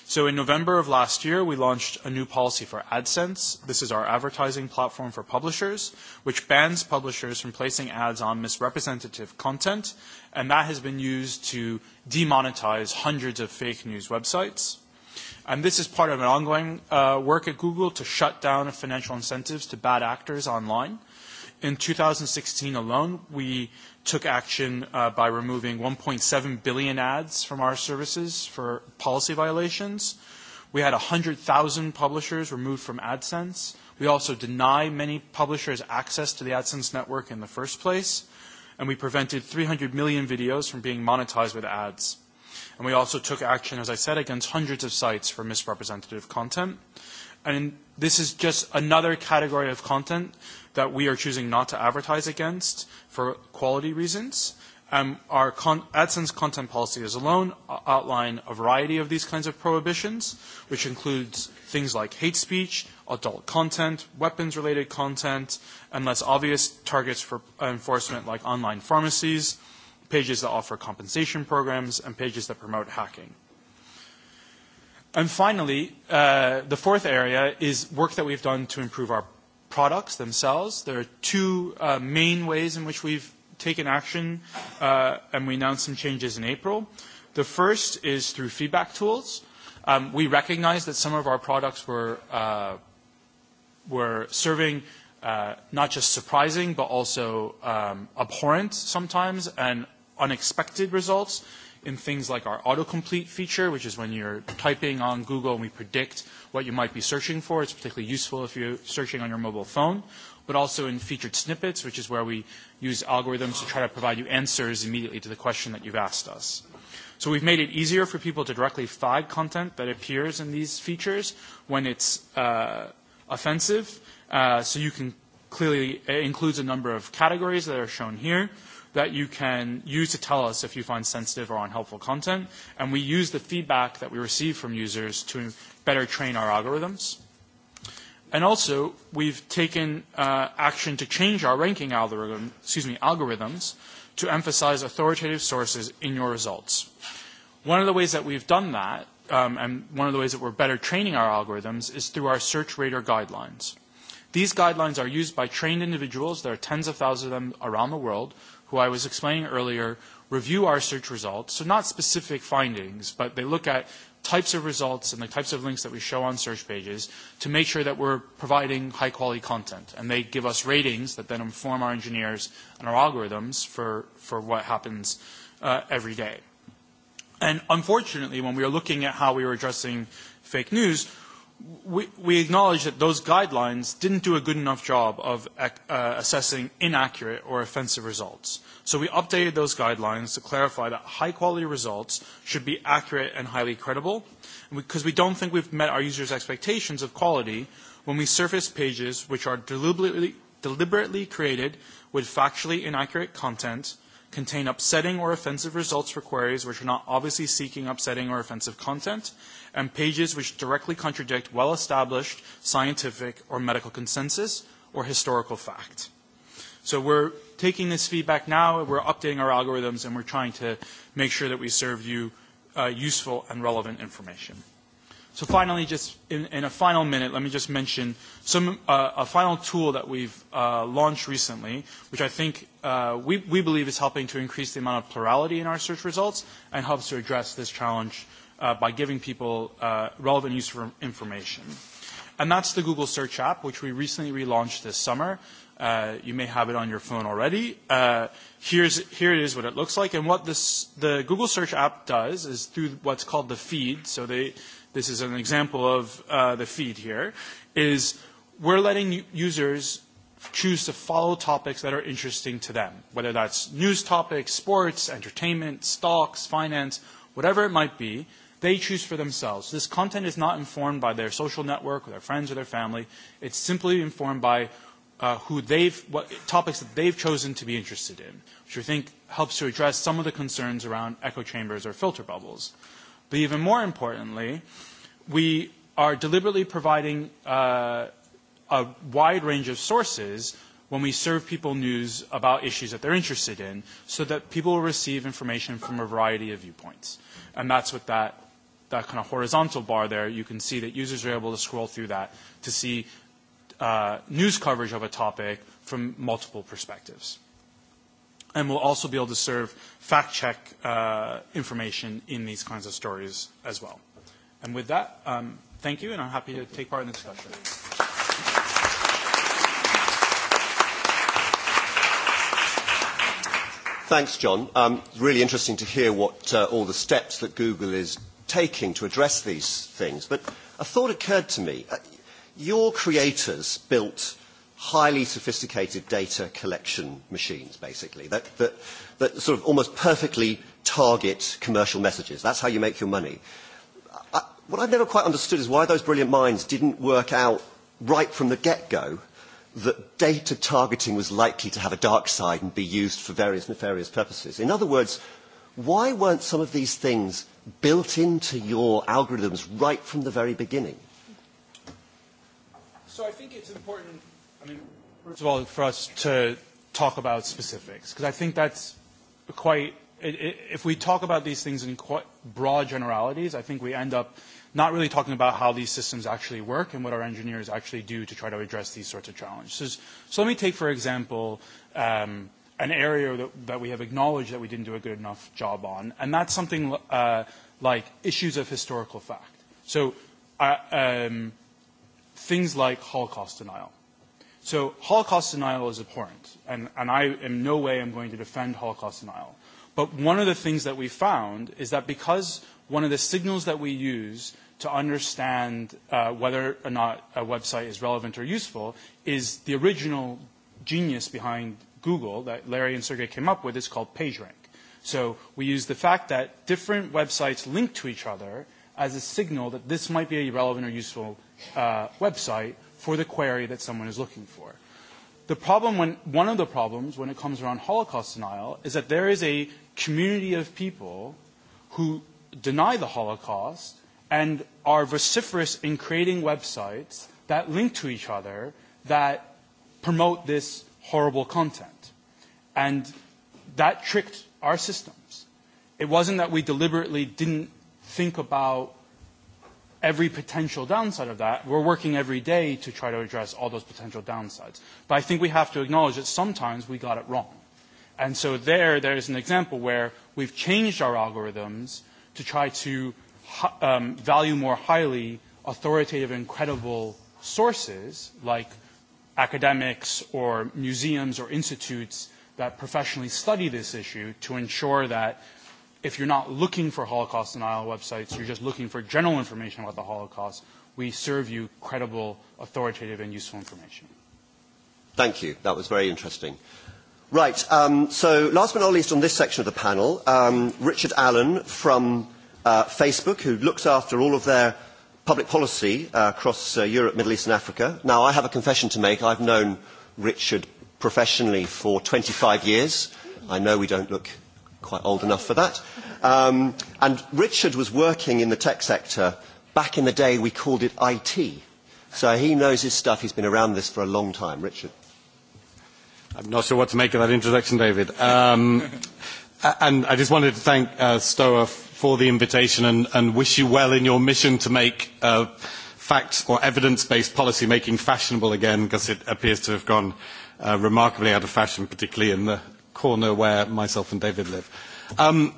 So in November of last year, we launched a new policy for AdSense. This is our advertising platform for publishers, which bans publishers from placing ads on misrepresentative content, and that has been used to demonetize hundreds of fake news websites. And this is part of an ongoing uh, work at Google to shut down financial incentives to bad actors online. In 2016 alone, we took action uh, by removing 1.7 billion ads from our services for policy violations. We had 100,000 publishers removed from AdSense. We also deny many publishers access to the AdSense network in the first place. And we prevented 300 million videos from being monetized with ads. And we also took action, as I said, against hundreds of sites for misrepresentative content. And this is just another category of content that we are choosing not to advertise against for quality reasons. Um, our con- AdSense content policy is alone outline a variety of these kinds of prohibitions, which includes things like hate speech, adult content, weapons-related content, and less obvious targets for enforcement like online pharmacies, pages that offer compensation programs, and pages that promote hacking. And finally, uh, the fourth area is work that we've done to improve our products themselves. There are two uh, main ways in which we've taken action, uh, and we announced some changes in April. The first is through feedback tools. Um, we recognize that some of our products were, uh, were serving uh, not just surprising, but also um, abhorrent sometimes, and unexpected results in things like our autocomplete feature, which is when you're typing on Google and we predict what you might be searching for. It's particularly useful if you're searching on your mobile phone, but also in featured snippets, which is where we use algorithms to try to provide you answers immediately to the question that you've asked us. So we've made it easier for people to directly flag content that appears in these features when it's uh, offensive. Uh, so you can clearly, it includes a number of categories that are shown here that you can use to tell us if you find sensitive or unhelpful content. And we use the feedback that we receive from users to better train our algorithms. And also, we've taken uh, action to change our ranking algorithm, excuse me, algorithms to emphasize authoritative sources in your results. One of the ways that we've done that, um, and one of the ways that we're better training our algorithms, is through our search radar guidelines. These guidelines are used by trained individuals, there are tens of thousands of them around the world, who I was explaining earlier, review our search results. So not specific findings, but they look at types of results and the types of links that we show on search pages to make sure that we're providing high quality content. And they give us ratings that then inform our engineers and our algorithms for, for what happens uh, every day. And unfortunately, when we were looking at how we were addressing fake news, we, we acknowledge that those guidelines didn't do a good enough job of uh, assessing inaccurate or offensive results. So we updated those guidelines to clarify that high quality results should be accurate and highly credible, because we don't think we've met our users' expectations of quality when we surface pages which are deliberately, deliberately created with factually inaccurate content contain upsetting or offensive results for queries which are not obviously seeking upsetting or offensive content, and pages which directly contradict well-established scientific or medical consensus or historical fact. So we're taking this feedback now, we're updating our algorithms, and we're trying to make sure that we serve you uh, useful and relevant information. So finally, just in, in a final minute, let me just mention some, uh, a final tool that we've uh, launched recently, which I think uh, we, we believe is helping to increase the amount of plurality in our search results and helps to address this challenge uh, by giving people uh, relevant useful information. And that's the Google Search app, which we recently relaunched this summer. Uh, you may have it on your phone already. Uh, here's, here it is what it looks like. And what this, the Google Search app does is through what's called the feed. So they, this is an example of uh, the feed here, is we're letting users choose to follow topics that are interesting to them, whether that's news topics, sports, entertainment, stocks, finance, whatever it might be, they choose for themselves. This content is not informed by their social network or their friends or their family. It's simply informed by uh, who they've, what topics that they've chosen to be interested in, which we think helps to address some of the concerns around echo chambers or filter bubbles. But even more importantly, we are deliberately providing uh, a wide range of sources when we serve people news about issues that they're interested in so that people will receive information from a variety of viewpoints. And that's what that, that kind of horizontal bar there, you can see that users are able to scroll through that to see uh, news coverage of a topic from multiple perspectives. And we'll also be able to serve fact check uh, information in these kinds of stories as well. And with that, um, thank you, and I'm happy to take part in the discussion. Thanks, John. Um, really interesting to hear what uh, all the steps that Google is taking to address these things. But a thought occurred to me. Your creators built highly sophisticated data collection machines, basically, that, that, that sort of almost perfectly target commercial messages. That's how you make your money. I, what I've never quite understood is why those brilliant minds didn't work out right from the get-go that data targeting was likely to have a dark side and be used for various nefarious purposes. In other words, why weren't some of these things built into your algorithms right from the very beginning? So I think it's important, I mean, first of all, for us to talk about specifics, because I think that's quite, it, it, if we talk about these things in quite broad generalities, I think we end up not really talking about how these systems actually work and what our engineers actually do to try to address these sorts of challenges. So let me take, for example, um, an area that, that we have acknowledged that we didn't do a good enough job on, and that's something uh, like issues of historical fact. So uh, um, things like Holocaust denial. So Holocaust denial is abhorrent, and, and I in no way am going to defend Holocaust denial. But one of the things that we found is that because one of the signals that we use to understand uh, whether or not a website is relevant or useful is the original genius behind Google that Larry and Sergey came up with is called PageRank. So we use the fact that different websites link to each other as a signal that this might be a relevant or useful uh, website for the query that someone is looking for. The problem when, one of the problems when it comes around Holocaust denial is that there is a community of people who deny the Holocaust and are vociferous in creating websites that link to each other that promote this horrible content. And that tricked our systems. It wasn't that we deliberately didn't think about every potential downside of that. We're working every day to try to address all those potential downsides. But I think we have to acknowledge that sometimes we got it wrong. And so there, there's an example where we've changed our algorithms to try to um, value more highly authoritative and credible sources like academics or museums or institutes that professionally study this issue to ensure that if you're not looking for Holocaust denial websites, you're just looking for general information about the Holocaust, we serve you credible, authoritative, and useful information. Thank you. That was very interesting. Right, um, so last but not least on this section of the panel, um, Richard Allen from uh, Facebook, who looks after all of their public policy uh, across uh, Europe, Middle East and Africa. Now, I have a confession to make. I've known Richard professionally for 25 years. I know we don't look quite old enough for that. Um, and Richard was working in the tech sector. Back in the day, we called it IT. So he knows his stuff. He's been around this for a long time. Richard. I'm not sure what to make of that introduction, David. Um, and I just wanted to thank uh, Stoa for the invitation and, and wish you well in your mission to make uh, fact or evidence-based policy making fashionable again, because it appears to have gone uh, remarkably out of fashion, particularly in the corner where myself and David live. Um,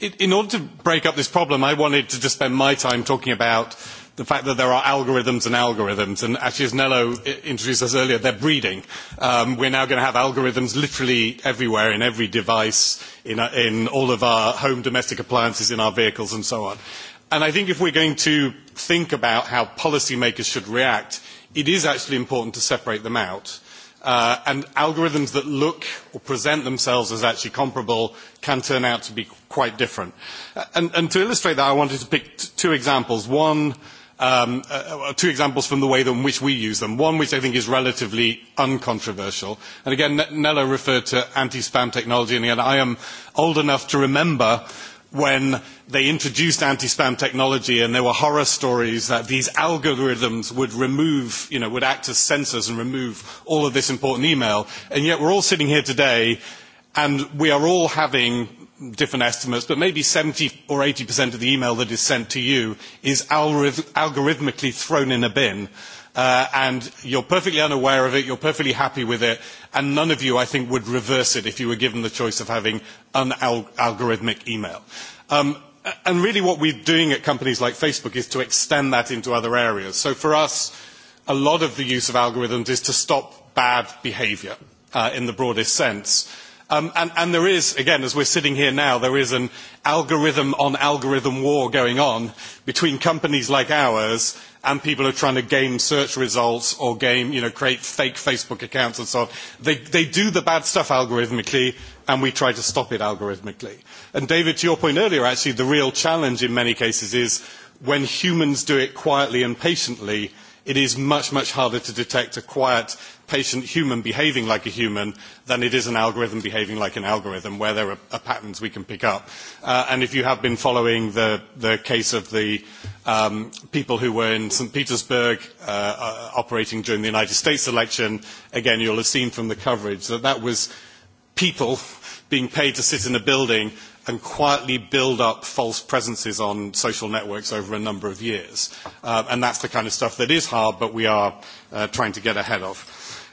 in order to break up this problem, I wanted to just spend my time talking about the fact that there are algorithms and algorithms. And actually, as Nello introduced us earlier, they're breeding. Um, we're now going to have algorithms literally everywhere, in every device, in, in all of our home domestic appliances, in our vehicles, and so on. And I think if we're going to think about how policymakers should react, it is actually important to separate them out. Uh, and algorithms that look or present themselves as actually comparable can turn out to be quite different. And, and to illustrate that, I wanted to pick t- two examples. One um, uh, two examples from the way in which we use them. One which I think is relatively uncontroversial. And again, Nella referred to anti-spam technology, and again, I am old enough to remember when they introduced anti-spam technology and there were horror stories that these algorithms would remove, you know, would act as sensors and remove all of this important email. And yet we're all sitting here today and we are all having different estimates, but maybe 70 or 80% of the email that is sent to you is algorithmically thrown in a bin. Uh, and you're perfectly unaware of it, you're perfectly happy with it, and none of you, I think, would reverse it if you were given the choice of having an algorithmic email. Um, and really what we're doing at companies like Facebook is to extend that into other areas. So for us, a lot of the use of algorithms is to stop bad behavior uh, in the broadest sense and, there is, again, as we're sitting here now, there is an algorithm on algorithm war going on between companies like ours and people who are trying to game search results or game, you know, create fake Facebook accounts and so on. They, they do the bad stuff algorithmically and we try to stop it algorithmically. And David, to your point earlier, actually, the real challenge in many cases is when humans do it quietly and patiently, it is much, much harder to detect a quiet patient human behaving like a human than it is an algorithm behaving like an algorithm, where there are, are patterns we can pick up. Uh, and if you have been following the, the case of the um, people who were in St. Petersburg uh, operating during the United States election, again, you'll have seen from the coverage that that was people being paid to sit in a building and quietly build up false presences on social networks over a number of years. Uh, and that's the kind of stuff that is hard, but we are uh, trying to get ahead of.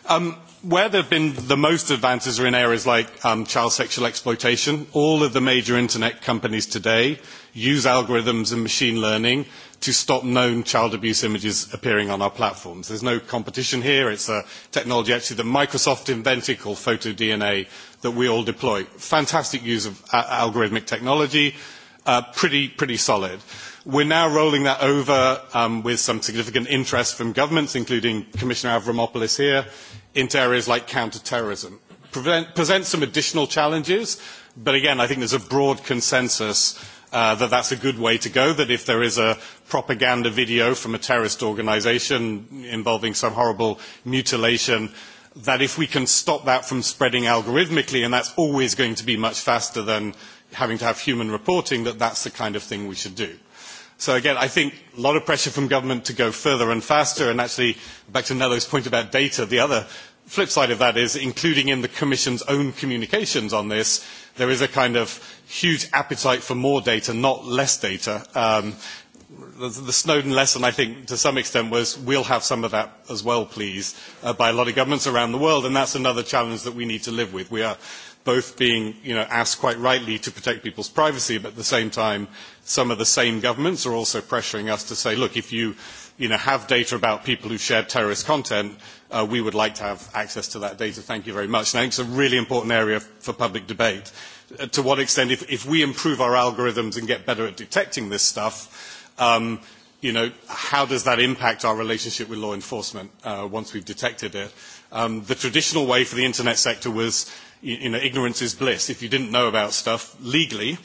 Um, where there have been the most advances are in areas like um, child sexual exploitation. All of the major internet companies today use algorithms and machine learning to stop known child abuse images appearing on our platforms. There's no competition here. It's a technology actually that Microsoft invented called PhotoDNA that we all deploy. Fantastic use of algorithmic technology, uh, pretty, pretty solid. We're now rolling that over um, with some significant interest from governments, including Commissioner Avramopoulos here, into areas like counter-terrorism. Presents some additional challenges, but again, I think there's a broad consensus that that's a good way to go, that if there is a propaganda video from a terrorist organisation involving some horrible mutilation, that if we can stop that from spreading algorithmically, and that's always going to be much faster than having to have human reporting, that that's the kind of thing we should do. So again, I think a lot of pressure from government to go further and faster, and actually, back to Nello's point about data, the other flip side of that is including in the Commission's own communications on this, there is a kind of huge appetite for more data, not less data. Um, the, the Snowden lesson, I think, to some extent was we'll have some of that as well, please, uh, by a lot of governments around the world, and that's another challenge that we need to live with. We are both being you know, asked quite rightly to protect people's privacy, but at the same time, some of the same governments are also pressuring us to say, look, if you, you know, have data about people who shared terrorist content, uh, we would like to have access to that data. Thank you very much. And I think it's a really important area for public debate. To what extent, if, if we improve our algorithms and get better at detecting this stuff, um, you know, how does that impact our relationship with law enforcement uh, once we've detected it? Um, the traditional way for the internet sector was, you, you know, ignorance is bliss. If you didn't know about stuff legally,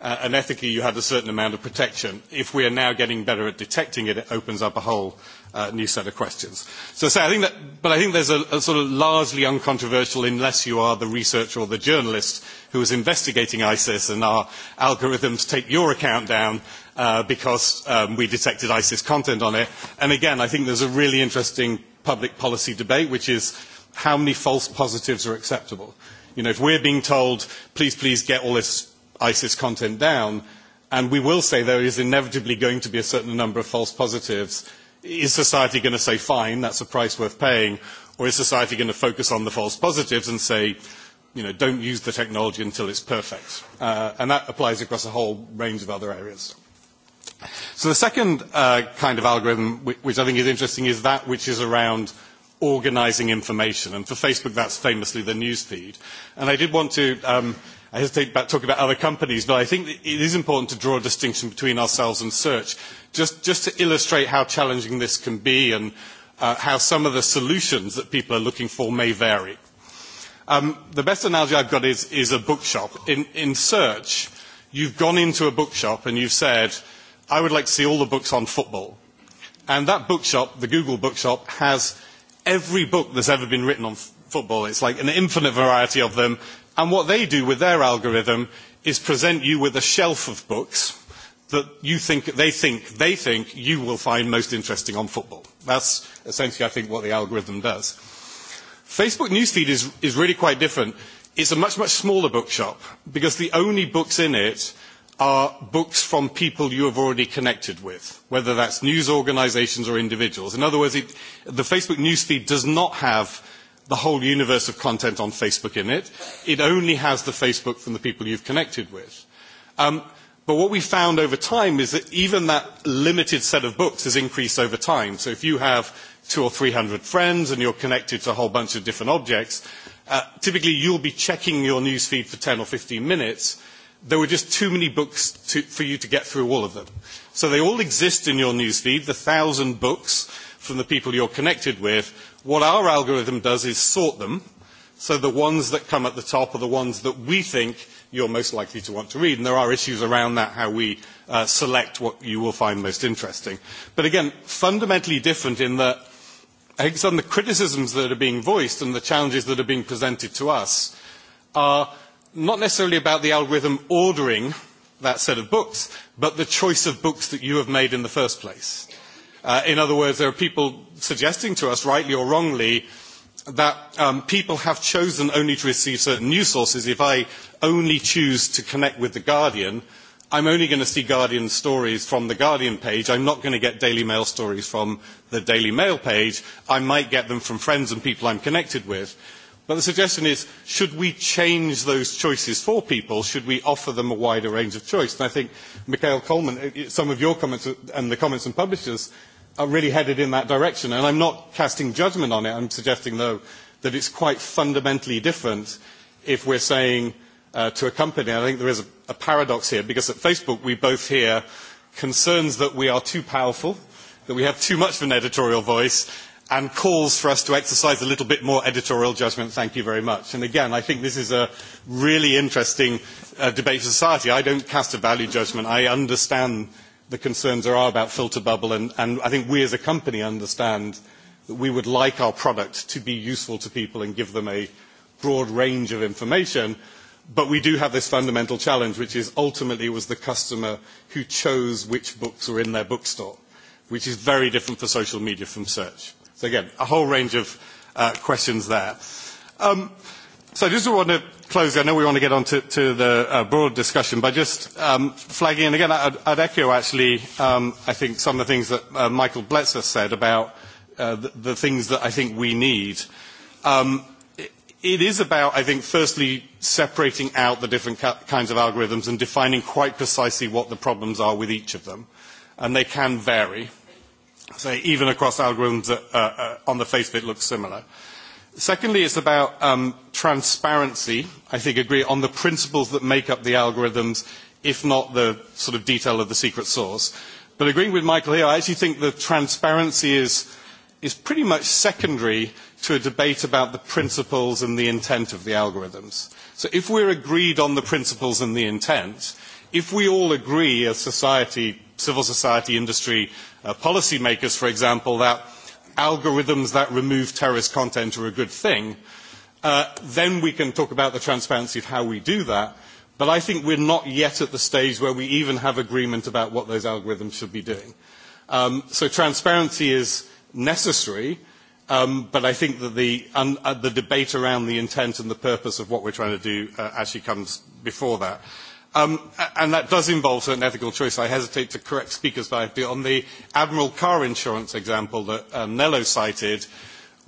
uh, and ethically you had a certain amount of protection. If we are now getting better at detecting it, it opens up a whole uh, new set of questions. So, so I think that, but I think there's a, a sort of largely uncontroversial, unless you are the researcher or the journalist who is investigating ISIS and our algorithms take your account down uh, because um, we detected ISIS content on it. And again, I think there's a really interesting public policy debate, which is how many false positives are acceptable. You know, if we're being told, please, please get all this ISIS content down, and we will say there is inevitably going to be a certain number of false positives is society going to say, fine, that's a price worth paying? Or is society going to focus on the false positives and say, you know, don't use the technology until it's perfect? Uh, and that applies across a whole range of other areas. So the second uh, kind of algorithm, which, which I think is interesting, is that which is around organizing information. And for Facebook, that's famously the newsfeed. And I did want to um, – I hesitate about talking about other companies, but I think it is important to draw a distinction between ourselves and search, just, just to illustrate how challenging this can be and uh, how some of the solutions that people are looking for may vary. Um, the best analogy I've got is, is a bookshop. In, in search, you've gone into a bookshop and you've said, I would like to see all the books on football. And that bookshop, the Google bookshop, has every book that's ever been written on football. It's like an infinite variety of them, And what they do with their algorithm is present you with a shelf of books that you think they think they think you will find most interesting on football. That's essentially, I think, what the algorithm does. Facebook newsfeed is is really quite different. It's a much much smaller bookshop because the only books in it are books from people you have already connected with, whether that's news organisations or individuals. In other words, it, the Facebook newsfeed does not have the whole universe of content on Facebook in it. It only has the Facebook from the people you've connected with. Um, but what we found over time is that even that limited set of books has increased over time. So if you have two or three hundred friends and you're connected to a whole bunch of different objects, uh, typically you'll be checking your newsfeed for 10 or 15 minutes. There were just too many books to, for you to get through all of them. So they all exist in your newsfeed, the thousand books from the people you're connected with, What our algorithm does is sort them, so the ones that come at the top are the ones that we think you're most likely to want to read. And there are issues around that, how we uh, select what you will find most interesting. But again, fundamentally different in that I think some of the criticisms that are being voiced and the challenges that are being presented to us are not necessarily about the algorithm ordering that set of books, but the choice of books that you have made in the first place in other words, there are people suggesting to us, rightly or wrongly, that people have chosen only to receive certain news sources. If I only choose to connect with The Guardian, I'm only going to see Guardian stories from the Guardian page. I'm not going to get Daily Mail stories from the Daily Mail page. I might get them from friends and people I'm connected with. But the suggestion is, should we change those choices for people? Should we offer them a wider range of choice? And I think, Mikhail Coleman, some of your comments and the comments from publishers are really headed in that direction. And I'm not casting judgment on it. I'm suggesting, though, that it's quite fundamentally different if we're saying uh, to a company, I think there is a, a paradox here, because at Facebook we both hear concerns that we are too powerful, that we have too much of an editorial voice, and calls for us to exercise a little bit more editorial judgment. Thank you very much. And again, I think this is a really interesting uh, debate for society. I don't cast a value judgment. I understand the concerns there are about filter bubble, and, and I think we as a company understand that we would like our product to be useful to people and give them a broad range of information. But we do have this fundamental challenge, which is ultimately it was the customer who chose which books were in their bookstore, which is very different for social media from search. So again, a whole range of uh, questions there. Um, so just want to close. I know we want to get on to, to the uh, broad discussion, but just um, flagging, and again, I'd, I'd echo actually, um, I think, some of the things that uh, Michael Bletzer said about uh, the, the things that I think we need. Um, it is about, I think, firstly, separating out the different kinds of algorithms and defining quite precisely what the problems are with each of them. And they can vary say, even across algorithms that uh, uh, on the face of it look similar. Secondly, it's about um, transparency. I think agree on the principles that make up the algorithms, if not the sort of detail of the secret sauce. But agreeing with Michael here, I actually think the transparency is, is pretty much secondary to a debate about the principles and the intent of the algorithms. So if we're agreed on the principles and the intent, if we all agree as society civil society, industry, uh, policymakers, for example, that algorithms that remove terrorist content are a good thing, uh, then we can talk about the transparency of how we do that. But I think we're not yet at the stage where we even have agreement about what those algorithms should be doing. Um, so transparency is necessary, um, but I think that the, un, uh, the debate around the intent and the purpose of what we're trying to do uh, actually comes before that. Um, and that does involve certain ethical choice. I hesitate to correct speakers, but on the Admiral car insurance example that um, Nello cited,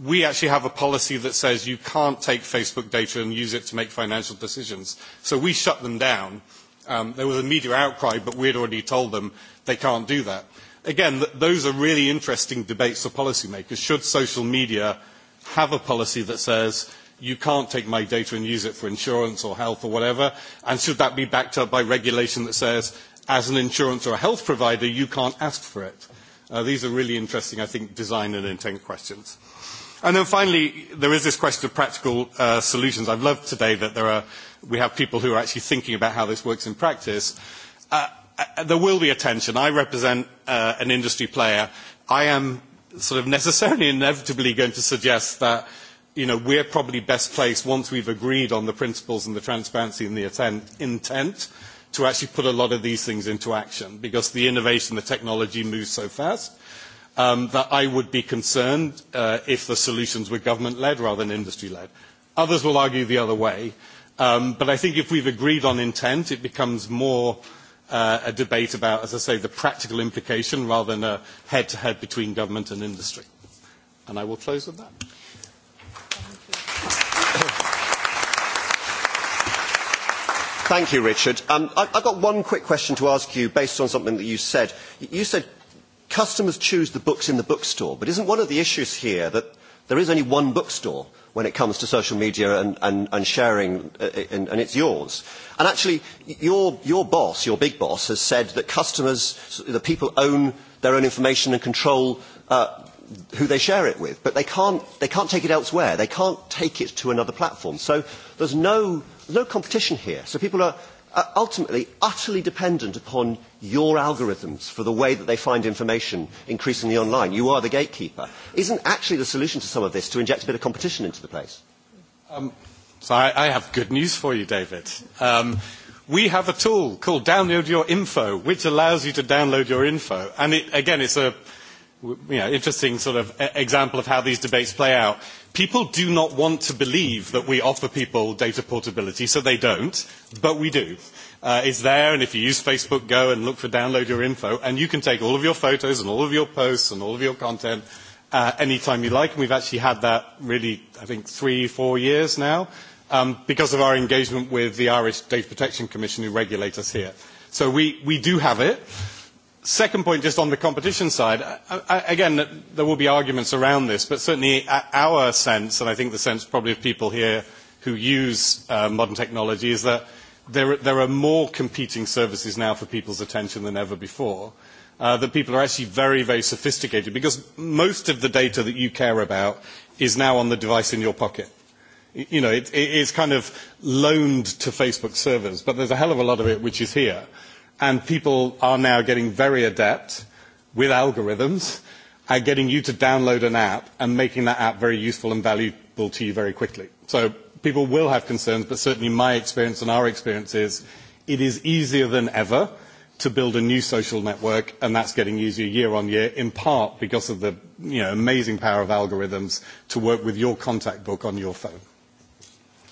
we actually have a policy that says you can't take Facebook data and use it to make financial decisions. So we shut them down. Um, there was a media outcry, but we had already told them they can't do that. Again, th- those are really interesting debates for policymakers. Should social media have a policy that says you can't take my data and use it for insurance or health or whatever? And should that be backed up by regulation that says, as an insurance or a health provider, you can't ask for it? Uh, these are really interesting, I think, design and intent questions. And then finally, there is this question of practical uh, solutions. I've loved today that there are, we have people who are actually thinking about how this works in practice. Uh, there will be a tension. I represent uh, an industry player. I am sort of necessarily inevitably going to suggest that you know, we're probably best placed once we've agreed on the principles and the transparency and the attent, intent to actually put a lot of these things into action because the innovation, the technology moves so fast um, that I would be concerned uh, if the solutions were government-led rather than industry-led. Others will argue the other way, um, but I think if we've agreed on intent, it becomes more uh, a debate about, as I say, the practical implication rather than a head-to-head between government and industry. And I will close with that. Thank you, Richard. Um, I, I've got one quick question to ask you based on something that you said. You said customers choose the books in the bookstore, but isn't one of the issues here that there is only one bookstore when it comes to social media and, and, and sharing, and, and it's yours. And actually, your, your boss, your big boss, has said that customers, the people own their own information and control uh, who they share it with, but they can't, they can't take it elsewhere. They can't take it to another platform. So there's no, there's no competition here. So people are, are ultimately utterly dependent upon your algorithms for the way that they find information increasingly online. You are the gatekeeper. Isn't actually the solution to some of this to inject a bit of competition into the place? Um, so I, I have good news for you, David. Um, we have a tool called Download Your Info, which allows you to download your info. And it, again, it's a you know, interesting sort of example of how these debates play out. People do not want to believe that we offer people data portability, so they don't, but we do. Uh, it's there, and if you use Facebook Go and look for download your info, and you can take all of your photos and all of your posts and all of your content uh, anytime you like. And we've actually had that really, I think, three, four years now um, because of our engagement with the Irish Data Protection Commission who regulate us here. So we, we do have it. Second point, just on the competition side. Again, there will be arguments around this, but certainly our sense, and I think the sense probably of people here who use modern technology, is that there are more competing services now for people's attention than ever before. That people are actually very, very sophisticated because most of the data that you care about is now on the device in your pocket. You know, it is kind of loaned to Facebook servers, but there's a hell of a lot of it which is here and people are now getting very adept with algorithms at getting you to download an app and making that app very useful and valuable to you very quickly. So people will have concerns, but certainly my experience and our experience is it is easier than ever to build a new social network, and that's getting easier year on year, in part because of the you know, amazing power of algorithms to work with your contact book on your phone.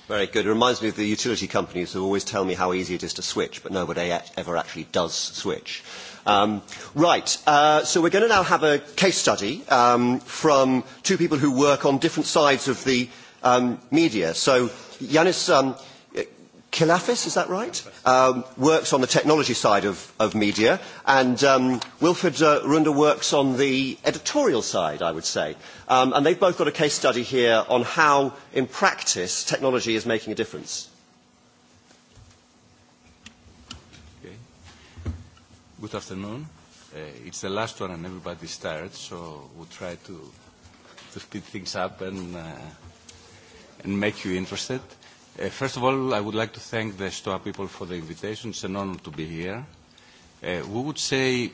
Very good. It reminds me of the utility companies who always tell me how easy it is to switch, but nobody ever actually does switch. Um, right, uh, so we're going to now have a case study um, from two people who work on different sides of the um, media. So Yanis um, Kilafis, is that right? Um, works on the technology side of, of media, and um, Wilfred uh, Runder works on the editorial side, I would say. Um, and they've both got a case study here on how, in practice, technology is making a difference. Okay. Good afternoon. Uh, it's the last one, and everybody's tired, so we'll try to, to speed things up and, uh, and make you interested. Uh, first of all, I would like to thank the STOA people for the invitation. It's an honor to be here. Uh, we would say,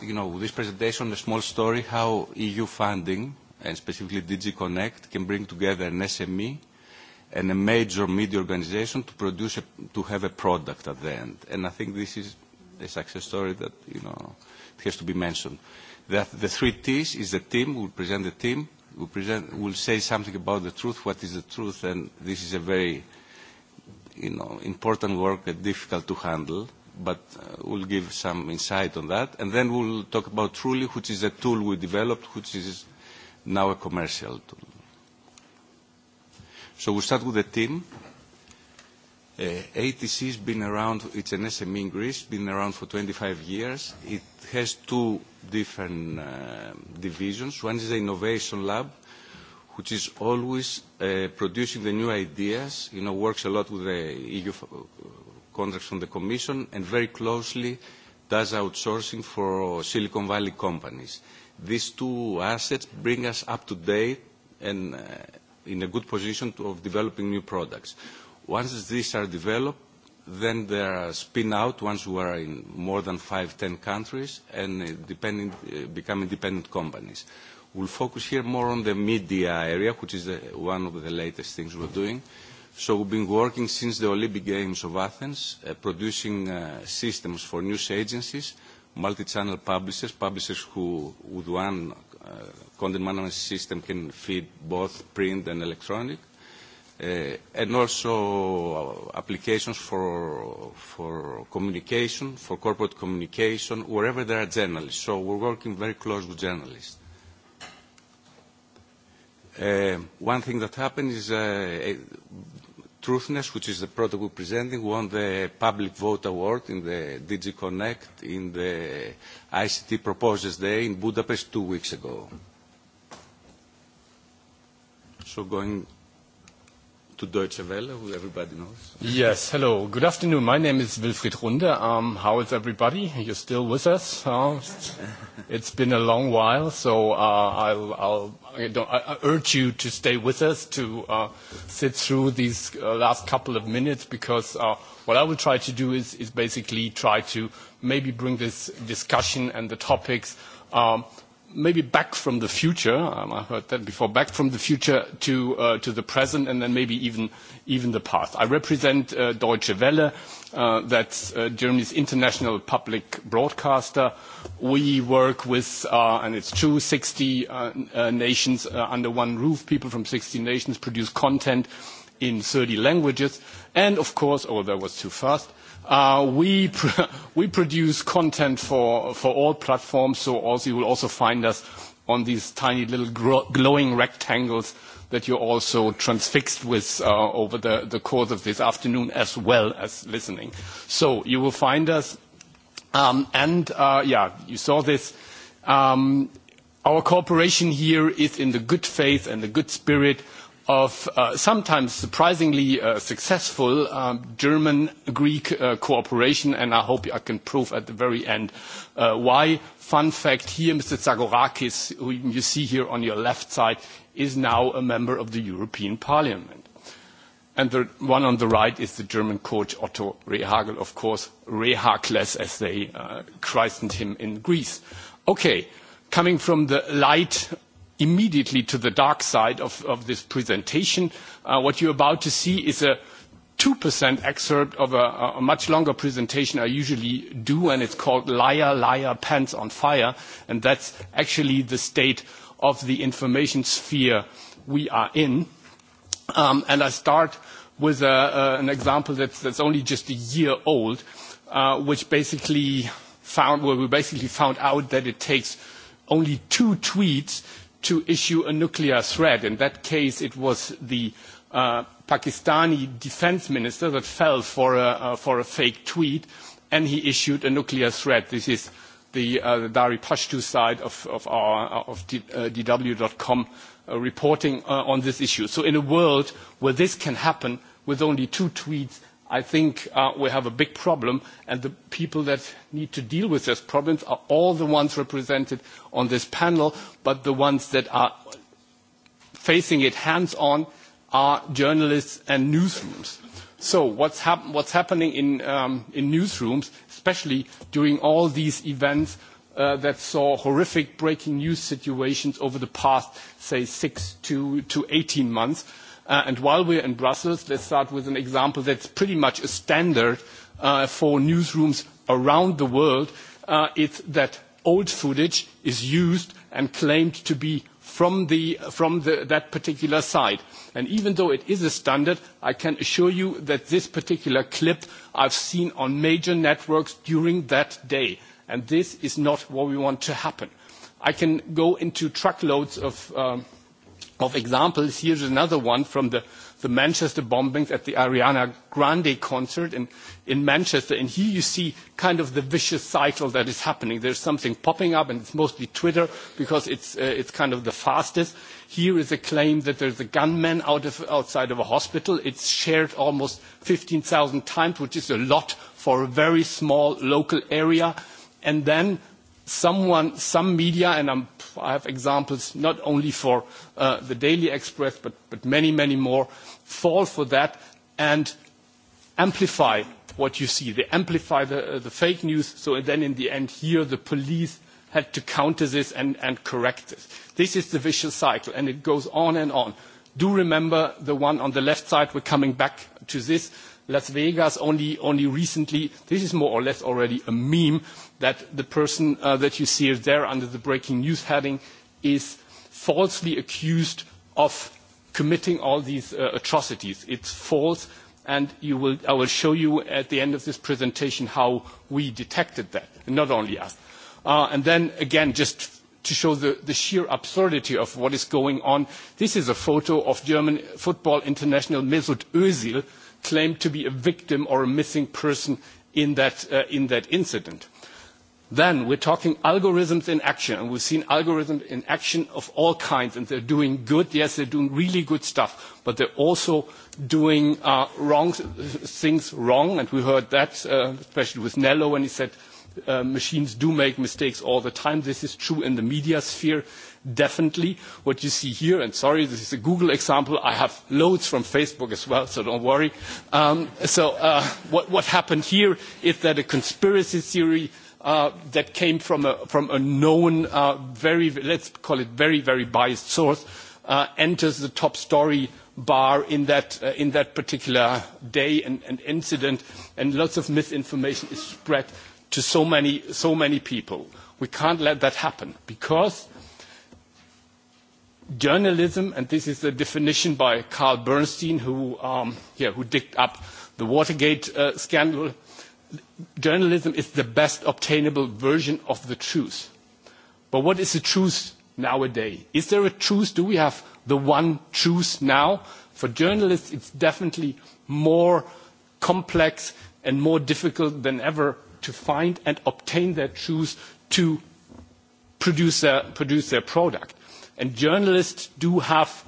you know, this presentation, a small story, how EU funding, and specifically Digiconnect can bring together an SME and a major media organization to produce, a, to have a product at the end. And I think this is a success story that, you know, it has to be mentioned. The, the three T's is the team, we'll present the team, we'll, present, we'll say something about the truth, what is the truth, and this is a very you know, important work and difficult to handle, but uh, we'll give some insight on that. And then we'll talk about Truly, which is a tool we developed, which is now a commercial tool. So we start with the team. Uh, ATC has been around, it's an SME in Greece, been around for 25 years. It has two different uh, divisions. One is the Innovation Lab, which is always uh, producing the new ideas, you know, works a lot with the EU contracts from the Commission and very closely does outsourcing for Silicon Valley companies. These two assets bring us up to date and uh, in a good position to, of developing new products. Once these are developed, then they are spin out once we are in more than five, ten countries and uh, uh, become independent companies. We'll focus here more on the media area, which is the, one of the latest things we're doing. So we've been working since the Olympic Games of Athens, uh, producing uh, systems for news agencies, multi-channel publishers, publishers who with one uh, content management system can feed both print and electronic, uh, and also applications for, for communication, for corporate communication, wherever there are journalists. So we're working very close with journalists. Uh, one thing that happened is uh, Truthness, which is the product we're presenting, won the Public Vote Award in the DG Connect in the ICT Proposals Day in Budapest two weeks ago. So going to Deutsche Welle, who everybody knows. Yes, hello. Good afternoon. My name is Wilfried Runde. Um, how is everybody? You're still with us? Uh, it's been a long while, so uh, I'll, I'll I urge you to stay with us to uh, sit through these uh, last couple of minutes because uh, what I will try to do is, is basically try to maybe bring this discussion and the topics um, maybe back from the future. Um, I heard that before. Back from the future to uh, to the present, and then maybe even even the past. I represent uh, Deutsche Welle. Uh, that's uh, Germany's international public broadcaster. We work with, uh, and it's true, 60 uh, uh, nations uh, under one roof. People from 60 nations produce content in 30 languages, and of course, oh, that was too fast we we produce content for for all platforms, so also you will also find us on these tiny little glowing rectangles that you're also transfixed with uh, over the, the course of this afternoon as well as listening. So you will find us. Um, and uh, yeah, you saw this. Um, our cooperation here is in the good faith and the good spirit of sometimes surprisingly successful German-Greek cooperation, and I hope I can prove at the very end why. Fun fact here, Mr. Zagorakis, who you see here on your left side, is now a member of the European Parliament. And the one on the right is the German coach Otto Rehagel, of course, Rehakles, as they christened him in Greece. Okay, coming from the light immediately to the dark side of, of this presentation. Uh, what you're about to see is a 2% excerpt of a, a much longer presentation I usually do, and it's called Liar, Liar, Pants on Fire, and that's actually the state of the information sphere we are in. Um, and I start with a, uh, an example that's, that's only just a year old, uh, which basically found, where we basically found out that it takes only two tweets to issue a nuclear threat. In that case, it was the Pakistani defense minister that fell for a, fake tweet, and he issued a nuclear threat. This is the, Dari Pashtu side of, of, our, of DW.com reporting on this issue. So in a world where this can happen with only two tweets, I think uh, we have a big problem, and the people that need to deal with these problems are all the ones represented on this panel, but the ones that are facing it hands-on are journalists and newsrooms. So what's, hap- what's happening in, um, in newsrooms, especially during all these events uh, that saw horrific breaking news situations over the past, say, six to, to 18 months, and while we're in Brussels, let's start with an example that's pretty much a standard for newsrooms around the world. it's that old footage is used and claimed to be from, that particular site. even though it is a standard, I can assure you that this particular clip I've seen on major networks during that day. And this is not what we want to happen. I can go into truckloads of of examples. Here's another one from the, the Manchester bombings at the Ariana Grande concert in, in Manchester. And here you see kind of the vicious cycle that is happening. There's something popping up, and it's mostly Twitter because it's, uh, it's kind of the fastest. Here is a claim that there's a gunman out of, outside of a hospital. It's shared almost 15,000 times, which is a lot for a very small local area. And then someone, some media, and I'm have, I have examples not only for the Daily Express, but, but many, many more, fall for that and amplify what you see. They amplify the, fake news, so then in the end here the police had to counter this and, correct this. This is the vicious cycle, and it goes on and on. Do remember the one on the left side, we're coming back to this. Las Vegas only recently, this is more or less already a meme that the person that you see there under the breaking news heading is falsely accused of committing all these atrocities. It's false, and you will, I will show you at the end of this presentation how we detected that, not only us. and then again, just to show the, the sheer absurdity of what is going on, this is a photo of German football international Mesut Özil claimed to be a victim or a missing person in that, incident Then we're talking algorithms in action, and we've seen algorithms in action of all kinds, and they're doing good. Yes, they're doing really good stuff, but they're also doing wrong things wrong, and we heard that, especially with Nello when he said machines do make mistakes all the time. This is true in the media sphere, definitely. What you see here, and sorry, this is a Google example. I have loads from Facebook as well, so don't worry. so what happened here is that a conspiracy theory – that came from a known, very, let's call it very, very biased source, enters the top story bar in that particular day and incident, and lots of misinformation is spread to so many so many people. We can't let that happen because journalism, and this is the definition by Carl Bernstein, who, yeah, who digged up the Watergate scandal, journalism is the best obtainable version of the truth. But what is the truth nowadays? Is there a truth? Do we have the one truth now? For journalists, it's definitely more complex and more difficult than ever to find and obtain their truth to produce their, produce their product. And journalists do have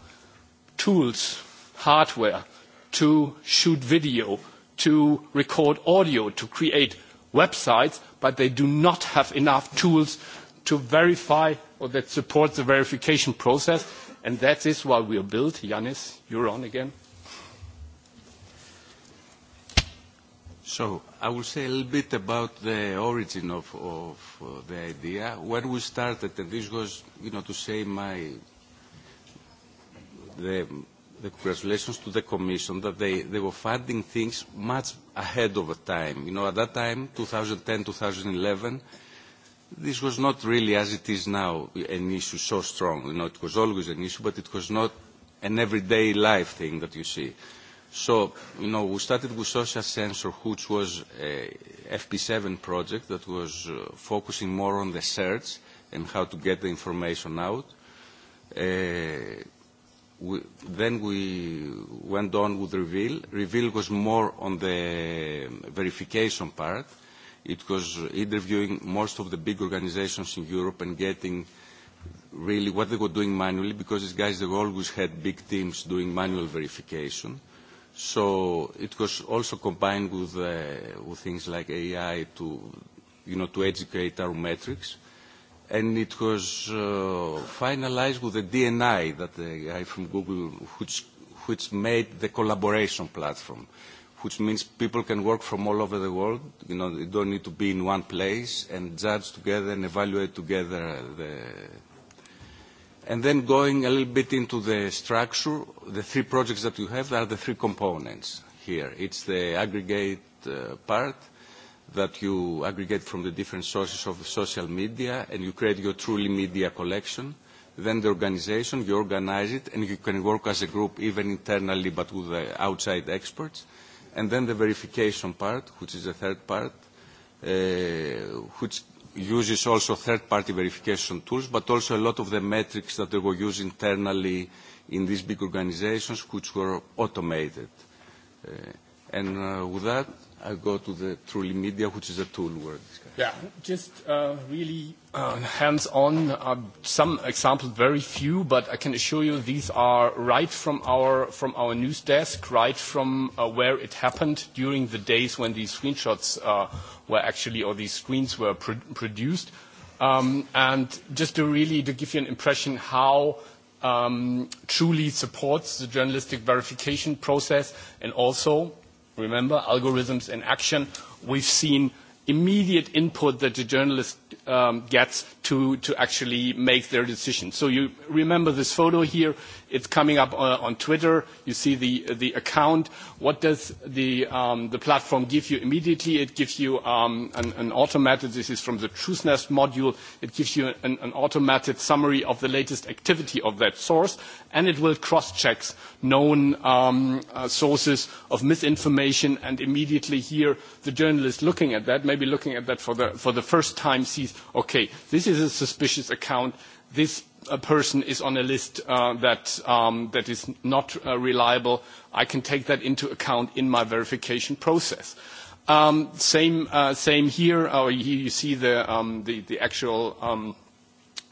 tools, hardware to shoot video, to record audio, to create websites, but they do not have enough tools to verify or that support the verification process. And that is why we are built. Yanis, you're on again. So I will say a little bit about the origin of, of uh, the idea. When we started, and this was, you know, to say my the the congratulations to the Commission that they, they were finding things much ahead of the time. You know, at that time, 2010, 2011, this was not really as it is now an issue so strong. You know, it was always an issue, but it was not an everyday life thing that you see. So, you know, we started with social sensor, which was a FP7 project that was uh, focusing more on the search and how to get the information out. Uh, we, then we went on with Reveal. Reveal was more on the verification part. It was interviewing most of the big organizations in Europe and getting really what they were doing manually, because these guys, they always had big teams doing manual verification. So it was also combined with, uh, with things like AI to, you know, to educate our metrics and it was uh, finalized with the DNI, that the guy from Google, which, which made the collaboration platform, which means people can work from all over the world. You know, they don't need to be in one place and judge together and evaluate together the. And then going a little bit into the structure, the three projects that you have are the three components here. It's the aggregate uh, part, uh, that you aggregate from the different sources of social media and you create your truly media collection. Then the organization, you organize it and you can work as a group even internally but with the outside experts. And then the verification part, which is the third part, uh, which uses also third-party verification tools, but also a lot of the metrics that they were used internally in these big organizations, which were automated. Uh, and uh, with that, I go to the truly media, which is a tool we're discussing. Yeah, just uh, really uh, hands-on. Uh, some examples, very few, but I can assure you these are right from our from our news desk, right from uh, where it happened during the days when these screenshots uh, were actually or these screens were pr- produced. Um, and just to really to give you an impression how um, truly supports the journalistic verification process and also Remember, algorithms in action. We've seen immediate input that the journalist um, gets to, to actually make their decision. So you remember this photo here It's coming up on Twitter. You see the the account. What does the the platform give you immediately? It gives you an automated. This is from the TruthNest module. It gives you an automated summary of the latest activity of that source, and it will cross-check known sources of misinformation, and immediately here, the journalist looking at that, maybe looking at that for the first time, sees, okay, this is a suspicious account. This a person is on a list that is not reliable, I can take that into account in my verification process. Same here. You see the actual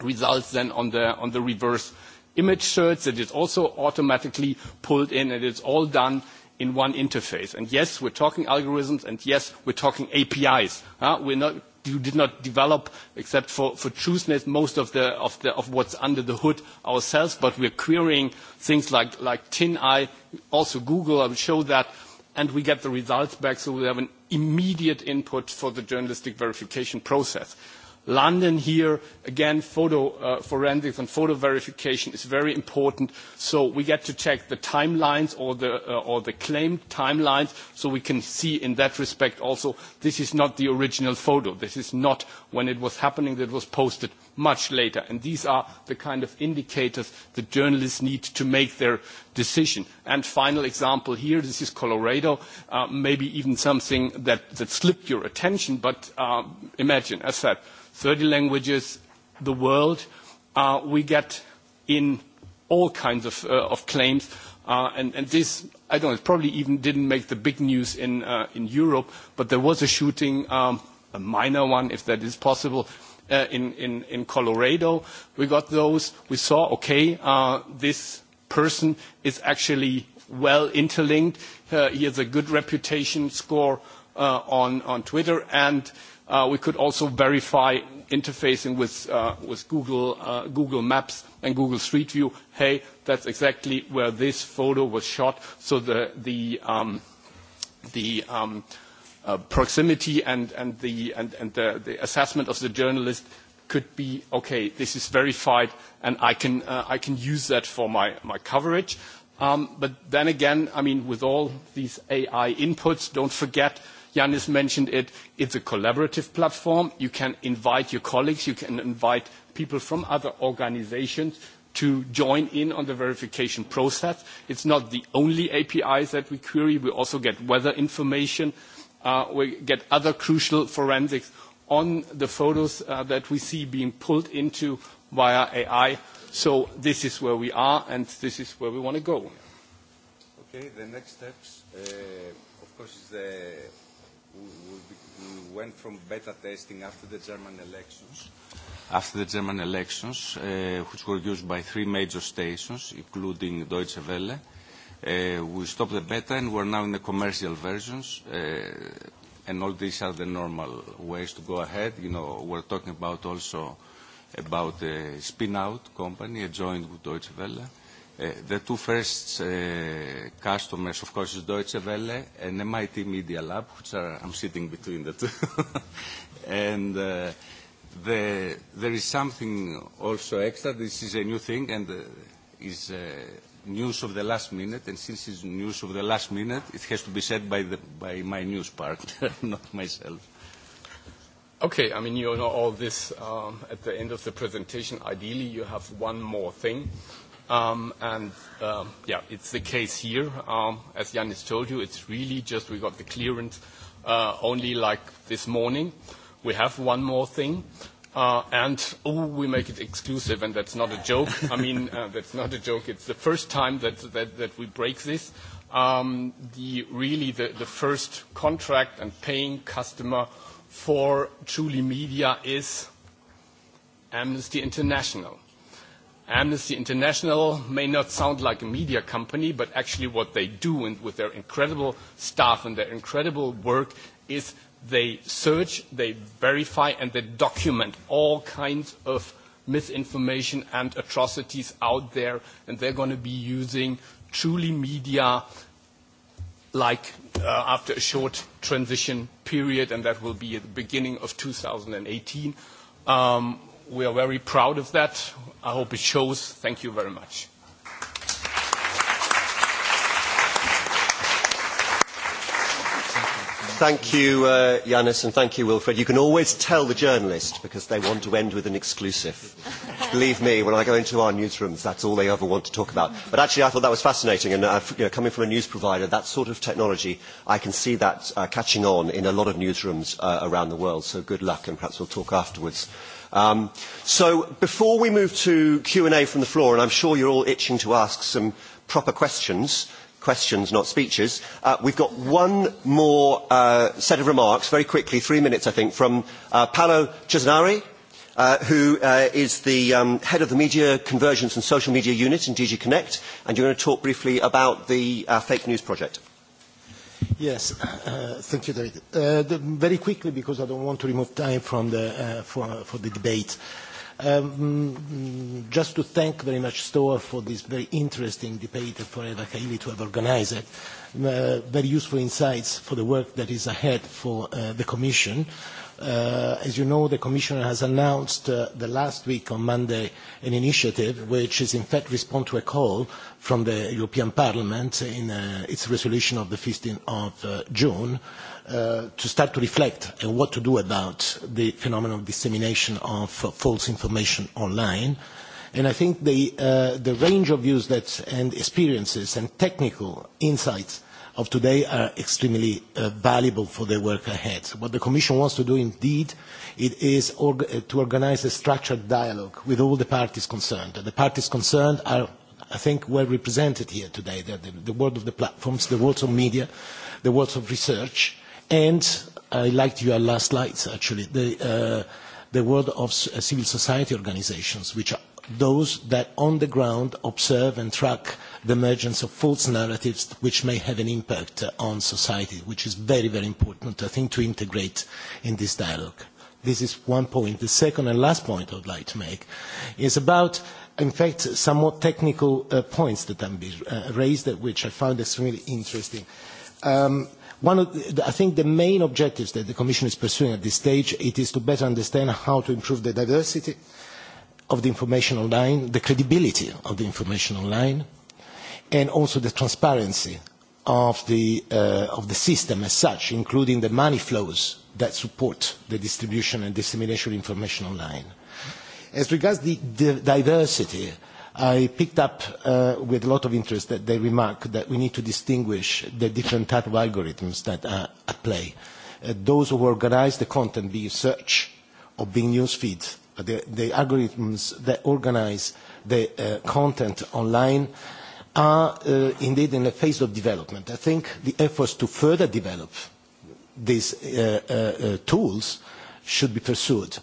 results then on the reverse image search that is also automatically pulled in, and it's all done in one interface. And Yes, we're talking algorithms, and yes, we're talking APIs. We're not you did not develop, except for for most of the of the of what's under the hood ourselves, but we're querying things like like TinEye, also Google. I will show that, and we get the results back, so we have an immediate input for the journalistic verification process. London here, again, photo forensics and photo verification is very important. So we get to check the timelines or the claimed timelines, so we can see in that respect also, this is not the original photo. This is not when it was happening, that was posted much later. these are the kind of indicators that journalists need to make their decision. And final example here, this is Colorado, maybe even something that slipped your attention, but imagine, as said, 30 languages, the world, we get in all kinds of, claims. this, I don't know, it probably even didn't make the big news in, uh, in Europe, but there was a shooting, a minor one, if that is possible, in, in, in Colorado. We got those. We saw, okay, this person is actually well interlinked. he has a good reputation score on, on Twitter. And We could also verify interfacing with Google Maps and Google Street View, "Hey, that's exactly where this photo was shot." So the proximity and the assessment of the journalist could be, "Okay, this is verified, and I can use that for my coverage." But then again, I mean, with all these AI inputs, don't forget Yannis mentioned it. It's a collaborative platform. You can invite your colleagues. You can invite people from other organizations to join in on the verification process. It's not the only APIs that we query. We also get weather information. We get other crucial forensics on the photos that we see being pulled into via AI. So this is where we are, and this is where we want to go. Okay, the next steps, of course, is the we went from beta testing after the German elections. After the German elections, uh, which were used by three major stations, including Deutsche Welle, uh, we stopped the beta and we're now in the commercial versions. Uh, and all these are the normal ways to go ahead. You know, we're talking about also about a spin-out company, a joint with Deutsche Welle. The two first customers, of course, is Deutsche Welle and MIT Media Lab, which are I'm sitting between the two. And there is something also extra. This is a new thing and is news of the last minute, and since it's news of the last minute, it has to be said by the by my news partner, not myself. Okay. I mean, you know all this um at the end of the presentation. Ideally, you have one more thing Um, and yeah, it's the case here. Um, as Yannis told you, it's really just we got the clearance uh, only like this morning. We have one more thing. Uh, and oh, we make it exclusive, and that's not a joke. I mean, uh, that's not a joke. It's the first time that, that, that we break this. Um, the, really, the, the first contract and paying customer for Truly Media is Amnesty International. Amnesty International may not sound like a media company, but actually what they do and with their incredible staff and their incredible work is they search, they verify, and they document all kinds of misinformation and atrocities out there, and they're going to be using truly media like uh, after a short transition period, and that will be at the beginning of 2018. Um, We are very proud of that. I hope it shows. Thank you very much. Thank you, Yanis, and thank you, Wilfred. You can always tell the journalist because they want to end with an exclusive. Believe me, when I go into our newsrooms, that's all they ever want to talk about. But actually, I thought that was fascinating, and uh, you know, coming from a news provider, that sort of technology, I can see that uh, catching on in a lot of newsrooms uh, around the world. So good luck, and perhaps we'll talk afterwards so before we move to Q&A from the floor, and I'm sure you're all itching to ask some proper questions, questions, not speeches. we've got one more set of remarks, very quickly, three minutes, I think, from Paolo Cesari, who is the head of the Media Convergence and Social Media Unit in DG Connect, and you're going to talk briefly about the Fake News Project. Yes. Thank you, David. Very quickly, because I don't want to remove time from the for the debate. Just to thank very much STOA for this very interesting debate and for Eva Kaili to have organized it. Very useful insights for the work that is ahead for the Commission. As you know, the Commissioner has announced the last week on Monday an initiative which is in fact respond to a call from the European Parliament in its resolution of the 15th of June to start to reflect on what to do about the phenomenon of dissemination of false information online. And I think the, range of views that, and experiences and technical insights of today are extremely uh, valuable for the work ahead. What the Commission wants to do indeed it is org to organize a structured dialogue with all the parties concerned. The parties concerned are, I think, well represented here today, the, the, the world of the platforms, the world of media, the world of research, and I liked your last slides, actually, the, uh, the world of civil society organizations, which are those that on the ground observe and track uh, the emergence of false narratives which may have an impact on society, which is very, very important, I think, to integrate in this dialogue. This is one point. The second and last point I would like to make is about in fact, some more technical uh, points that have been uh, raised, which I found extremely interesting. Um, one of the, I think the main objectives that the Commission is pursuing at this stage it is to better understand how to improve the diversity of the information online, the credibility of the information online, and also the transparency of the, uh, of the system as such, including the money flows that support the distribution and dissemination of information online. As regards the, the diversity, I picked up uh, with a lot of interest that they remark that we need to distinguish the different type of algorithms that are at play. Uh, those who organize the content, be it search or being newsfeed, the, the algorithms that organize the uh, content online are indeed in a phase of development. I think the efforts to further develop these tools should be pursued.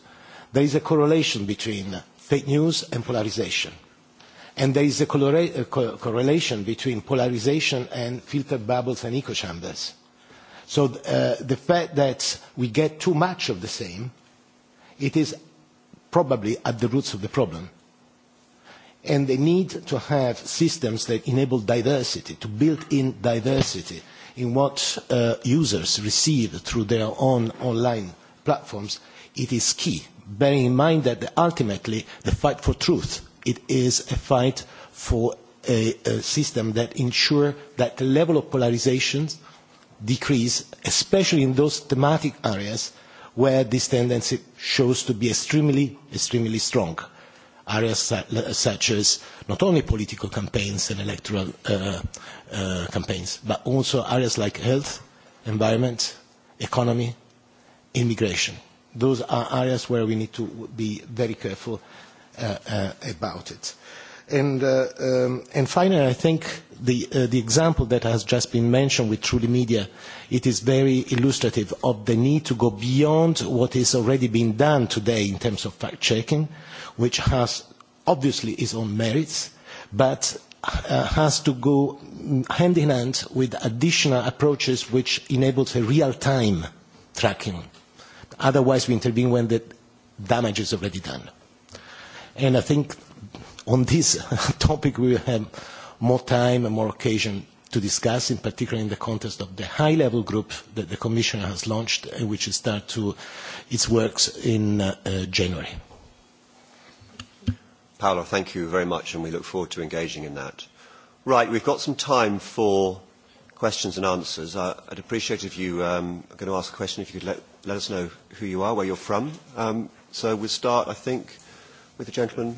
There is a correlation between fake news and polarisation, And there is a, correlation between polarisation and filter bubbles and echo chambers. So the fact that we get too much of the same, it is probably at the roots of the problem and the need to have systems that enable diversity, to build in diversity in what uh, users receive through their own online platforms, it is key, bearing in mind that ultimately the fight for truth, it is a fight for a, a system that ensures that the level of polarization decrease, especially in those thematic areas where this tendency shows to be extremely, extremely strong areas such as not only political campaigns and electoral uh, uh, campaigns, but also areas like health, environment, economy, immigration. Those are areas where we need to be very careful uh, uh, about it. And, uh, um, and finally, I think the, uh, the example that has just been mentioned with Truly Media, it is very illustrative of the need to go beyond what is already being done today in terms of fact-checking, which has obviously its own merits, but uh, has to go hand in hand with additional approaches which enables a real-time tracking. Otherwise, we intervene when the damage is already done. And I think on this topic we will have more time and more occasion to discuss, in particular in the context of the high-level group that the Commission has launched, and which will start to its works in uh, January. Paolo, thank you very much, and we look forward to engaging in that. Right, we've got some time for questions and answers. I, I'd appreciate if you um, are going to ask a question, if you could let, let us know who you are, where you're from. Um, so we'll start, I think, with the gentleman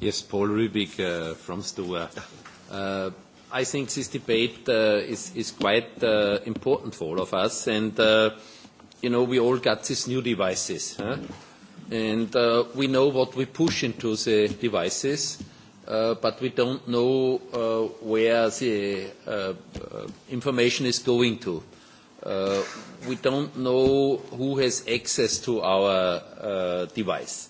Yes, Paul Rübig uh, from Stuart. Uh, I think this debate uh, is, is quite uh, important for all of us. And, uh, you know, we all got these new devices. Huh? And uh, we know what we push into the devices, uh, but we don't know uh, where the uh, information is going to. Uh, we don't know who has access to our uh, device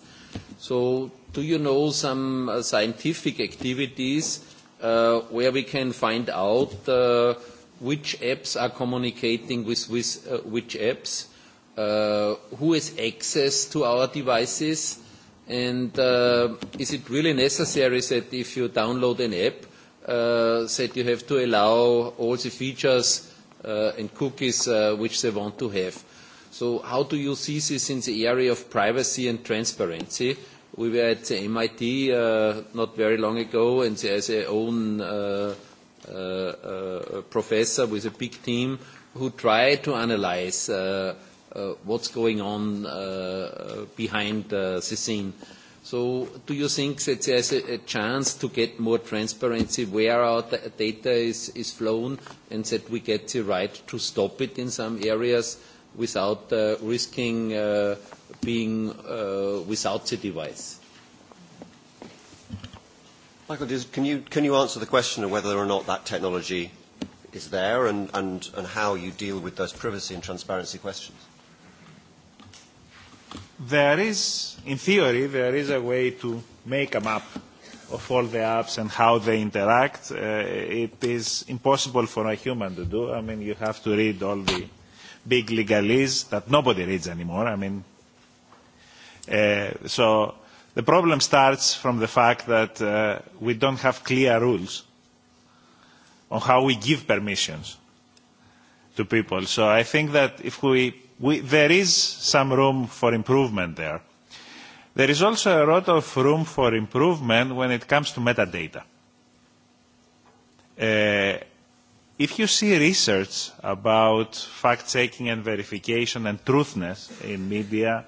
So do you know some uh, scientific activities uh, where we can find out uh, which apps are communicating with, with uh, which apps, uh, who has access to our devices, and uh, is it really necessary that if you download an app, uh, that you have to allow all the features uh, and cookies uh, which they want to have? So how do you see this in the area of privacy and transparency? We were at the MIT uh, not very long ago, and there's a own uh, uh, uh, professor with a big team who tried to analyze uh, uh, what's going on uh, behind uh, the scene. So do you think that there's a chance to get more transparency where our data is flown and that we get the right to stop it in some areas without risking being without the device. Michael, can you, can you answer the question of whether or not that technology is there and, and, and how you deal with those privacy and transparency questions? There is, in theory, there is a way to make a map of all the apps and how they interact. Uh, it is impossible for a human to do. I mean, you have to read all the big legalese that nobody reads anymore. I mean, uh, so the problem starts from the fact that uh, we don't have clear rules on how we give permissions to people. So I think that if we, we there is some room for improvement there. There is also a lot of room for improvement when it comes to metadata. Uh, If you see research about fact-checking and verification and truthness in media,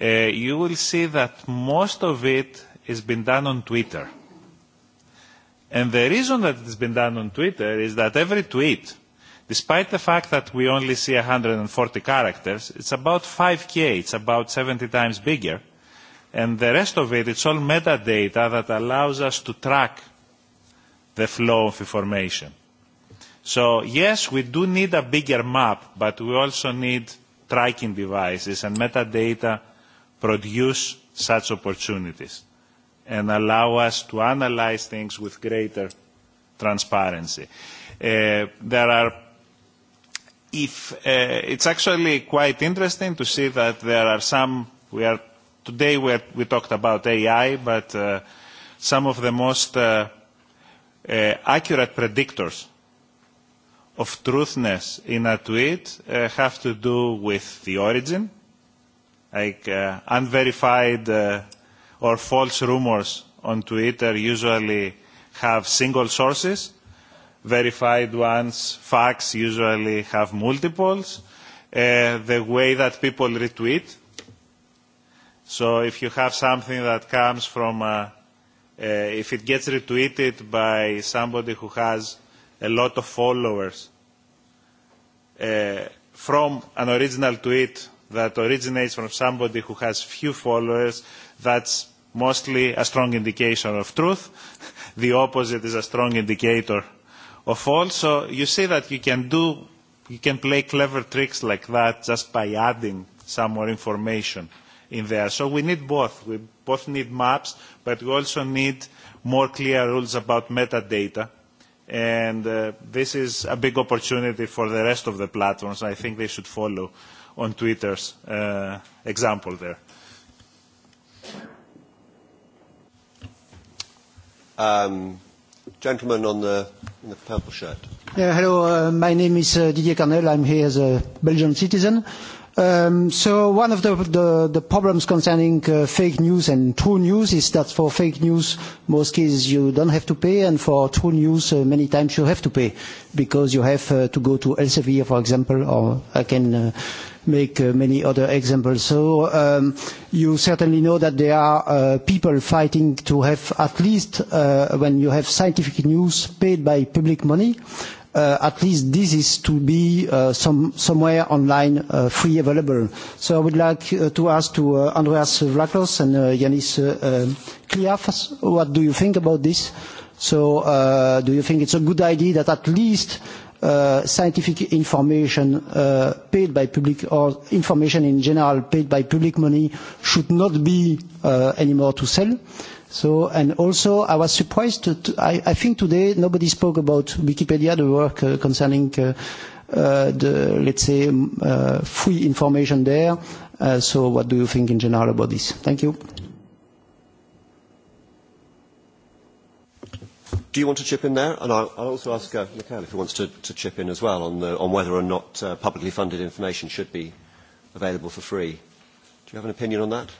uh, you will see that most of it has been done on Twitter. And the reason that it's been done on Twitter is that every tweet, despite the fact that we only see 140 characters, it's about 5K, it's about 70 times bigger. And the rest of it, it's all metadata that allows us to track the flow of information So yes, we do need a bigger map, but we also need tracking devices and metadata produce such opportunities and allow us to analyze things with greater transparency. Uh, there are if uh, it's actually quite interesting to see that there are some we are today we, are, we talked about AI but uh, some of the most uh, uh, accurate predictors of truthness in a tweet uh, have to do with the origin, like uh, unverified uh, or false rumors on Twitter usually have single sources. Verified ones, facts usually have multiples. Uh, the way that people retweet. So if you have something that comes from, uh, uh, if it gets retweeted by somebody who has a lot of followers from an original tweet that originates from somebody who has few followers, that's mostly a strong indication of truth. the opposite is a strong indicator of false. So you see that you can do, you can play clever tricks like that just by adding some more information in there. So we need both. We both need maps, but we also need more clear rules about metadata and this is a big opportunity for the rest of the platforms. I think they should follow on Twitter's example there. Um, gentleman on the, in the purple shirt. Yeah, hello, uh, my name is uh, Didier Carnel. I'm here as a Belgian citizen so one of the, the, the problems concerning uh, fake news and true news is that for fake news, most cases you don't have to pay, and for true news, uh, many times you have to pay because you have uh, to go to Elsevier, for example, or I can uh, make uh, many other examples. So um, you certainly know that there are uh, people fighting to have at least, uh, when you have scientific news paid by public money, uh, at least this is to be uh, some, somewhere online uh, free available. So I would like uh, to ask to uh, Andreas Vlaklos and uh, Yanis uh, what do you think about this? So uh, do you think it's a good idea that at least uh, scientific information uh, paid by public or information in general paid by public money should not be uh, anymore to sell? So, and also, I was surprised to, to I, I think today nobody spoke about Wikipedia, the work uh, concerning uh, uh, the, let's say, uh, free information there. Uh, so, what do you think in general about this? Thank you. Do you want to chip in there? And I'll, I'll also ask uh, Mikhail if he wants to, to chip in as well on, the, on whether or not uh, publicly funded information should be available for free. Do you have an opinion on that?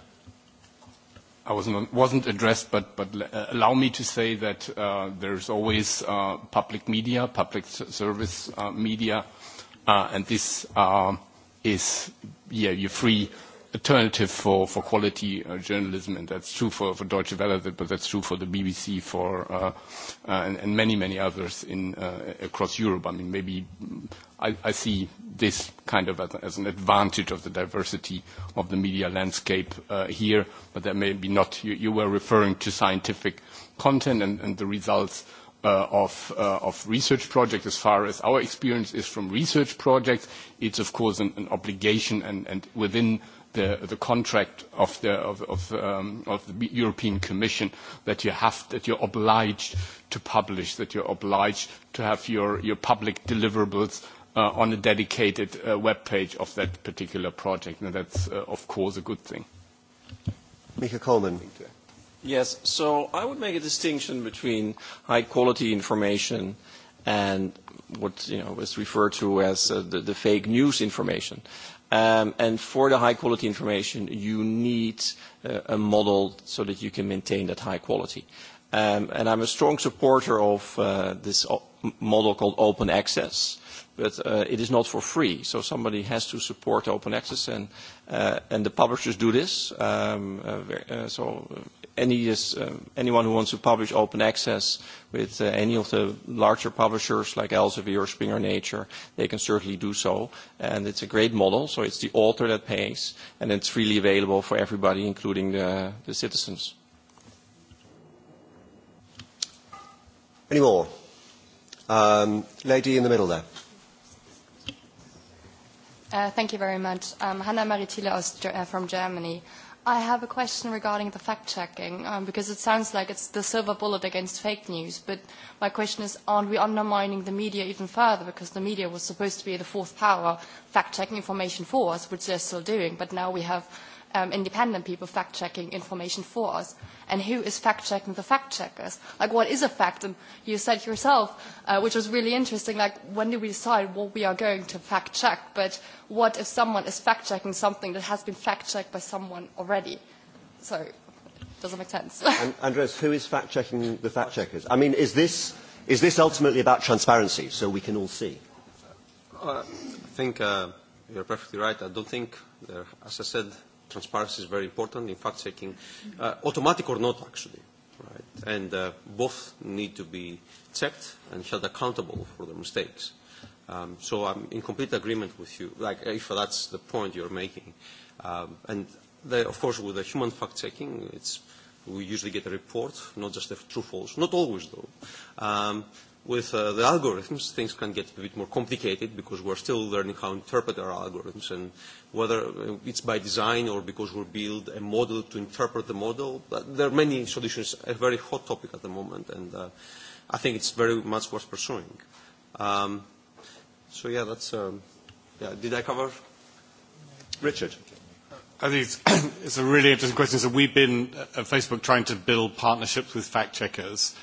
I wasn't addressed, but, but allow me to say that uh, there's always uh, public media, public service uh, media, uh, and this uh, is, yeah, you're free alternative for, for quality uh, journalism, and that's true for, for Deutsche Welle, but that's true for the BBC, for uh, uh, and, and many many others in uh, across Europe. I mean, maybe I, I see this kind of as, as an advantage of the diversity of the media landscape uh, here, but that may be not. You, you were referring to scientific content and, and the results of research projects. As far as our experience is from research projects, it's of course an obligation and within the, the contract of the, of, of, um, of the European Commission that you have, that you're obliged to publish, that you're obliged to have your, your public deliverables on a dedicated webpage web page of that particular project. And that's, of course, a good thing. Michael Coleman. Yes, so I would make a distinction between high quality information and what you know, was referred to as the, the fake news information. Um, and for the high quality information, you need uh, a model so that you can maintain that high quality. Um, and I'm a strong supporter of uh, this model called open access, but uh, it is not for free. So somebody has to support open access, and uh, and the publishers do this. Um, uh, so any is, um, anyone who wants to publish open access with uh, any of the larger publishers like Elsevier or Springer Nature, they can certainly do so. And it's a great model, so it's the author that pays, and it's freely available for everybody, including the, the citizens. Any more? Um, lady in the middle there. Uh, thank you very much. Um, Hannah Maritile aus, uh, from Germany. I have a question regarding the fact-checking, um, because it sounds like it's the silver bullet against fake news. But my question is, aren't we undermining the media even further? Because the media was supposed to be the fourth power fact-checking information for us, which they're still doing. But now we have um, independent people fact-checking information for us? And who is fact-checking the fact-checkers? Like, what is a fact? And you said yourself, uh, which was really interesting, like, when do we decide what we are going to fact-check? But what if someone is fact-checking something that has been fact-checked by someone already? So, it doesn't make sense. and, Andres, who is fact-checking the fact-checkers? I mean, is this, is this ultimately about transparency, so we can all see? Uh, I think uh, you're perfectly right. I don't think, there, as I said, transparency is very important in fact-checking, uh, automatic or not, actually. Right? And uh, both need to be checked and held accountable for their mistakes. Um, so I'm in complete agreement with you, like if that's the point you're making. Um, and the, of course, with the human fact-checking, it's we usually get a report, not just a true-false. Not always, though. Um, with uh, the algorithms, things can get a bit more complicated because we're still learning how to interpret our algorithms and whether it's by design or because we build a model to interpret the model. But there are many solutions, a very hot topic at the moment, and uh, I think it's very much worth pursuing. Um, so yeah, that's, um, yeah, did I cover? Richard. I think it's, it's a really interesting question. So we've been at Facebook trying to build partnerships with fact checkers,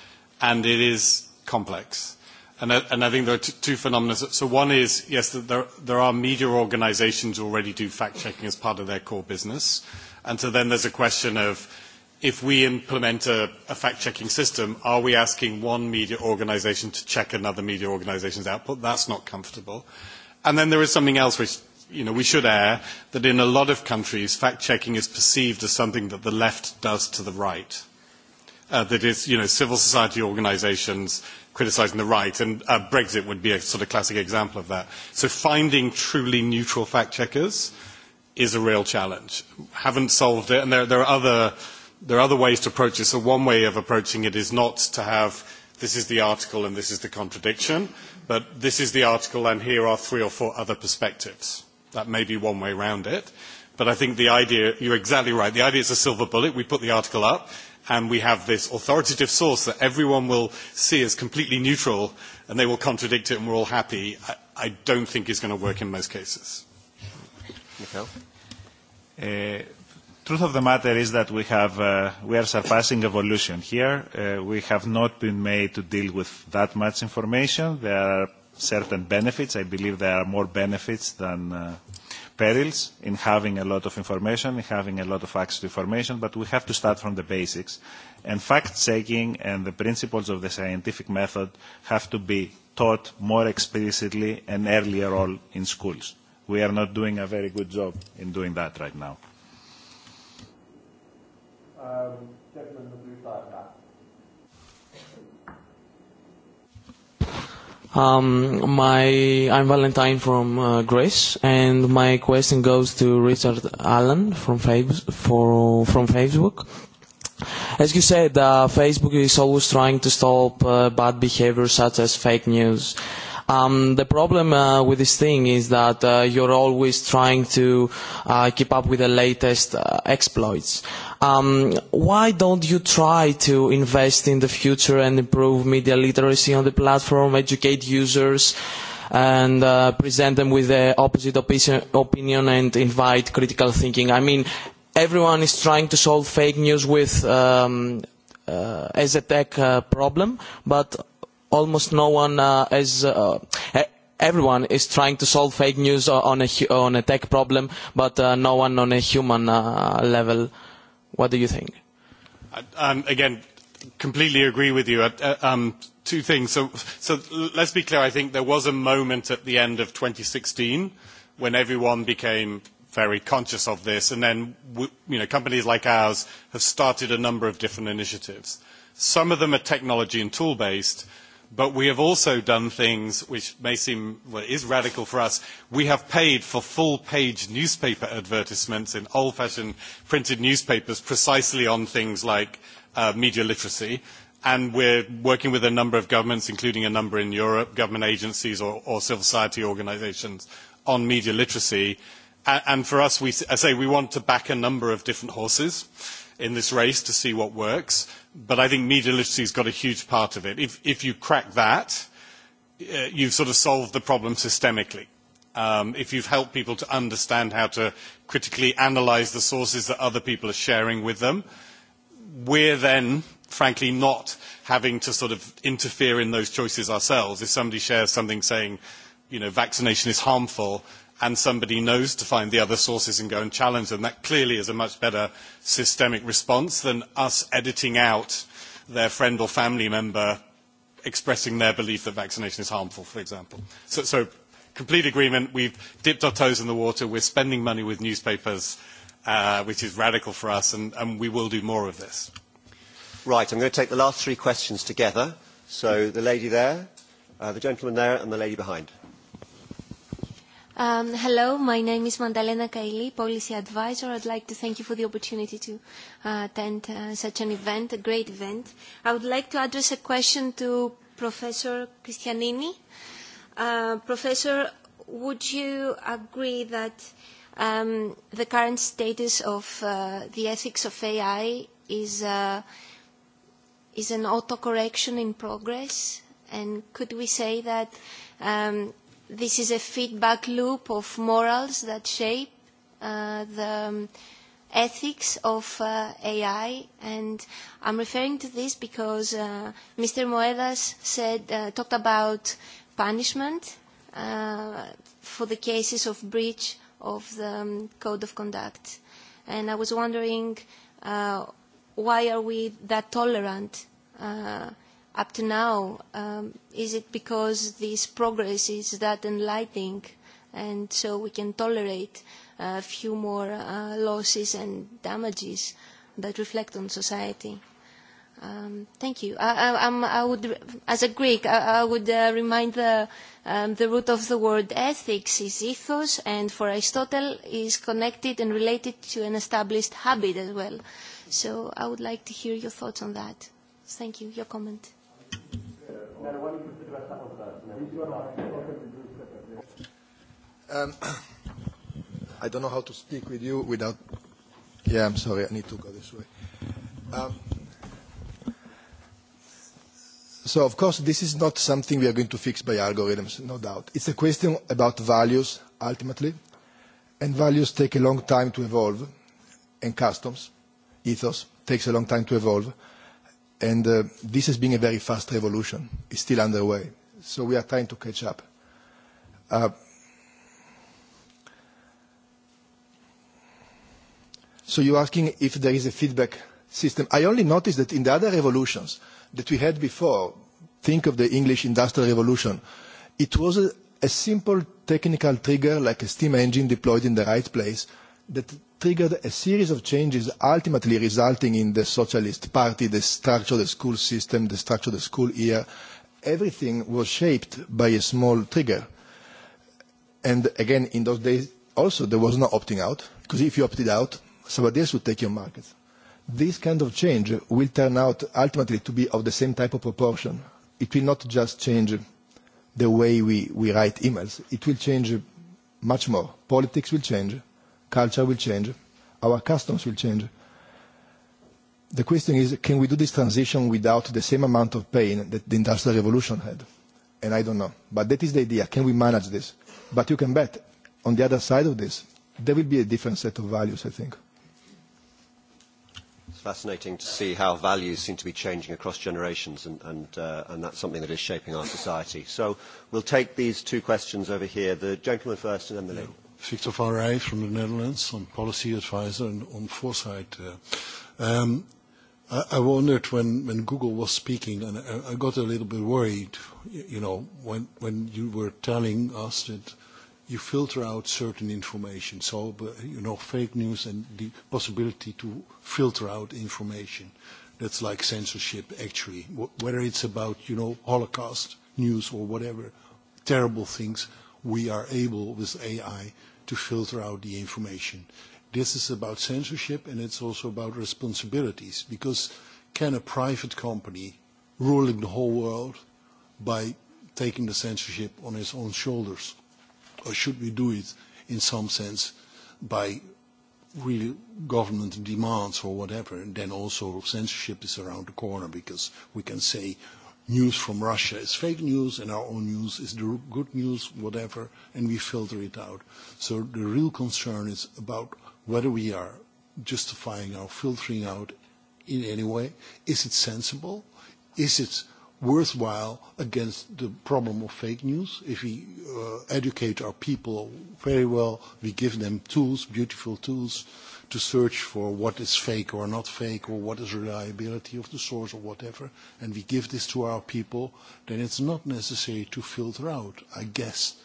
and it is complex. And I, think there are two phenomena. So one is, yes, that there, are media organizations who already do fact-checking as part of their core business. And so then there's a question of, if we implement a, fact-checking system, are we asking one media organization to check another media organization's output? That's not comfortable. And then there is something else which you know, we should air, that in a lot of countries, fact-checking is perceived as something that the left does to the right. that is, you know, civil society organizations criticising the right, and uh, Brexit would be a sort of classic example of that. So finding truly neutral fact checkers is a real challenge. Haven't solved it, and there, there, are, other, there are other ways to approach it. So one way of approaching it is not to have this is the article and this is the contradiction, but this is the article and here are three or four other perspectives. That may be one way around it. But I think the idea, you're exactly right, the idea is a silver bullet. We put the article up and we have this authoritative source that everyone will see as completely neutral and they will contradict it and we're all happy, I, I don't think is going to work in most cases. Mikhail? Uh, truth of the matter is that we, have, uh, we are surpassing evolution here. Uh, we have not been made to deal with that much information. There are certain benefits. I believe there are more benefits than uh, perils in having a lot of information, in having a lot of access to information, but we have to start from the basics. And fact-checking and the principles of the scientific method have to be taught more explicitly and earlier on in schools. We are not doing a very good job in doing that right now. Um, the blue now. Um, my I'm Valentine from uh, Greece, and my question goes to Richard Allen from for, from Facebook. As you said, uh, Facebook is always trying to stop uh, bad behavior such as fake news. Um, the problem uh, with this thing is that uh, you're always trying to uh, keep up with the latest uh, exploits Um, why don't you try to invest in the future and improve media literacy on the platform, educate users, and uh, present them with the opposite opinion and invite critical thinking? I mean, everyone is trying to solve fake news with um, uh, as a tech uh, problem, but almost no one uh, as uh, everyone is trying to solve fake news on a on a tech problem, but uh, no one on a human uh, level. What do you think? Um, again, completely agree with you. Uh, um, two things. So, so let's be clear. I think there was a moment at the end of 2016 when everyone became very conscious of this, and then you know, companies like ours have started a number of different initiatives. Some of them are technology and tool-based, but we have also done things which may seem, well, is radical for us. We have paid for full-page newspaper advertisements in old-fashioned printed newspapers precisely on things like uh, media literacy. And we're working with a number of governments, including a number in Europe, government agencies or, or civil society organisations on media literacy. And, and for us, we, I say we want to back a number of different horses in this race to see what works. But I think media literacy's got a huge part of it. If, if you crack that, uh, you've sort of solved the problem systemically. Um, if you've helped people to understand how to critically analyze the sources that other people are sharing with them, we're then, frankly, not having to sort of interfere in those choices ourselves. If somebody shares something saying, you know, vaccination is harmful, and somebody knows to find the other sources and go and challenge them. That clearly is a much better systemic response than us editing out their friend or family member expressing their belief that vaccination is harmful, for example. So, so complete agreement. We've dipped our toes in the water. We're spending money with newspapers, uh, which is radical for us, and, and we will do more of this. Right, I'm going to take the last three questions together. So the lady there, uh, the gentleman there, and the lady behind. Um, hello, my name is Mandalena Kaili, policy advisor. I'd like to thank you for the opportunity to uh, attend uh, such an event, a great event. I would like to address a question to Professor Christianini. Uh, Professor, would you agree that um, the current status of uh, the ethics of AI is, uh, is an autocorrection in progress? And could we say that um, This is a feedback loop of morals that shape uh, the ethics of uh, AI. And I'm referring to this because uh, Mr. Moedas said, uh, talked about punishment uh, for the cases of breach of the um, code of conduct. And I was wondering uh, why are we that tolerant uh, up to now? Um, is it because this progress is that enlightening and so we can tolerate a few more uh, losses and damages that reflect on society? Um, thank you. I, I, I'm, I would, as a Greek, I, I would uh, remind the, um, the root of the word ethics is ethos, and for Aristotle is connected and related to an established habit as well. So I would like to hear your thoughts on that. Thank you. Your comment you I um, I don't know how to speak with you without. Yeah, I'm sorry. I need to go this way. Um, so, of course, this is not something we are going to fix by algorithms, no doubt. It's a question about values, ultimately, and values take a long time to evolve, and customs, ethos, takes a long time to evolve. And uh, this has been a very fast revolution. It's still underway. So we are trying to catch up. Uh, so you're asking if there is a feedback system. I only noticed that in the other revolutions that we had before, think of the English Industrial Revolution, it was a, a simple technical trigger like a steam engine deployed in the right place – that triggered a series of changes ultimately resulting in the Socialist Party, the structure, of the school system, the structure, of the school year. Everything was shaped by a small trigger. And again, in those days, also there was no opting out, because if you opted out, somebody else would take your market. This kind of change will turn out ultimately to be of the same type of proportion. It will not just change the way we, we write emails. It will change much more. Politics will change culture will change, our customs will change. The question is, can we do this transition without the same amount of pain that the Industrial Revolution had? And I don't know. But that is the idea. Can we manage this? But you can bet on the other side of this, there will be a different set of values, I think. It's fascinating to see how values seem to be changing across generations, and, and, uh, and that's something that is shaping our society. So we'll take these two questions over here, the gentleman first and then the lady. Victor van Rij from the Netherlands, on policy advisor and on foresight. Um, I, I wondered when, when Google was speaking, and I, I got a little bit worried, you know, when, when you were telling us that you filter out certain information, so, you know, fake news and the possibility to filter out information. That's like censorship, actually, whether it's about, you know, Holocaust news or whatever, terrible things we are able with AI to filter out the information. This is about censorship and it's also about responsibilities because can a private company ruling the whole world by taking the censorship on its own shoulders? Or should we do it in some sense by real government demands or whatever? And then also censorship is around the corner because we can say news from Russia is fake news and our own news is the good news, whatever, and we filter it out. So the real concern is about whether we are justifying our filtering out in any way. Is it sensible? Is it worthwhile against the problem of fake news. If we uh, educate our people very well, we give them tools, beautiful tools to search for what is fake or not fake or what is reliability of the source or whatever, and we give this to our people, then it's not necessary to filter out, I guess.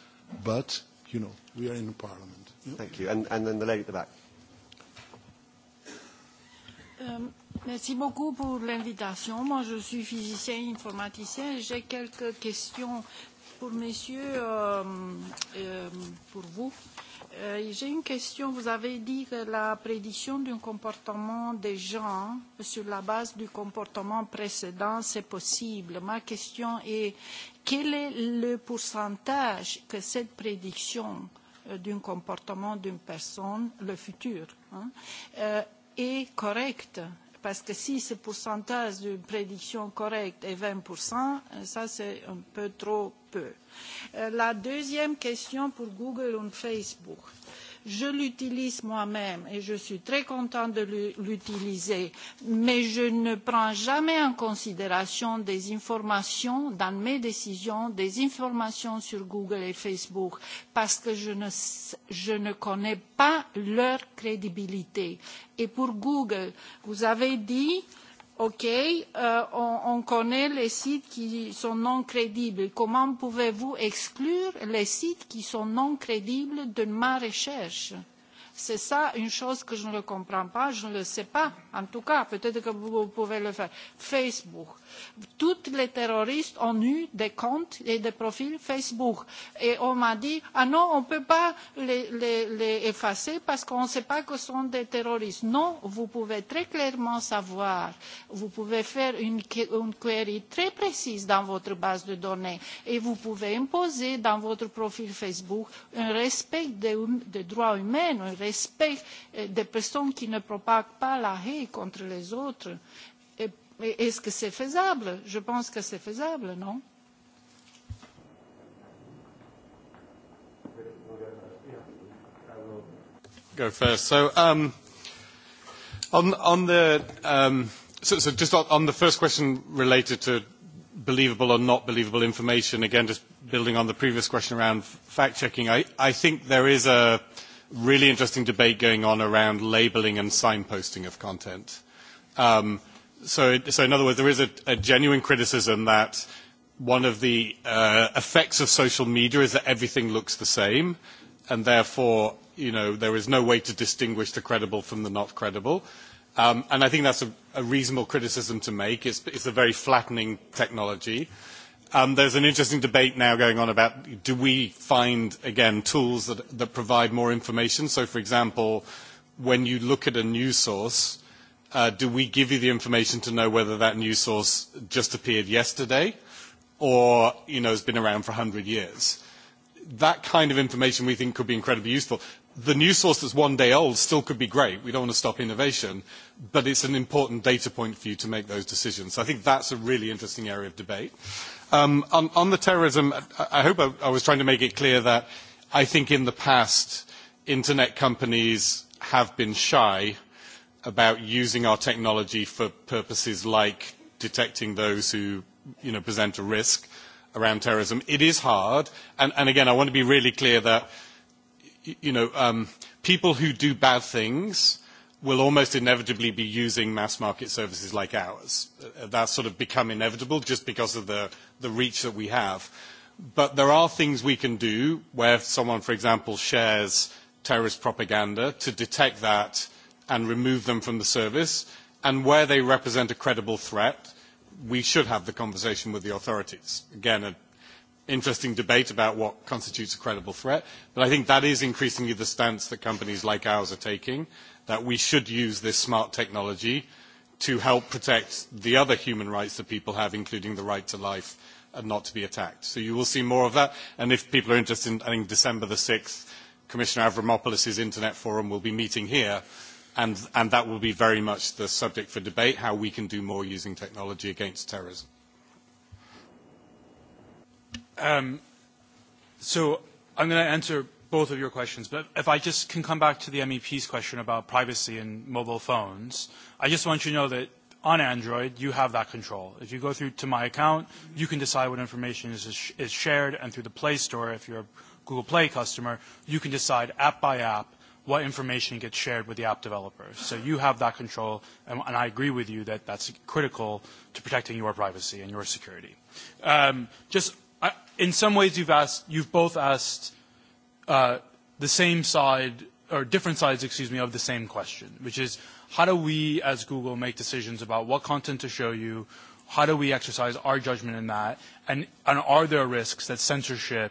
But, you know, we are in the Parliament. Thank you. And, and then the lady at the back. Merci beaucoup pour l'invitation. Moi, je suis physicien informaticien j'ai quelques questions pour monsieur, euh, euh, pour vous. Euh, J'ai une question. Vous avez dit que la prédiction du comportement des gens sur la base du comportement précédent, c'est possible. Ma question est, quel est le pourcentage que cette prédiction d'un comportement d'une personne, le futur, est correcte parce que si ce pourcentage d'une prédiction correcte est 20%, ça c'est un peu trop peu. La deuxième question pour Google et Facebook. Euh, Je l'utilise moi-même et je suis très contente de l'utiliser, mais je ne prends jamais en considération des informations dans mes décisions, des informations sur Google et Facebook, parce que je ne, je ne connais pas leur crédibilité. Et pour Google, vous avez dit que OK, on, connaît les sites qui sont non crédibles. Comment pouvez-vous exclure les sites qui sont non crédibles de ma recherche C'est ça une chose que je ne comprends pas, je ne le sais pas. En tout cas, peut-être que vous pouvez le faire. Facebook, Toutes les terroristes ont eu des comptes et des profils Facebook. Et on m'a dit, ah non, on ne peut pas les, les, les effacer parce qu'on ne sait pas que ce sont des terroristes. Non, vous pouvez très clairement savoir, vous pouvez faire une, une query très précise dans votre base de données et vous pouvez imposer dans votre profil Facebook un respect des droits humains, un respect des personnes qui ne propagent pas la haine contre les autres Mais est-ce que c'est faisable Je pense que c'est faisable, non Go first. So, um, on, on the, um, so, so just on, on the first question related to believable or not believable information, again, just building on the previous question around fact-checking, I, I think there is a really interesting debate going on around labeling and signposting of content. Um, so, so in other words, there is a, a genuine criticism that one of the uh, effects of social media is that everything looks the same, and therefore, you know, there is no way to distinguish the credible from the not credible. Um, and I think that's a, a reasonable criticism to make. It's, it's a very flattening technology. Um, there's an interesting debate now going on about do we find, again, tools that, that provide more information? So, for example, when you look at a news source, do we give you the information to know whether that news source just appeared yesterday or, you know, has been around for 100 years? That kind of information we think could be incredibly useful. The news source that's one day old still could be great. We don't want to stop innovation, but it's an important data point for you to make those decisions. So I think that's a really interesting area of debate. Um, on, on the terrorism, I, I hope I, I was trying to make it clear that I think in the past, internet companies have been shy about using our technology for purposes like detecting those who you know, present a risk around terrorism. It is hard, and, and again, I want to be really clear that you know, um, people who do bad things will almost inevitably be using mass market services like ours. That's sort of become inevitable just because of the, the reach that we have. But there are things we can do where someone, for example, shares terrorist propaganda to detect that and remove them from the service, and where they represent a credible threat, we should have the conversation with the authorities. Again, an interesting debate about what constitutes a credible threat, but I think that is increasingly the stance that companies like ours are taking, that we should use this smart technology to help protect the other human rights that people have, including the right to life and not to be attacked. So you will see more of that, and if people are interested, I think December the 6th, Commissioner Avramopoulos' Internet Forum will be meeting here and, and that will be very much the subject for debate, how we can do more using technology against terrorism. Um, so I'm going to answer both of your questions, but if I just can come back to the MEP's question about privacy and mobile phones, I just want you to know that on Android, you have that control. If you go through to my account, you can decide what information is, is shared, and through the Play Store, if you're a Google Play customer, you can decide app by app what information gets shared with the app developers. So you have that control, and, and I agree with you that that's critical to protecting your privacy and your security. Um, just I, in some ways, you've asked, you've both asked uh, the same side or different sides, excuse me, of the same question, which is how do we as Google make decisions about what content to show you, how do we exercise our judgment in that, and, and are there risks that censorship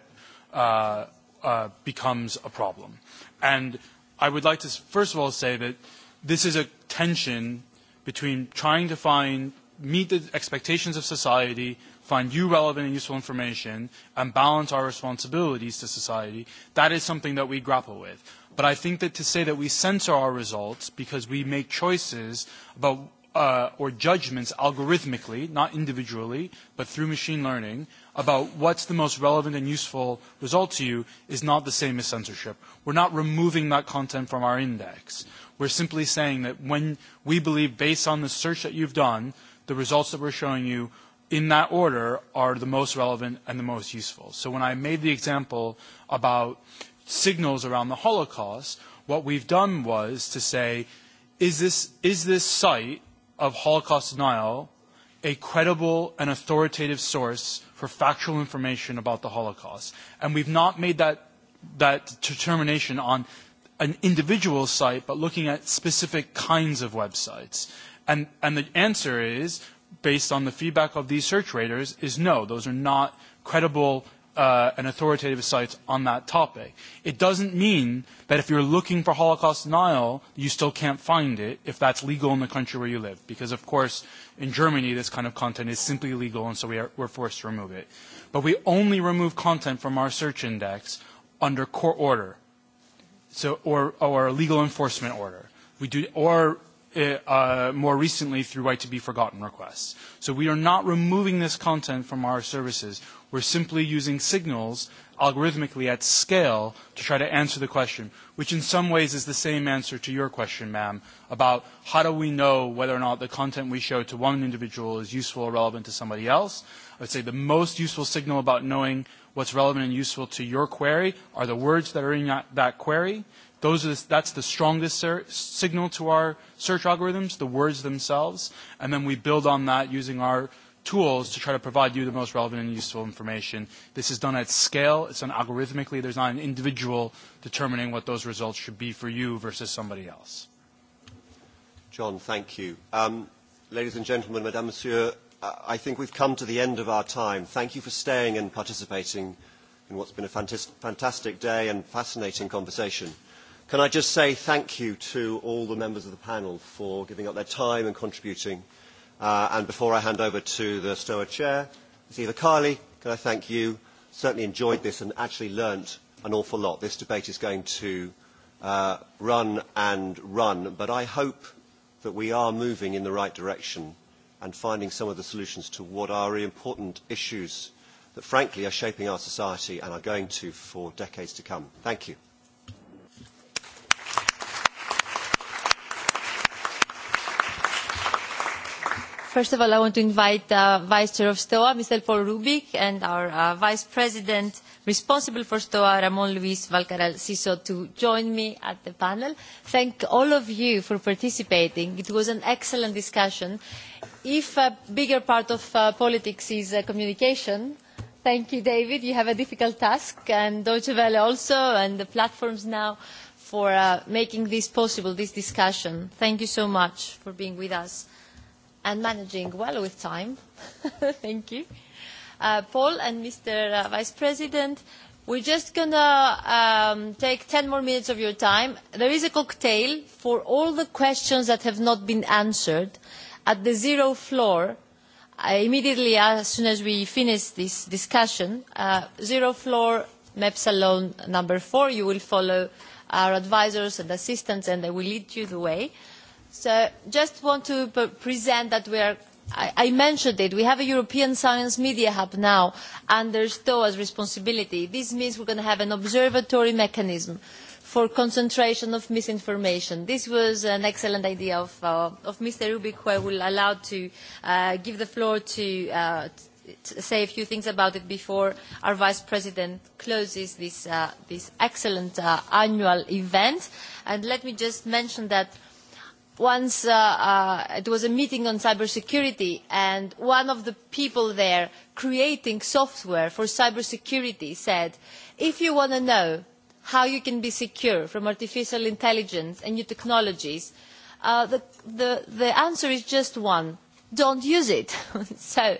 uh, uh, becomes a problem? And I would like to first of all say that this is a tension between trying to find meet the expectations of society, find you relevant and useful information, and balance our responsibilities to society. That is something that we grapple with. But I think that to say that we censor our results because we make choices about uh, or judgments algorithmically, not individually, but through machine learning, about what's the most relevant and useful result to you is not the same as censorship. We're not removing that content from our index. We're simply saying that when we believe, based on the search that you've done, the results that we're showing you in that order are the most relevant and the most useful. So when I made the example about signals around the Holocaust, what we've done was to say, is this, is this site of Holocaust denial a credible and authoritative source for factual information about the Holocaust. And we've not made that, that determination on an individual site, but looking at specific kinds of websites. And, and the answer is, based on the feedback of these search raters, is no, those are not credible uh, an authoritative site on that topic. It doesn't mean that if you're looking for Holocaust denial, you still can't find it if that's legal in the country where you live. Because, of course, in Germany, this kind of content is simply legal, and so we are, we're forced to remove it. But we only remove content from our search index under court order so, or, or legal enforcement order. We do, or uh, more recently through right to be forgotten requests. So we are not removing this content from our services. We're simply using signals algorithmically at scale to try to answer the question, which in some ways is the same answer to your question, ma'am, about how do we know whether or not the content we show to one individual is useful or relevant to somebody else. I would say the most useful signal about knowing what's relevant and useful to your query are the words that are in that, that query. Those are, that's the strongest ser- signal to our search algorithms, the words themselves. And then we build on that using our tools to try to provide you the most relevant and useful information. This is done at scale. It's done algorithmically. There's not an individual determining what those results should be for you versus somebody else. John, thank you. Um, ladies and gentlemen, Madame, Monsieur, I think we've come to the end of our time. Thank you for staying and participating in what's been a fantastic day and fascinating conversation. Can I just say thank you to all the members of the panel for giving up their time and contributing. Uh, and before I hand over to the STOA chair, Ms. Eva Kiley, can I thank you? Certainly enjoyed this and actually learnt an awful lot. This debate is going to uh, run and run, but I hope that we are moving in the right direction and finding some of the solutions to what are really important issues that frankly are shaping our society and are going to for decades to come. Thank you. First of all, I want to invite uh, Vice Chair of STOA, Mr. Paul Rubik, and our uh, Vice President responsible for STOA, Ramon Luis Valcarel Siso, to join me at the panel. Thank all of you for participating. It was an excellent discussion. If a bigger part of uh, politics is uh, communication, thank you, David. You have a difficult task, and Deutsche Welle also, and the platforms now for uh, making this possible, this discussion. Thank you so much for being with us and managing well with time. Thank you. Paul and Mr. Vice President, we're just going to um, take 10 more minutes of your time. There is a cocktail for all the questions that have not been answered at the zero floor. immediately as soon as we finish this discussion, uh, zero floor MEPS alone number four, you will follow our advisors and assistants and they will lead you the way. So just want to present that we are I, I mentioned it. We have a European Science Media Hub now under STOA's responsibility. This means we're going to have an observatory mechanism for concentration of misinformation. This was an excellent idea of, uh, of Mr. Rubik, who I will allow to uh, give the floor to, uh, to say a few things about it before our Vice President closes this, uh, this excellent uh, annual event. And let me just mention that once uh, uh, it was a meeting on cybersecurity, and one of the people there creating software for cybersecurity said, if you want to know how you can be secure from artificial intelligence and new technologies, uh, the, the, the answer is just one. Don't use it. so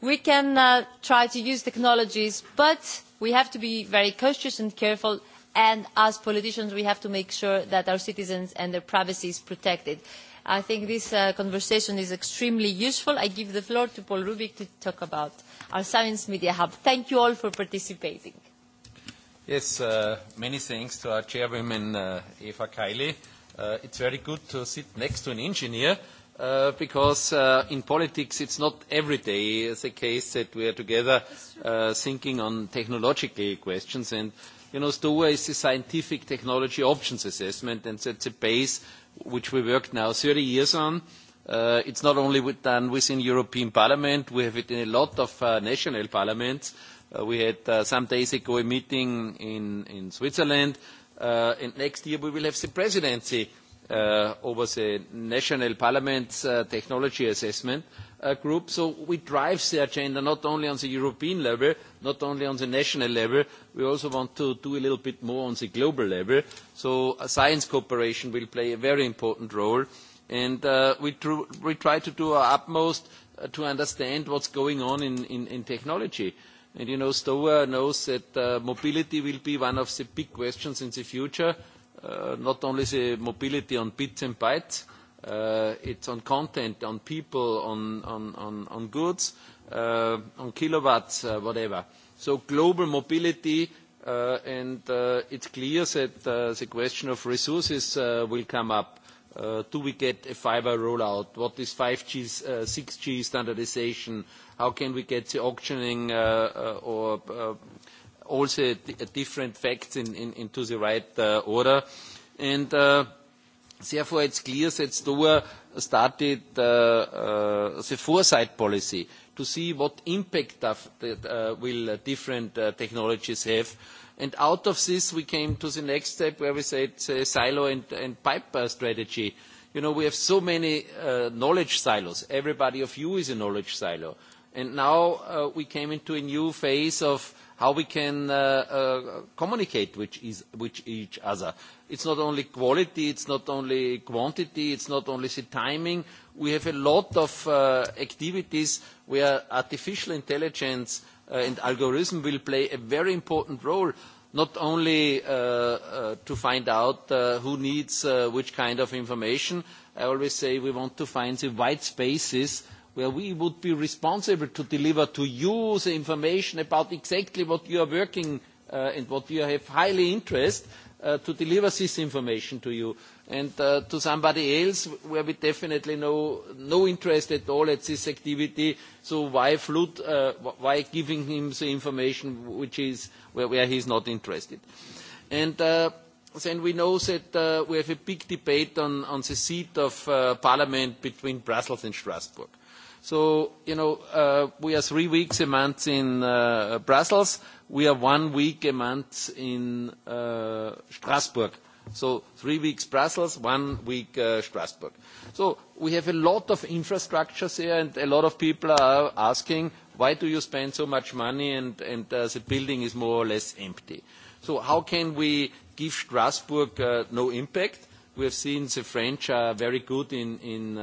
we can uh, try to use technologies, but we have to be very cautious and careful and as politicians we have to make sure that our citizens and their privacy is protected. I think this uh, conversation is extremely useful. I give the floor to Paul Rubik to talk about our Science Media Hub. Thank you all for participating. Yes, uh, many thanks to our chairwoman, uh, Eva Kiley. Uh, it's very good to sit next to an engineer uh, because uh, in politics it's not every day the case that we are together uh, thinking on technological questions and uh, you know, STOA is the scientific technology options assessment, and that's a base which we worked now 30 years on. Uh, it's not only with, done within European Parliament, we have it in a lot of uh, national parliaments. Uh, we had uh, some days ago a meeting in, in Switzerland, uh, and next year we will have the presidency uh, over the national parliament's technology assessment group. So we drive the agenda not only on the European level, not only on the national level, we also want to do a little bit more on the global level. So science cooperation will play a very important role. And we try to do our utmost to understand what's going on in technology. And you know, STOA knows that mobility will be one of the big questions in the future not only the mobility on bits and bytes, it's on content, on people, on goods, on kilowatts, whatever. So global mobility, and it's clear that the question of resources will come up. Do we get a fiber rollout? What is 5G, 6G standardization? How can we get the auctioning or also different facts in, in, into the right uh, order. And therefore it's clear that STOA started the foresight policy to see what impact of will different technologies have. And out of this, we came to the next step where we said uh, silo and, and pipe strategy. You know, we have so many knowledge silos. Everybody of you is a knowledge silo. And now we came into a new phase of how we can communicate with each other. It's not only quality, it's not only quantity, it's not only the timing. We have a lot of activities where artificial intelligence and algorithm will play a very important role, not only to find out who needs which kind of information. I always say we want to find the white spaces where we would be responsible to deliver to you the information about exactly what you are working and what you have highly interest to deliver this information to you. And to somebody else, where we definitely know no interest at all at this activity, so why flood, why giving him the information which is where, where is not interested? And then we know that we have a big debate on, the seat of Parliament between Brussels and Strasbourg So, you know, uh, we are three weeks a month in uh, Brussels. We are one week a month in uh, Strasbourg. So three weeks Brussels, one week uh, Strasbourg. So we have a lot of infrastructures here, and a lot of people are asking, why do you spend so much money and, and uh, the building is more or less empty? So how can we give Strasbourg uh, no impact? We have seen the French are very good in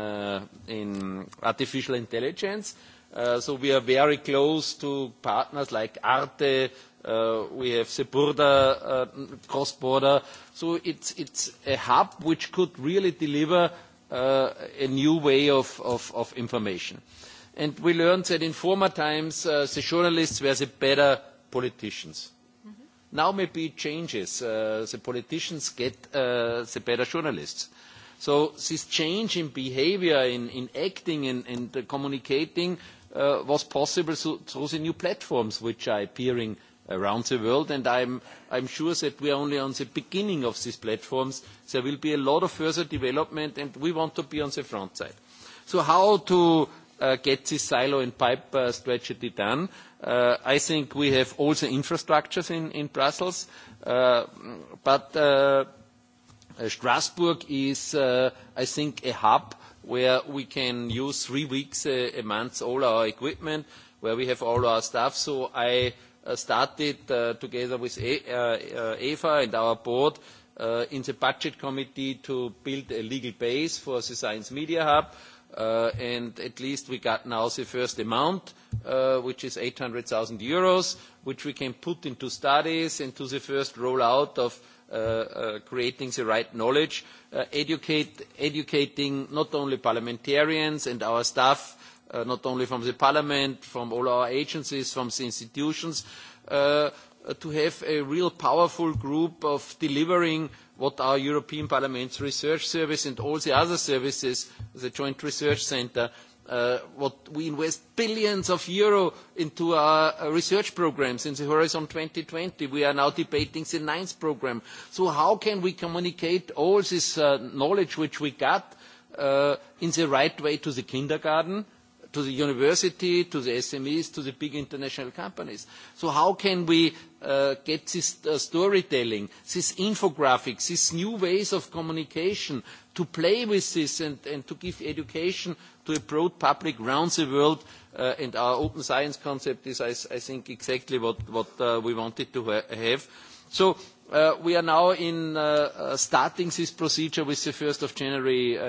artificial intelligence. So we are very close to partners like Arte. We have the border, cross-border. So it's a hub which could really deliver a new way of information. And we learned that in former times, the journalists were the better politicians Now maybe it changes. the politicians get the better journalists. So this change in behaviour, in, in acting and, and communicating was possible through the new platforms which are appearing around the world. And I'm, I'm sure that we are only on the beginning of these platforms. There will be a lot of further development and we want to be on the front side. So how to get this silo and pipe strategy done? I think we have all the infrastructures in Brussels, but Strasbourg is, I think, a hub where we can use three weeks a month all our equipment, where we have all our staff. So I started together with Eva and our board in the budget committee to build a legal base for the Science Media Hub and at least we got now the first amount, which is 800,000 euros, which we can put into studies, into the first rollout of creating the right knowledge, educating not only parliamentarians and our staff, not only from the parliament, from all our agencies, from the institutions, to have a real powerful group of delivering what our European Parliament's research service and all the other services, the Joint Research Centre, what we invest billions of euro into our research programmes in the Horizon twenty. We are now debating the ninth programme. So how can we communicate all this knowledge which we got in the right way to the kindergarten? to the university, to the SMEs, to the big international companies. So how can we get this storytelling, this infographics, these new ways of communication to play with this and, to give education to a broad public around the world. and our open science concept is, I, think, exactly what, what we wanted to have. So we are now in starting this procedure with the 1st of January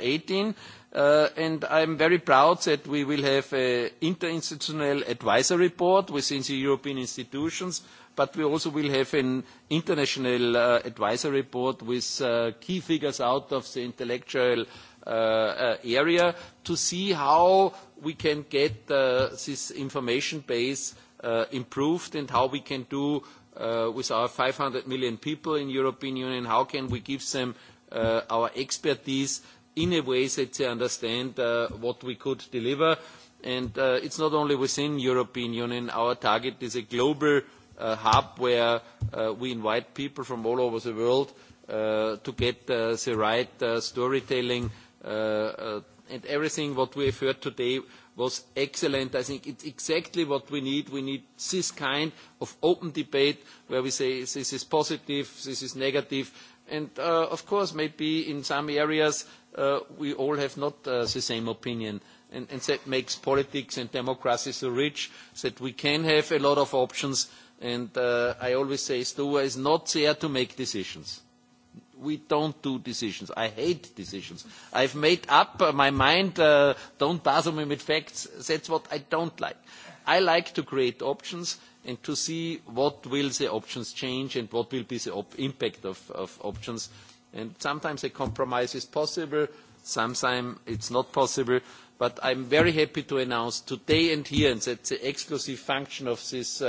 eighteen and I'm very proud that we will have an interinstitutional advisory board within the European institutions, but we also will have an international advisory board with key figures out of the intellectual area to see how we can get this information base improved and how we can do with our five hundred million people in the European Union, how can we give them our expertise in a way that they understand what we could deliver. And It's not only within European Union. Our target is a global hub where we invite people from all over the world to get the right storytelling. and Everything what we have heard today was excellent. I think it's exactly what we need. We need this kind of open debate where we say, "This is positive, this is negative." and Of course, maybe in some areas, we all have not the same opinion. And, and that makes politics and democracy so rich that we can have a lot of options. And I always say STOA is not there to make decisions. We don't do decisions. I hate decisions. I've made up my mind. Uh, don't dazzle me with facts. That's what I don't like. I like to create options and to see what will the options change and what will be the op impact of, of options And sometimes a compromise is possible, sometimes it's not possible. But I'm very happy to announce today and here, and that's the exclusive function of this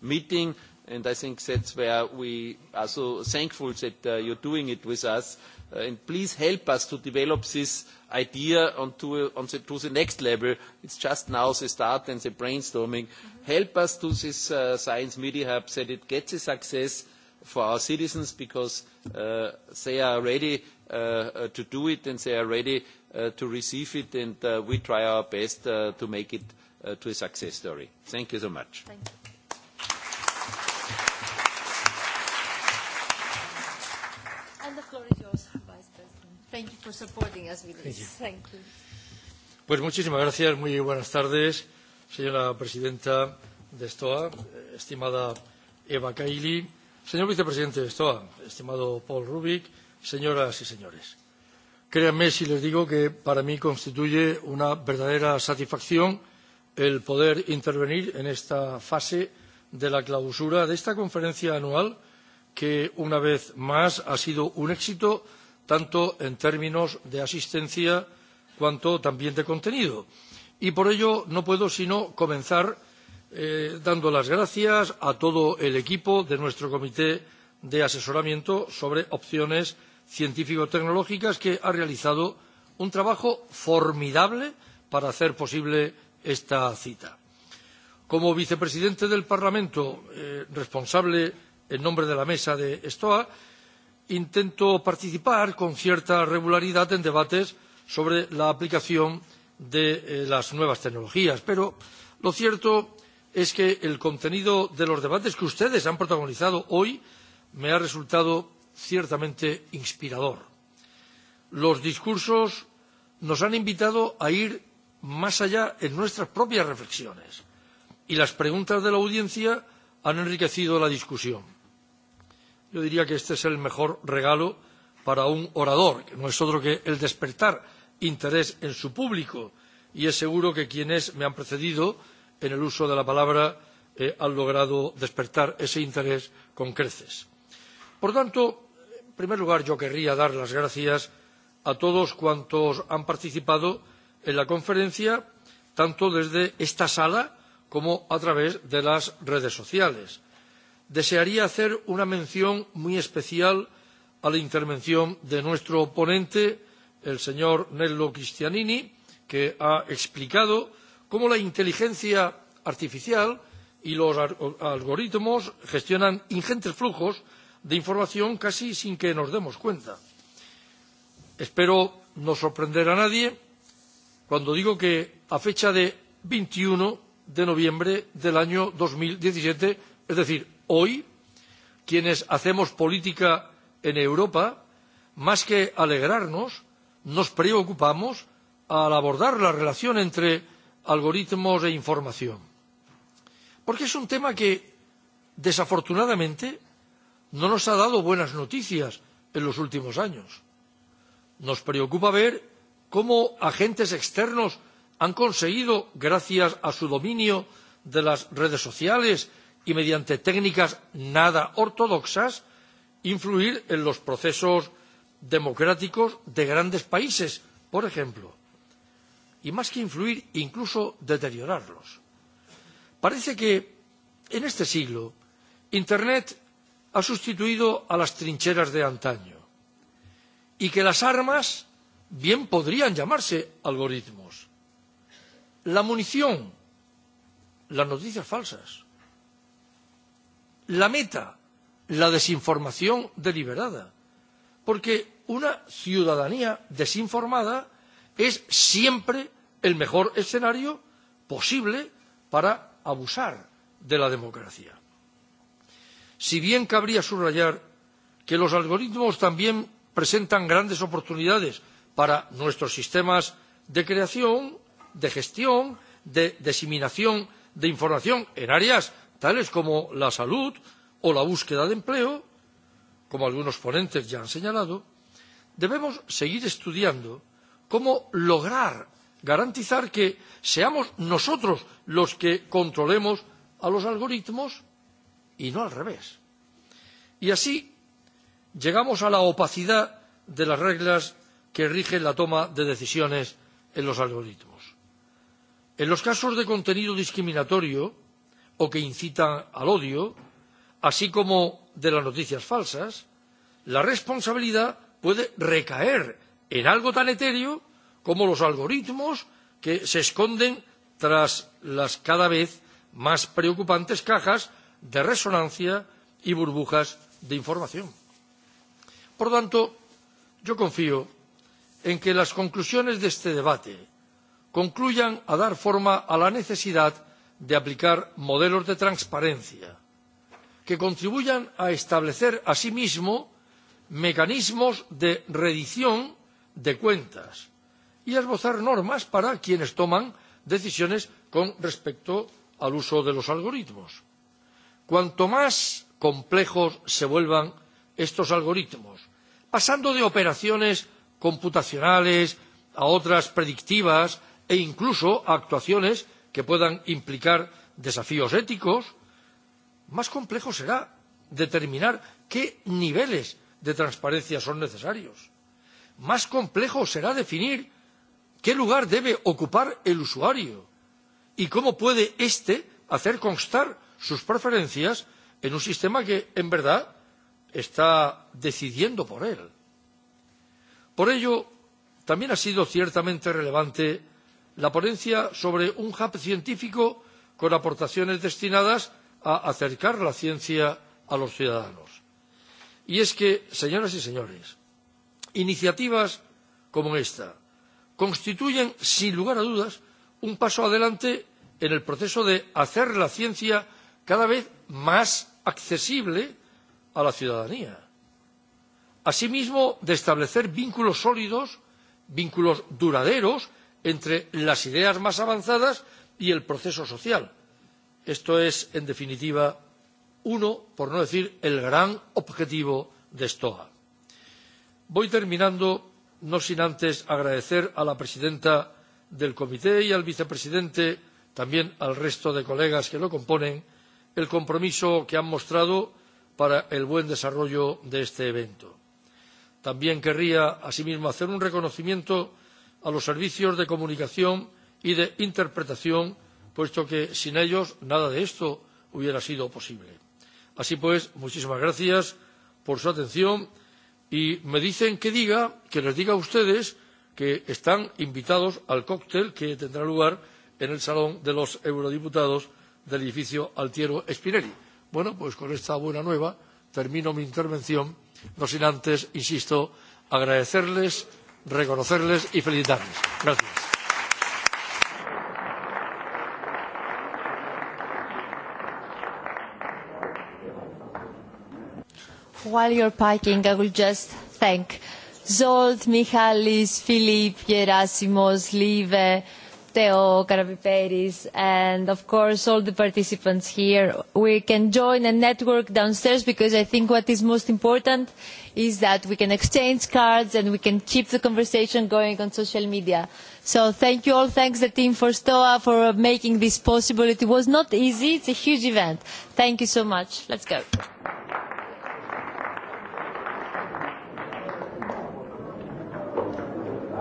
meeting, and I think that's where we are so thankful that you're doing it with us. And please help us to develop this idea onto the next level. It's just now the start and the brainstorming. Help us to this science media hub, that it gets a success, for our citizens because they are ready to do it and they are ready to receive it, and we try our best to make it to a success story. Thank you so much. Thank you The floor is yours, Vice President. Thank you for supporting us with this. Thank you. Thank you. Pues muchísimas gracias. Muy buenas tardes, señora presidenta de STOA, estimada Eva Kaili Señor vicepresidente de STOA, estimado Paul Rubik, señoras y señores, créanme si les digo que para mí constituye una verdadera satisfacción el poder intervenir en esta fase de la clausura de esta conferencia anual que una vez más ha sido un éxito tanto en términos de asistencia cuanto también de contenido. Y por ello no puedo sino comenzar dando las gracias a todo el equipo de nuestro comité de asesoramiento sobre opciones científico-tecnológicas que ha realizado un trabajo formidable para hacer posible esta cita. Como vicepresidente del Parlamento, responsable en nombre de la mesa de STOA, intento participar con cierta regularidad en debates sobre la aplicación de las nuevas tecnologías, pero lo cierto es es que el contenido de los debates que ustedes han protagonizado hoy me ha resultado ciertamente inspirador. Los discursos nos han invitado a ir más allá en nuestras propias reflexiones y las preguntas de la audiencia han enriquecido la discusión. Yo diría que este es el mejor regalo para un orador, que no es otro que el despertar interés en su público, y es seguro que quienes me han precedido en el uso de la palabra han logrado despertar ese interés con creces. Por tanto, en primer lugar, yo querría dar las gracias a todos cuantos han participado en la conferencia, tanto desde esta sala como a través de las redes sociales. Desearía hacer una mención muy especial a la intervención de nuestro ponente, el señor Nello Cristianini, que ha explicado cómo la inteligencia artificial y los algoritmos gestionan ingentes flujos de información casi sin que nos demos cuenta. Espero no sorprender a nadie cuando digo que a fecha de veintiuno de noviembre del año dos mil diecisiete, es decir, hoy, quienes hacemos política en Europa, más que alegrarnos, nos preocupamos al abordar la relación entre algoritmos e información. Porque es un tema que, desafortunadamente, no nos ha dado buenas noticias en los últimos años. Nos preocupa ver cómo agentes externos han conseguido, gracias a su dominio de las redes sociales y mediante técnicas nada ortodoxas, influir en los procesos democráticos de grandes países, por ejemplo y más que influir, incluso deteriorarlos. Parece que en este siglo Internet ha sustituido a las trincheras de antaño y que las armas bien podrían llamarse algoritmos. La munición, las noticias falsas. La meta, la desinformación deliberada. Porque una ciudadanía desinformada es siempre el mejor escenario posible para abusar de la democracia. Si bien cabría subrayar que los algoritmos también presentan grandes oportunidades para nuestros sistemas de creación, de gestión, de diseminación de información en áreas tales como la salud o la búsqueda de empleo, como algunos ponentes ya han señalado, debemos seguir estudiando cómo lograr garantizar que seamos nosotros los que controlemos a los algoritmos y no al revés. Y así llegamos a la opacidad de las reglas que rigen la toma de decisiones en los algoritmos. En los casos de contenido discriminatorio o que incitan al odio, así como de las noticias falsas, la responsabilidad puede recaer en algo tan etéreo como los algoritmos que se esconden tras las cada vez más preocupantes cajas de resonancia y burbujas de información. Por tanto, yo confío en que las conclusiones de este debate concluyan a dar forma a la necesidad de aplicar modelos de transparencia que contribuyan a establecer asimismo mecanismos de redición de cuentas y esbozar normas para quienes toman decisiones con respecto al uso de los algoritmos. Cuanto más complejos se vuelvan estos algoritmos, pasando de operaciones computacionales a otras predictivas e incluso a actuaciones que puedan implicar desafíos éticos, más complejo será determinar qué niveles de transparencia son necesarios más complejo será definir qué lugar debe ocupar el usuario y cómo puede éste hacer constar sus preferencias en un sistema que, en verdad, está decidiendo por él. Por ello, también ha sido ciertamente relevante la ponencia sobre un hub científico con aportaciones destinadas a acercar la ciencia a los ciudadanos. Y es que, señoras y señores, Iniciativas como esta constituyen, sin lugar a dudas, un paso adelante en el proceso de hacer la ciencia cada vez más accesible a la ciudadanía. Asimismo, de establecer vínculos sólidos, vínculos duraderos entre las ideas más avanzadas y el proceso social. Esto es, en definitiva, uno, por no decir el gran objetivo de STOA. Voy terminando, no sin antes agradecer a la presidenta del comité y al vicepresidente, también al resto de colegas que lo componen, el compromiso que han mostrado para el buen desarrollo de este evento. También querría, asimismo, hacer un reconocimiento a los servicios de comunicación y de interpretación, puesto que sin ellos nada de esto hubiera sido posible. Así pues, muchísimas gracias por su atención Y me dicen que diga, que les diga a ustedes que están invitados al cóctel que tendrá lugar en el Salón de los Eurodiputados del edificio Altiero Spinelli. Bueno, pues con esta buena nueva termino mi intervención, no sin antes, insisto, agradecerles, reconocerles y felicitarles. Gracias. while you're packing, I will just thank Zolt, Michalis, Philippe, Gerasimos, Live, Theo, Karaviperis, and of course all the participants here. We can join a network downstairs because I think what is most important is that we can exchange cards and we can keep the conversation going on social media. So thank you all. Thanks the team for STOA for making this possible. It was not easy. It's a huge event. Thank you so much. Let's go.